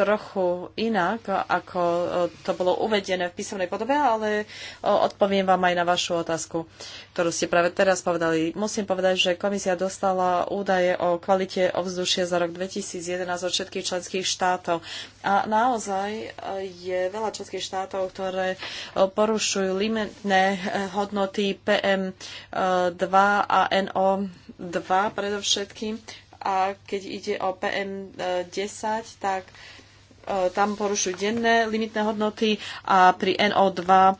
trochu inak, ako e, to bolo uvedené v písomnej podobe, ale e, odpoviem vám aj na vašu otázku, ktorú ste práve teraz povedali. Musím povedať, že komisia dostala údaje o kvalite ovzdušia za rok 2011 od všetkých členských štátov. A naozaj e, je veľa členských štátov, ktoré porušujú limitné hodnoty PM2 a NO2 predovšetkým a keď ide o PM10, tak E, tam porušujú denné limitné hodnoty a pri NO2 e,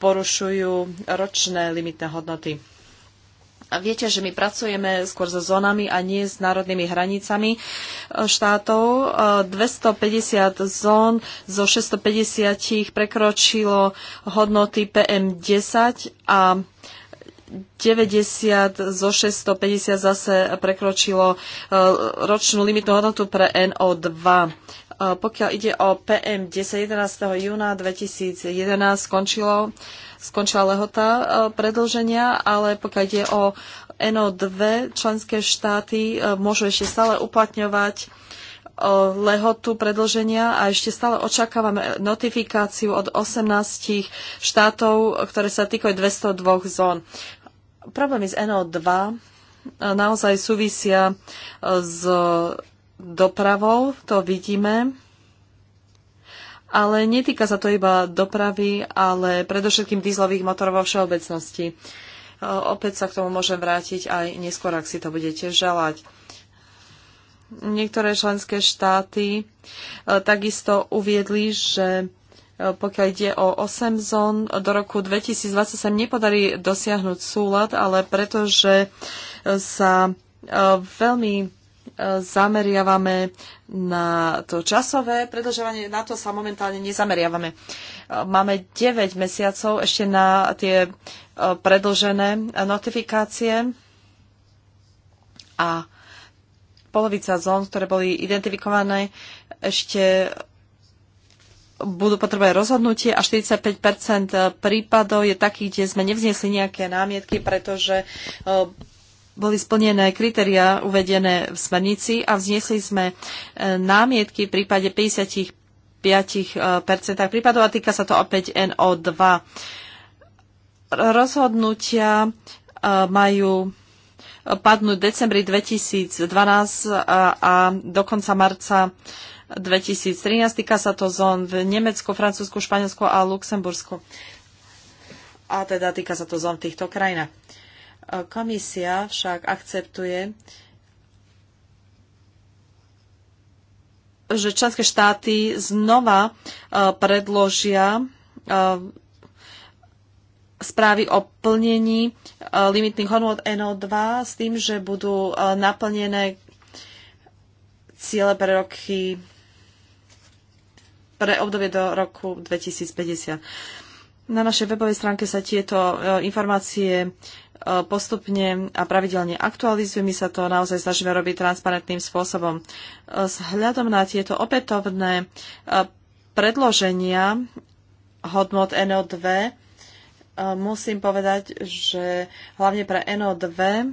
porušujú ročné limitné hodnoty. A viete, že my pracujeme skôr so zónami a nie s národnými hranicami e, štátov. 250 zón zo 650 prekročilo hodnoty PM10 a 90 zo 650 zase prekročilo ročnú limitnú hodnotu pre NO2. E, pokiaľ ide o PM10 11. júna 2011 skončilo, skončila lehota e, predlženia, ale pokiaľ ide o NO2, členské štáty e, môžu ešte stále uplatňovať lehotu predlženia a ešte stále očakávame notifikáciu od 18 štátov, ktoré sa týkajú 202 zón. Problémy z NO2 naozaj súvisia s dopravou, to vidíme. Ale netýka sa to iba dopravy, ale predovšetkým dýzlových motorov vo všeobecnosti. E, opäť sa k tomu môžem vrátiť aj neskôr, ak si to budete želať. Niektoré členské štáty e, takisto uviedli, že e, pokiaľ ide o 8 zón, do roku 2020 sa nepodarí dosiahnuť súlad, ale pretože sa veľmi zameriavame na to časové predlžovanie, na to sa momentálne nezameriavame. Máme 9 mesiacov ešte na tie e, predlžené notifikácie a polovica zón, ktoré boli identifikované, ešte budú potrebovať rozhodnutie a 45 prípadov je takých, kde sme nevznesli nejaké námietky, pretože e, boli splnené kritéria uvedené v smernici a vznesli sme e, námietky v prípade 55% prípadov a týka sa to opäť NO2. Rozhodnutia e, majú padnúť v decembri 2012 a do konca marca 2013. Týka sa to zón v Nemecku, Francúzsku, Španielsku a Luxembursku. A teda týka sa to zón v týchto krajinách. Komisia však akceptuje, že členské štáty znova e, predložia e, správy o plnení e, limitných hodnot NO2 s tým, že budú naplnené ciele pre roky pre obdobie do roku 2050. Na našej webovej stránke sa tieto informácie postupne a pravidelne aktualizujú My sa to naozaj snažíme robiť transparentným spôsobom. S hľadom na tieto opätovné e, predloženia hodnot NO2 e, musím povedať, že hlavne pre NO2 e,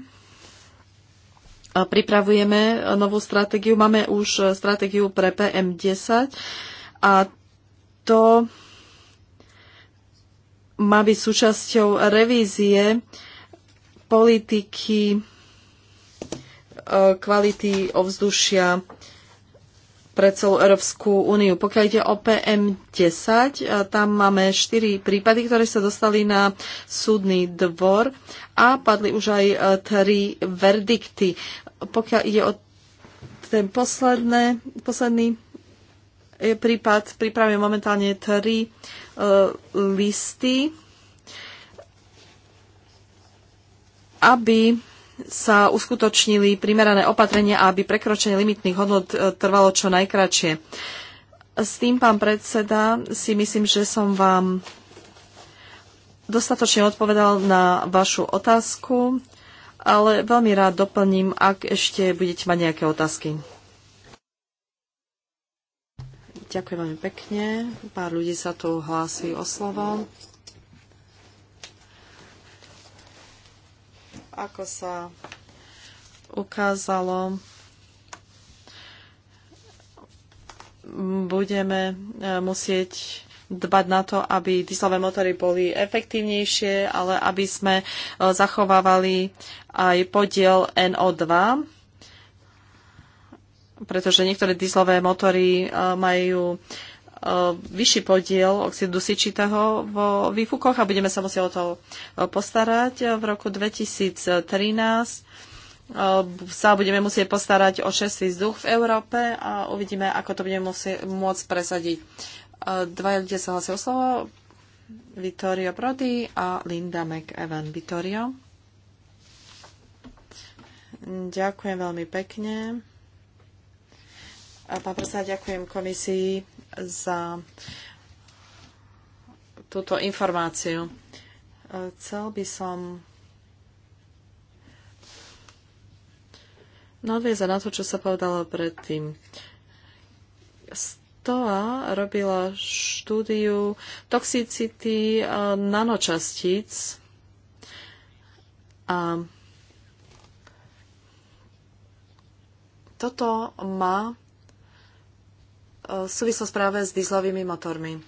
pripravujeme novú stratégiu. Máme už stratégiu pre PM10 a to má byť súčasťou revízie politiky e, kvality ovzdušia pre celú Európsku úniu. Pokiaľ ide o PM10, e, tam máme 4 prípady, ktoré sa dostali na súdny dvor a padli už aj 3 e, verdikty. Pokiaľ ide o ten posledné, posledný prípad, pripravujem momentálne 3 listy aby sa uskutočnili primerané opatrenia a aby prekročenie limitných hodnot e, trvalo čo najkračšie. S tým, pán predseda, si myslím, že som vám dostatočne odpovedal na vašu otázku, ale veľmi rád doplním, ak ešte budete mať nejaké otázky. Ďakujem veľmi pekne. Pár ľudí sa tu hlási o slovo. Ako sa ukázalo, budeme e, musieť dbať na to, aby dieselové motory boli efektívnejšie, ale aby sme e, zachovávali aj podiel NO2, pretože niektoré dieselové motory e, majú E, vyšší podiel oxidu dusičitého vo výfukoch a budeme sa musieť o to e, postarať. E, v roku 2013 sa budeme musieť postarať o šestý vzduch v Európe a uvidíme, ako to budeme musieť, môcť presadiť. Dva ľudia sa hlasia o slovo. Vittorio Prodi a Linda McEvan. Vittorio. Ďakujem veľmi pekne. A pán predseda, ďakujem komisii za túto informáciu. E, chcel by som nadviezať na to, čo sa povedalo predtým. STOA robila štúdiu toxicity e, nanočastíc a toto má E, súvislosť práve s dizlovými motormi.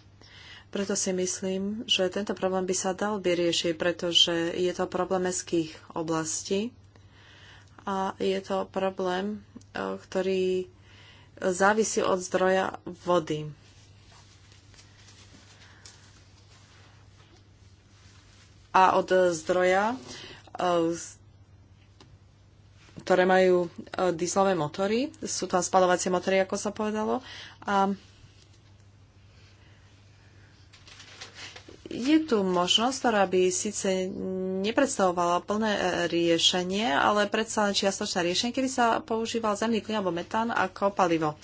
Preto si myslím, že tento problém by sa dal vyriešiť, pretože je to problém mestských oblastí a je to problém, e, ktorý závisí od zdroja vody. A od zdroja, e, ktoré majú dieselové motory, sú tam spalovacie motory, ako sa povedalo, a je tu možnosť, ktorá by síce nepredstavovala plné e, riešenie, ale predsa len čiastočné riešenie, kedy sa používal zemný plyn alebo metán ako palivo.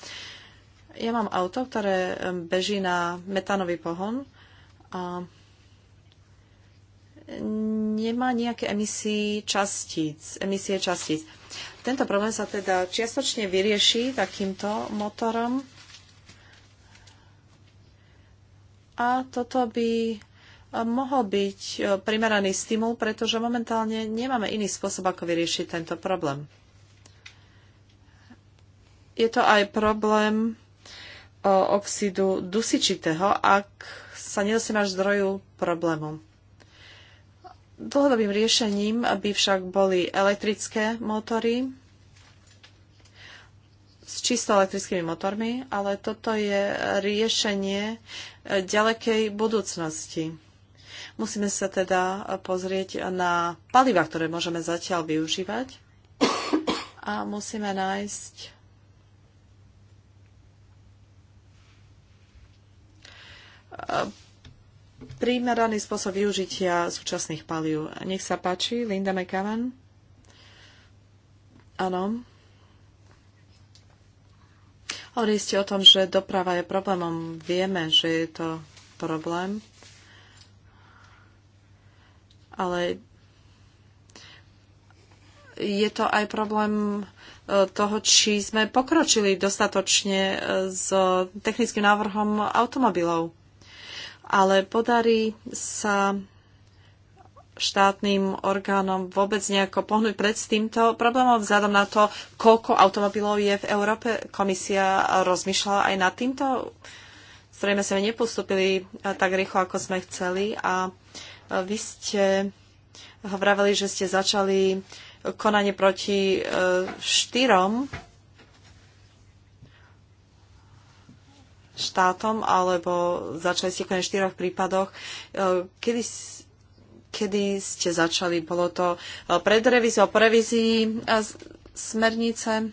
Ja mám auto, ktoré e, beží na metánový pohon a nemá nejaké emisie častíc, emisie častíc. Tento problém sa teda čiastočne vyrieši takýmto motorom A toto by e, mohol byť e, primeraný stimul, pretože momentálne nemáme iný spôsob, ako vyriešiť tento problém. Je to aj problém e, oxidu dusičitého, ak sa nedostaneme až zdroju problému. Dlhodobým riešením by však boli elektrické motory, s čisto elektrickými motormi, ale toto je riešenie e, ďalekej budúcnosti. Musíme sa teda pozrieť na paliva, ktoré môžeme zatiaľ využívať a musíme nájsť primeraný spôsob využitia súčasných palív. Nech sa páči, Linda McCavan. Áno. Hovorili ste o tom, že doprava je problémom. Vieme, že je to problém. Ale je to aj problém e, toho, či sme pokročili dostatočne e, s technickým návrhom automobilov. Ale podarí sa štátnym orgánom vôbec nejako pohnúť pred týmto problémom vzhľadom na to, koľko automobilov je v Európe. Komisia rozmýšľala aj nad týmto. Zrejme sme nepostupili eh, tak rýchlo, ako sme chceli a eh, vy ste hovorili, že ste začali konanie proti eh, štyrom štátom, alebo začali ste konať v štyroch prípadoch. Kedy kedy ste začali? Bolo to eh, pred revíziou, po revízii eh, smernice?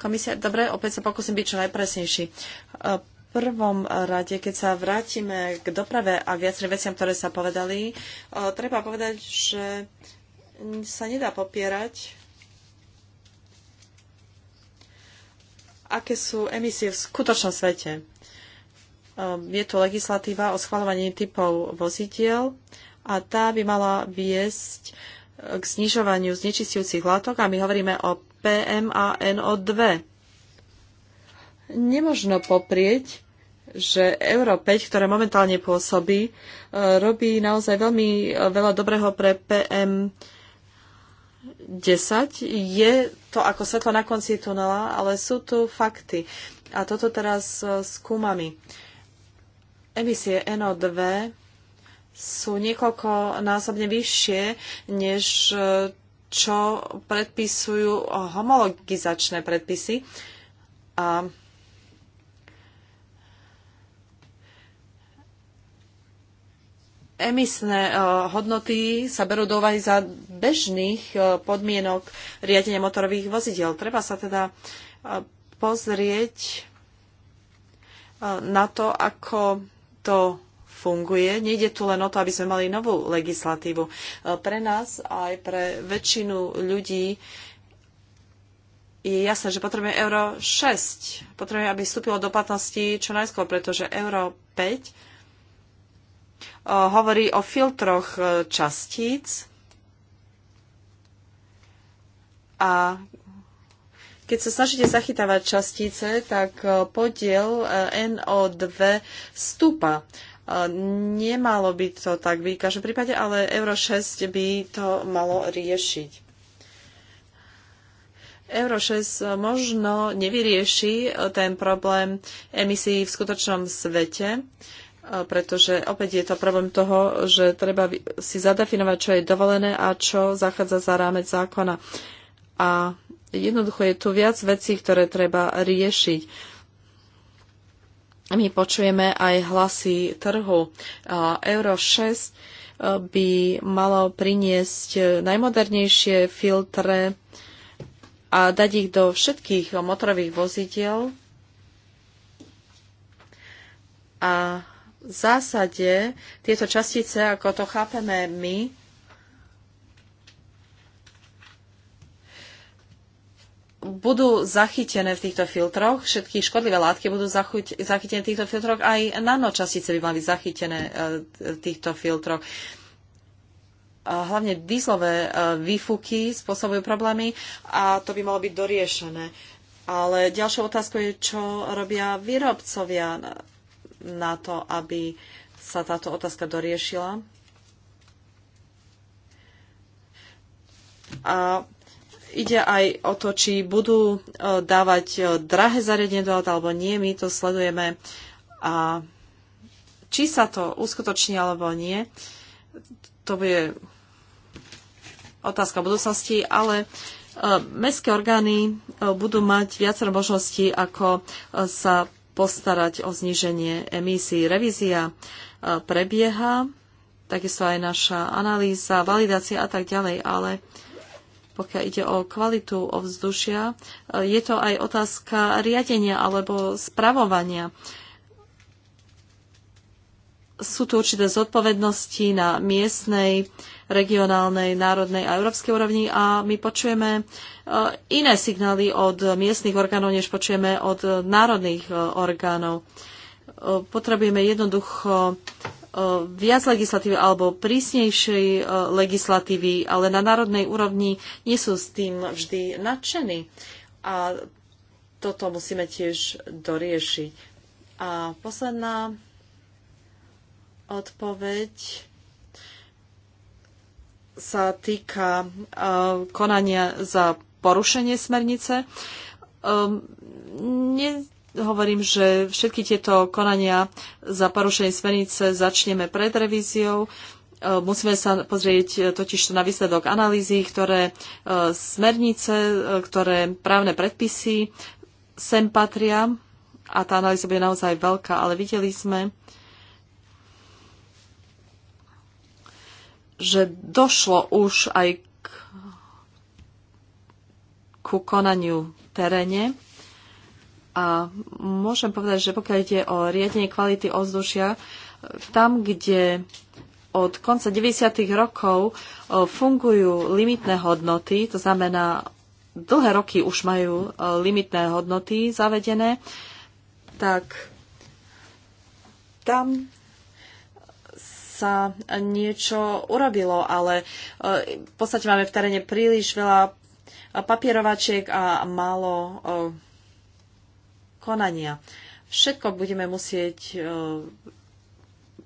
Komisia, dobre, opäť sa pokúsim byť čo najpresnejší eh, prvom rade, keď sa vrátime k doprave a viacerým veciam, ktoré sa povedali, treba povedať, že sa nedá popierať, aké sú emisie v skutočnom svete. Je tu legislatíva o schvalovaní typov vozidiel a tá by mala viesť eh, k znižovaniu znečistujúcich látok a my hovoríme o PM a NO2. Nemožno poprieť, že Euro 5, ktoré momentálne pôsobí, eh, robí naozaj veľmi eh, veľa dobrého pre PM 10. Je to ako svetlo na konci tunela, ale sú tu fakty. A toto teraz skúmami. Emisie NO2 sú niekoľko násobne vyššie, než e, čo predpisujú homologizačné predpisy. A emisné e, hodnoty sa berú do úvahy za bežných e, podmienok riadenia motorových vozidiel. Treba sa teda pozrieť na to, ako to funguje. Nejde tu len o to, aby sme mali novú legislatívu. E, pre nás aj pre väčšinu ľudí je jasné, že potrebujeme euro 6. Potrebujeme, aby vstúpilo do platnosti čo najskôr, pretože euro 5 e, hovorí o filtroch e, častíc a keď sa snažíte zachytávať častice, tak podiel NO2 stúpa. Nemalo by to tak byť v každom prípade, ale Euro 6 by to malo riešiť. Euro 6 možno nevyrieši ten problém emisí v skutočnom svete, pretože opäť je to problém toho, že treba si zadefinovať, čo je dovolené a čo zachádza za rámec zákona. A jednoducho je tu viac vecí, ktoré treba riešiť my počujeme aj hlasy trhu. Euro 6 e, by malo priniesť najmodernejšie filtre a dať ich do všetkých motorových vozidiel. A v zásade tieto častice, ako to chápeme my, budú zachytené v týchto filtroch, všetky škodlivé látky budú zachytené v týchto filtroch, aj nanočastice by mali zachytené e, e, v týchto filtroch. Hlavne dýzlové e, výfuky spôsobujú problémy a to by malo byť doriešené. Ale ďalšou otázkou je, čo robia výrobcovia na to, aby sa táto otázka doriešila. A Ide aj o to, či budú e, dávať e, drahé zariadenie do auta alebo nie. My to sledujeme. A či sa to uskutoční alebo nie, to bude otázka budúcnosti, ale e, mestské orgány budú mať viacero možností, ako sa postarať o zníženie emisí. Revízia prebieha, takisto aj naša analýza, validácia a tak ďalej, ale pokiaľ ide o kvalitu ovzdušia. E, je to aj otázka riadenia alebo spravovania. Sú tu určité zodpovednosti na miestnej, regionálnej, národnej a európskej úrovni a my počujeme e, iné signály od miestnych orgánov, než počujeme od národných e, orgánov. Potrebujeme jednoducho E, viac legislatívy alebo prísnejšej e, legislatívy, ale na národnej úrovni nie sú s tým vždy nadšení. A toto musíme tiež doriešiť. A posledná odpoveď sa týka e, konania za porušenie smernice. Um, hovorím, že všetky tieto konania za porušenie smernice začneme pred revíziou. E, musíme sa pozrieť e, totiž na výsledok analýzy, ktoré e, smernice, ktoré právne predpisy sem patria a tá analýza bude naozaj veľká, ale videli sme, že došlo už aj k, ku konaniu v teréne. A môžem povedať, že pokiaľ ide o riadenie kvality ovzdušia, tam, kde od konca 90. rokov fungujú limitné hodnoty, to znamená, dlhé roky už majú limitné hodnoty zavedené, tak tam sa niečo urobilo, ale v podstate máme v teréne príliš veľa papierovačiek a málo konania. Všetko budeme musieť e,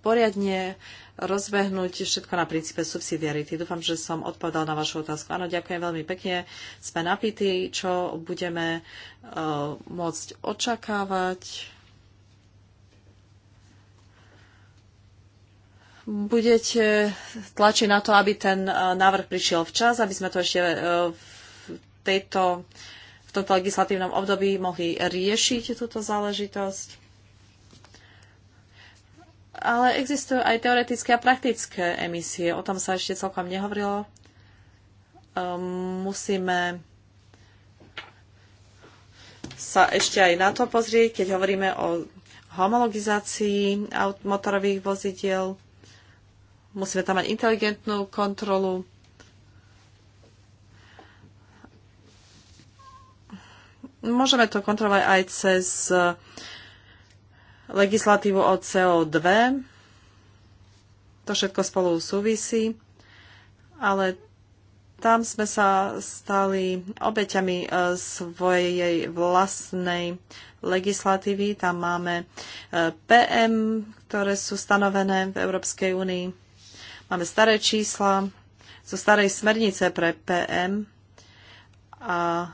poriadne rozbehnúť všetko na princípe subsidiarity. Dúfam, že som odpovedal na vašu otázku. Áno, ďakujem veľmi pekne. Sme napití, čo budeme uh, môcť očakávať. Budete tlačiť na to, aby ten uh, návrh prišiel včas, aby sme to ešte uh, v tejto tomto legislatívnom období mohli riešiť túto záležitosť. Ale existujú aj teoretické a praktické emisie. O tom sa ešte celkom nehovorilo. Ehm, musíme sa ešte aj na to pozrieť, keď hovoríme o homologizácii motorových vozidiel. Musíme tam mať inteligentnú kontrolu Môžeme to kontrolovať aj cez e, legislatívu o CO2. To všetko spolu súvisí, ale tam sme sa stali obeťami e, svojej vlastnej legislatívy. Tam máme e, PM, ktoré sú stanovené v Európskej únii. Máme staré čísla zo starej smernice pre PM a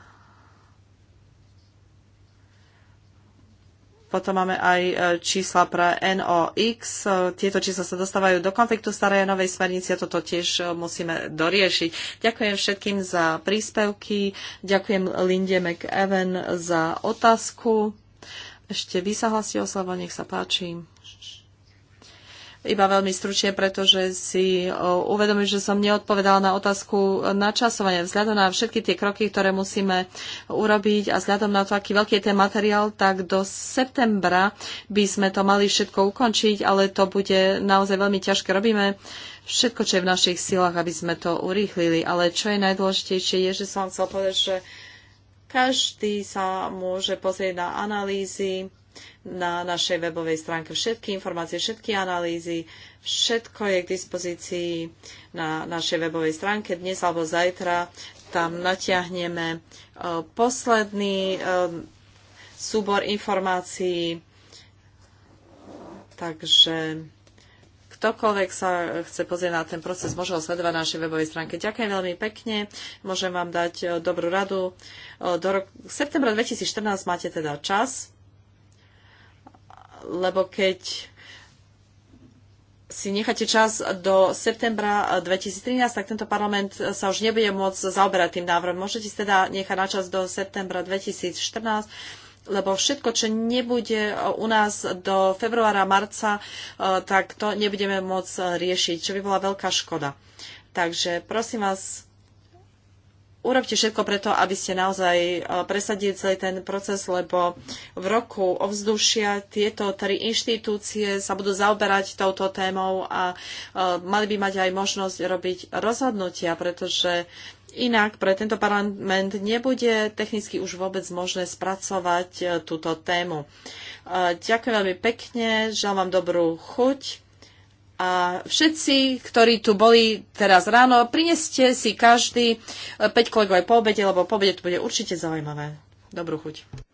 Potom máme aj e, čísla pre NOx. E, tieto čísla sa dostávajú do konfliktu starej a novej smernice a toto tiež e, musíme doriešiť. Ďakujem všetkým za príspevky. Ďakujem Linde McEwen za otázku. Ešte vy sa hlasí o slovo, nech sa páči iba veľmi stručne, pretože si uvedomím, že som neodpovedala na otázku načasovania. Vzhľadom na všetky tie kroky, ktoré musíme urobiť a vzhľadom na to, aký veľký je ten materiál, tak do septembra by sme to mali všetko ukončiť, ale to bude naozaj veľmi ťažké. Robíme všetko, čo je v našich silách, aby sme to urýchlili. Ale čo je najdôležitejšie, je, že som chcel povedať, že každý sa môže pozrieť na analýzy, na našej webovej stránke všetky informácie, všetky analýzy, všetko je k dispozícii na našej webovej stránke dnes alebo zajtra. Tam natiahneme e, posledný e, súbor informácií. Takže ktokoľvek sa chce pozrieť na ten proces, môže ho sledovať na našej webovej stránke. Ďakujem veľmi pekne, môžem vám dať e, dobrú radu. Do roku, septembra 2014 máte teda čas lebo keď si necháte čas do septembra 2013, tak tento parlament sa už nebude môcť zaoberať tým návrhom. Môžete si teda nechať na čas do septembra 2014, lebo všetko, čo nebude u nás do februára, marca, e, tak to nebudeme môcť riešiť, čo by bola veľká škoda. Takže prosím vás, urobte všetko preto, aby ste naozaj e, presadili celý ten proces, lebo v roku ovzdušia tieto tri inštitúcie sa budú zaoberať touto témou a e, mali by mať aj možnosť robiť rozhodnutia, pretože Inak pre tento parlament nebude technicky už vôbec možné spracovať e, túto tému. Ďakujem veľmi pekne, želám vám dobrú chuť a všetci, ktorí tu boli teraz ráno, prineste si každý 5 eh, kolegov aj po obede, lebo po obede to bude určite zaujímavé. Dobrú chuť.